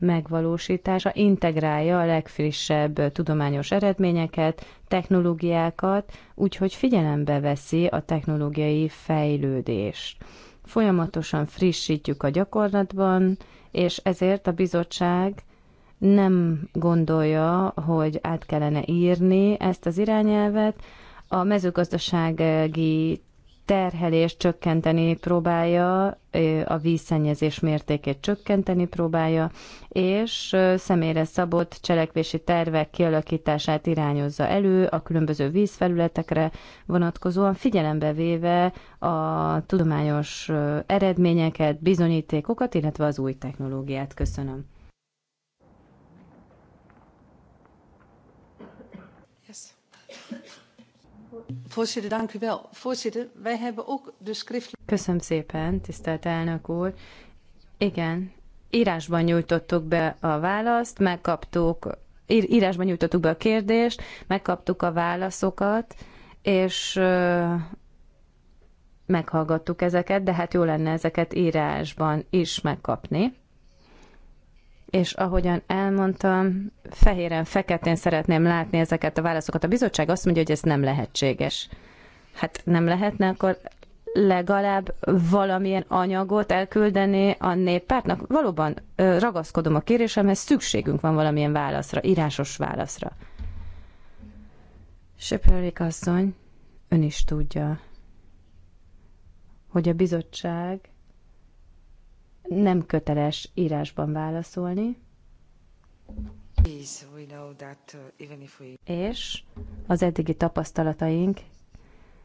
[SPEAKER 2] megvalósítása integrálja a legfrissebb tudományos eredményeket, technológiákat, úgyhogy figyelembe veszi a technológiai fejlődést. Folyamatosan frissítjük a gyakorlatban, és ezért a bizottság nem gondolja, hogy át kellene írni ezt az irányelvet. A mezőgazdasági terhelést csökkenteni próbálja, a vízszennyezés mértékét csökkenteni próbálja, és személyre szabott cselekvési tervek kialakítását irányozza elő a különböző vízfelületekre vonatkozóan, figyelembe véve a tudományos eredményeket, bizonyítékokat, illetve az új technológiát. Köszönöm.
[SPEAKER 4] Voorzitter, dank u wel. Voorzitter, wij hebben ook de schriftelijke...
[SPEAKER 2] Köszönöm szépen, tisztelt elnök úr. Igen, írásban nyújtottuk be a választ, megkaptuk, írásban nyújtottuk be a kérdést, megkaptuk a válaszokat, és meghallgattuk ezeket, de hát jó lenne ezeket írásban is megkapni és ahogyan elmondtam, fehéren-feketén szeretném látni ezeket a válaszokat. A bizottság azt mondja, hogy ez nem lehetséges. Hát nem lehetne, akkor legalább valamilyen anyagot elküldeni a néppártnak? Valóban ragaszkodom a kérésemhez, szükségünk van valamilyen válaszra, írásos válaszra. Söpörlik asszony, ön is tudja, hogy a bizottság nem köteles írásban válaszolni. Uh, És az eddigi tapasztalataink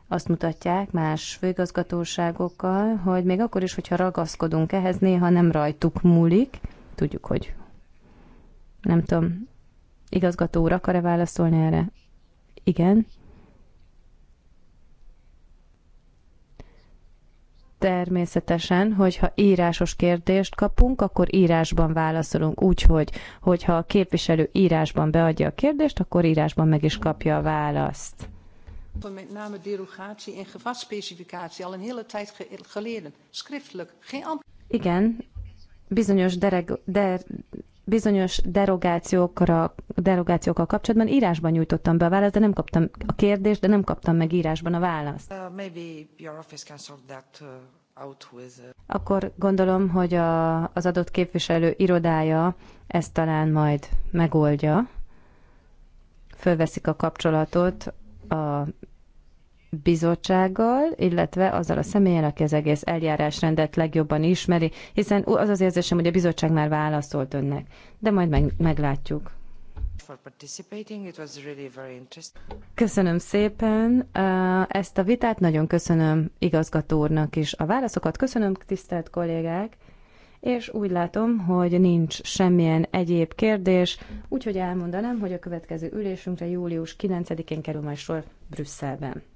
[SPEAKER 2] azt mutatják más főigazgatóságokkal, hogy még akkor is, hogyha ragaszkodunk ehhez, néha nem rajtuk múlik. Tudjuk, hogy nem tudom, igazgató úr akar-e válaszolni erre? Igen. Természetesen, hogyha írásos kérdést kapunk, akkor írásban válaszolunk. Úgyhogy, hogyha a képviselő írásban beadja a kérdést, akkor írásban meg is kapja a választ.
[SPEAKER 1] Met name derogatie en gevatsspecificatie al een hele tijd geleden. Schriftelijk, geen
[SPEAKER 2] Igen, bizonyos dereg, der, bizonyos derogációkra, derogációkkal kapcsolatban írásban nyújtottam be a választ, de nem kaptam a kérdést, de nem kaptam meg írásban a választ.
[SPEAKER 1] Uh, uh, uh,
[SPEAKER 2] Akkor gondolom, hogy a, az adott képviselő irodája ezt talán majd megoldja. Fölveszik a kapcsolatot a bizottsággal, illetve azzal a személyen, aki az egész eljárásrendet legjobban ismeri, hiszen az az érzésem, hogy a bizottság már válaszolt önnek. De majd meg, meglátjuk. Köszönöm szépen eh, ezt a vitát, nagyon köszönöm igazgatórnak is a válaszokat, köszönöm tisztelt kollégák, és úgy látom, hogy nincs semmilyen egyéb kérdés, úgyhogy elmondanám, hogy a következő ülésünkre július 9-én kerül majd sor Brüsszelben.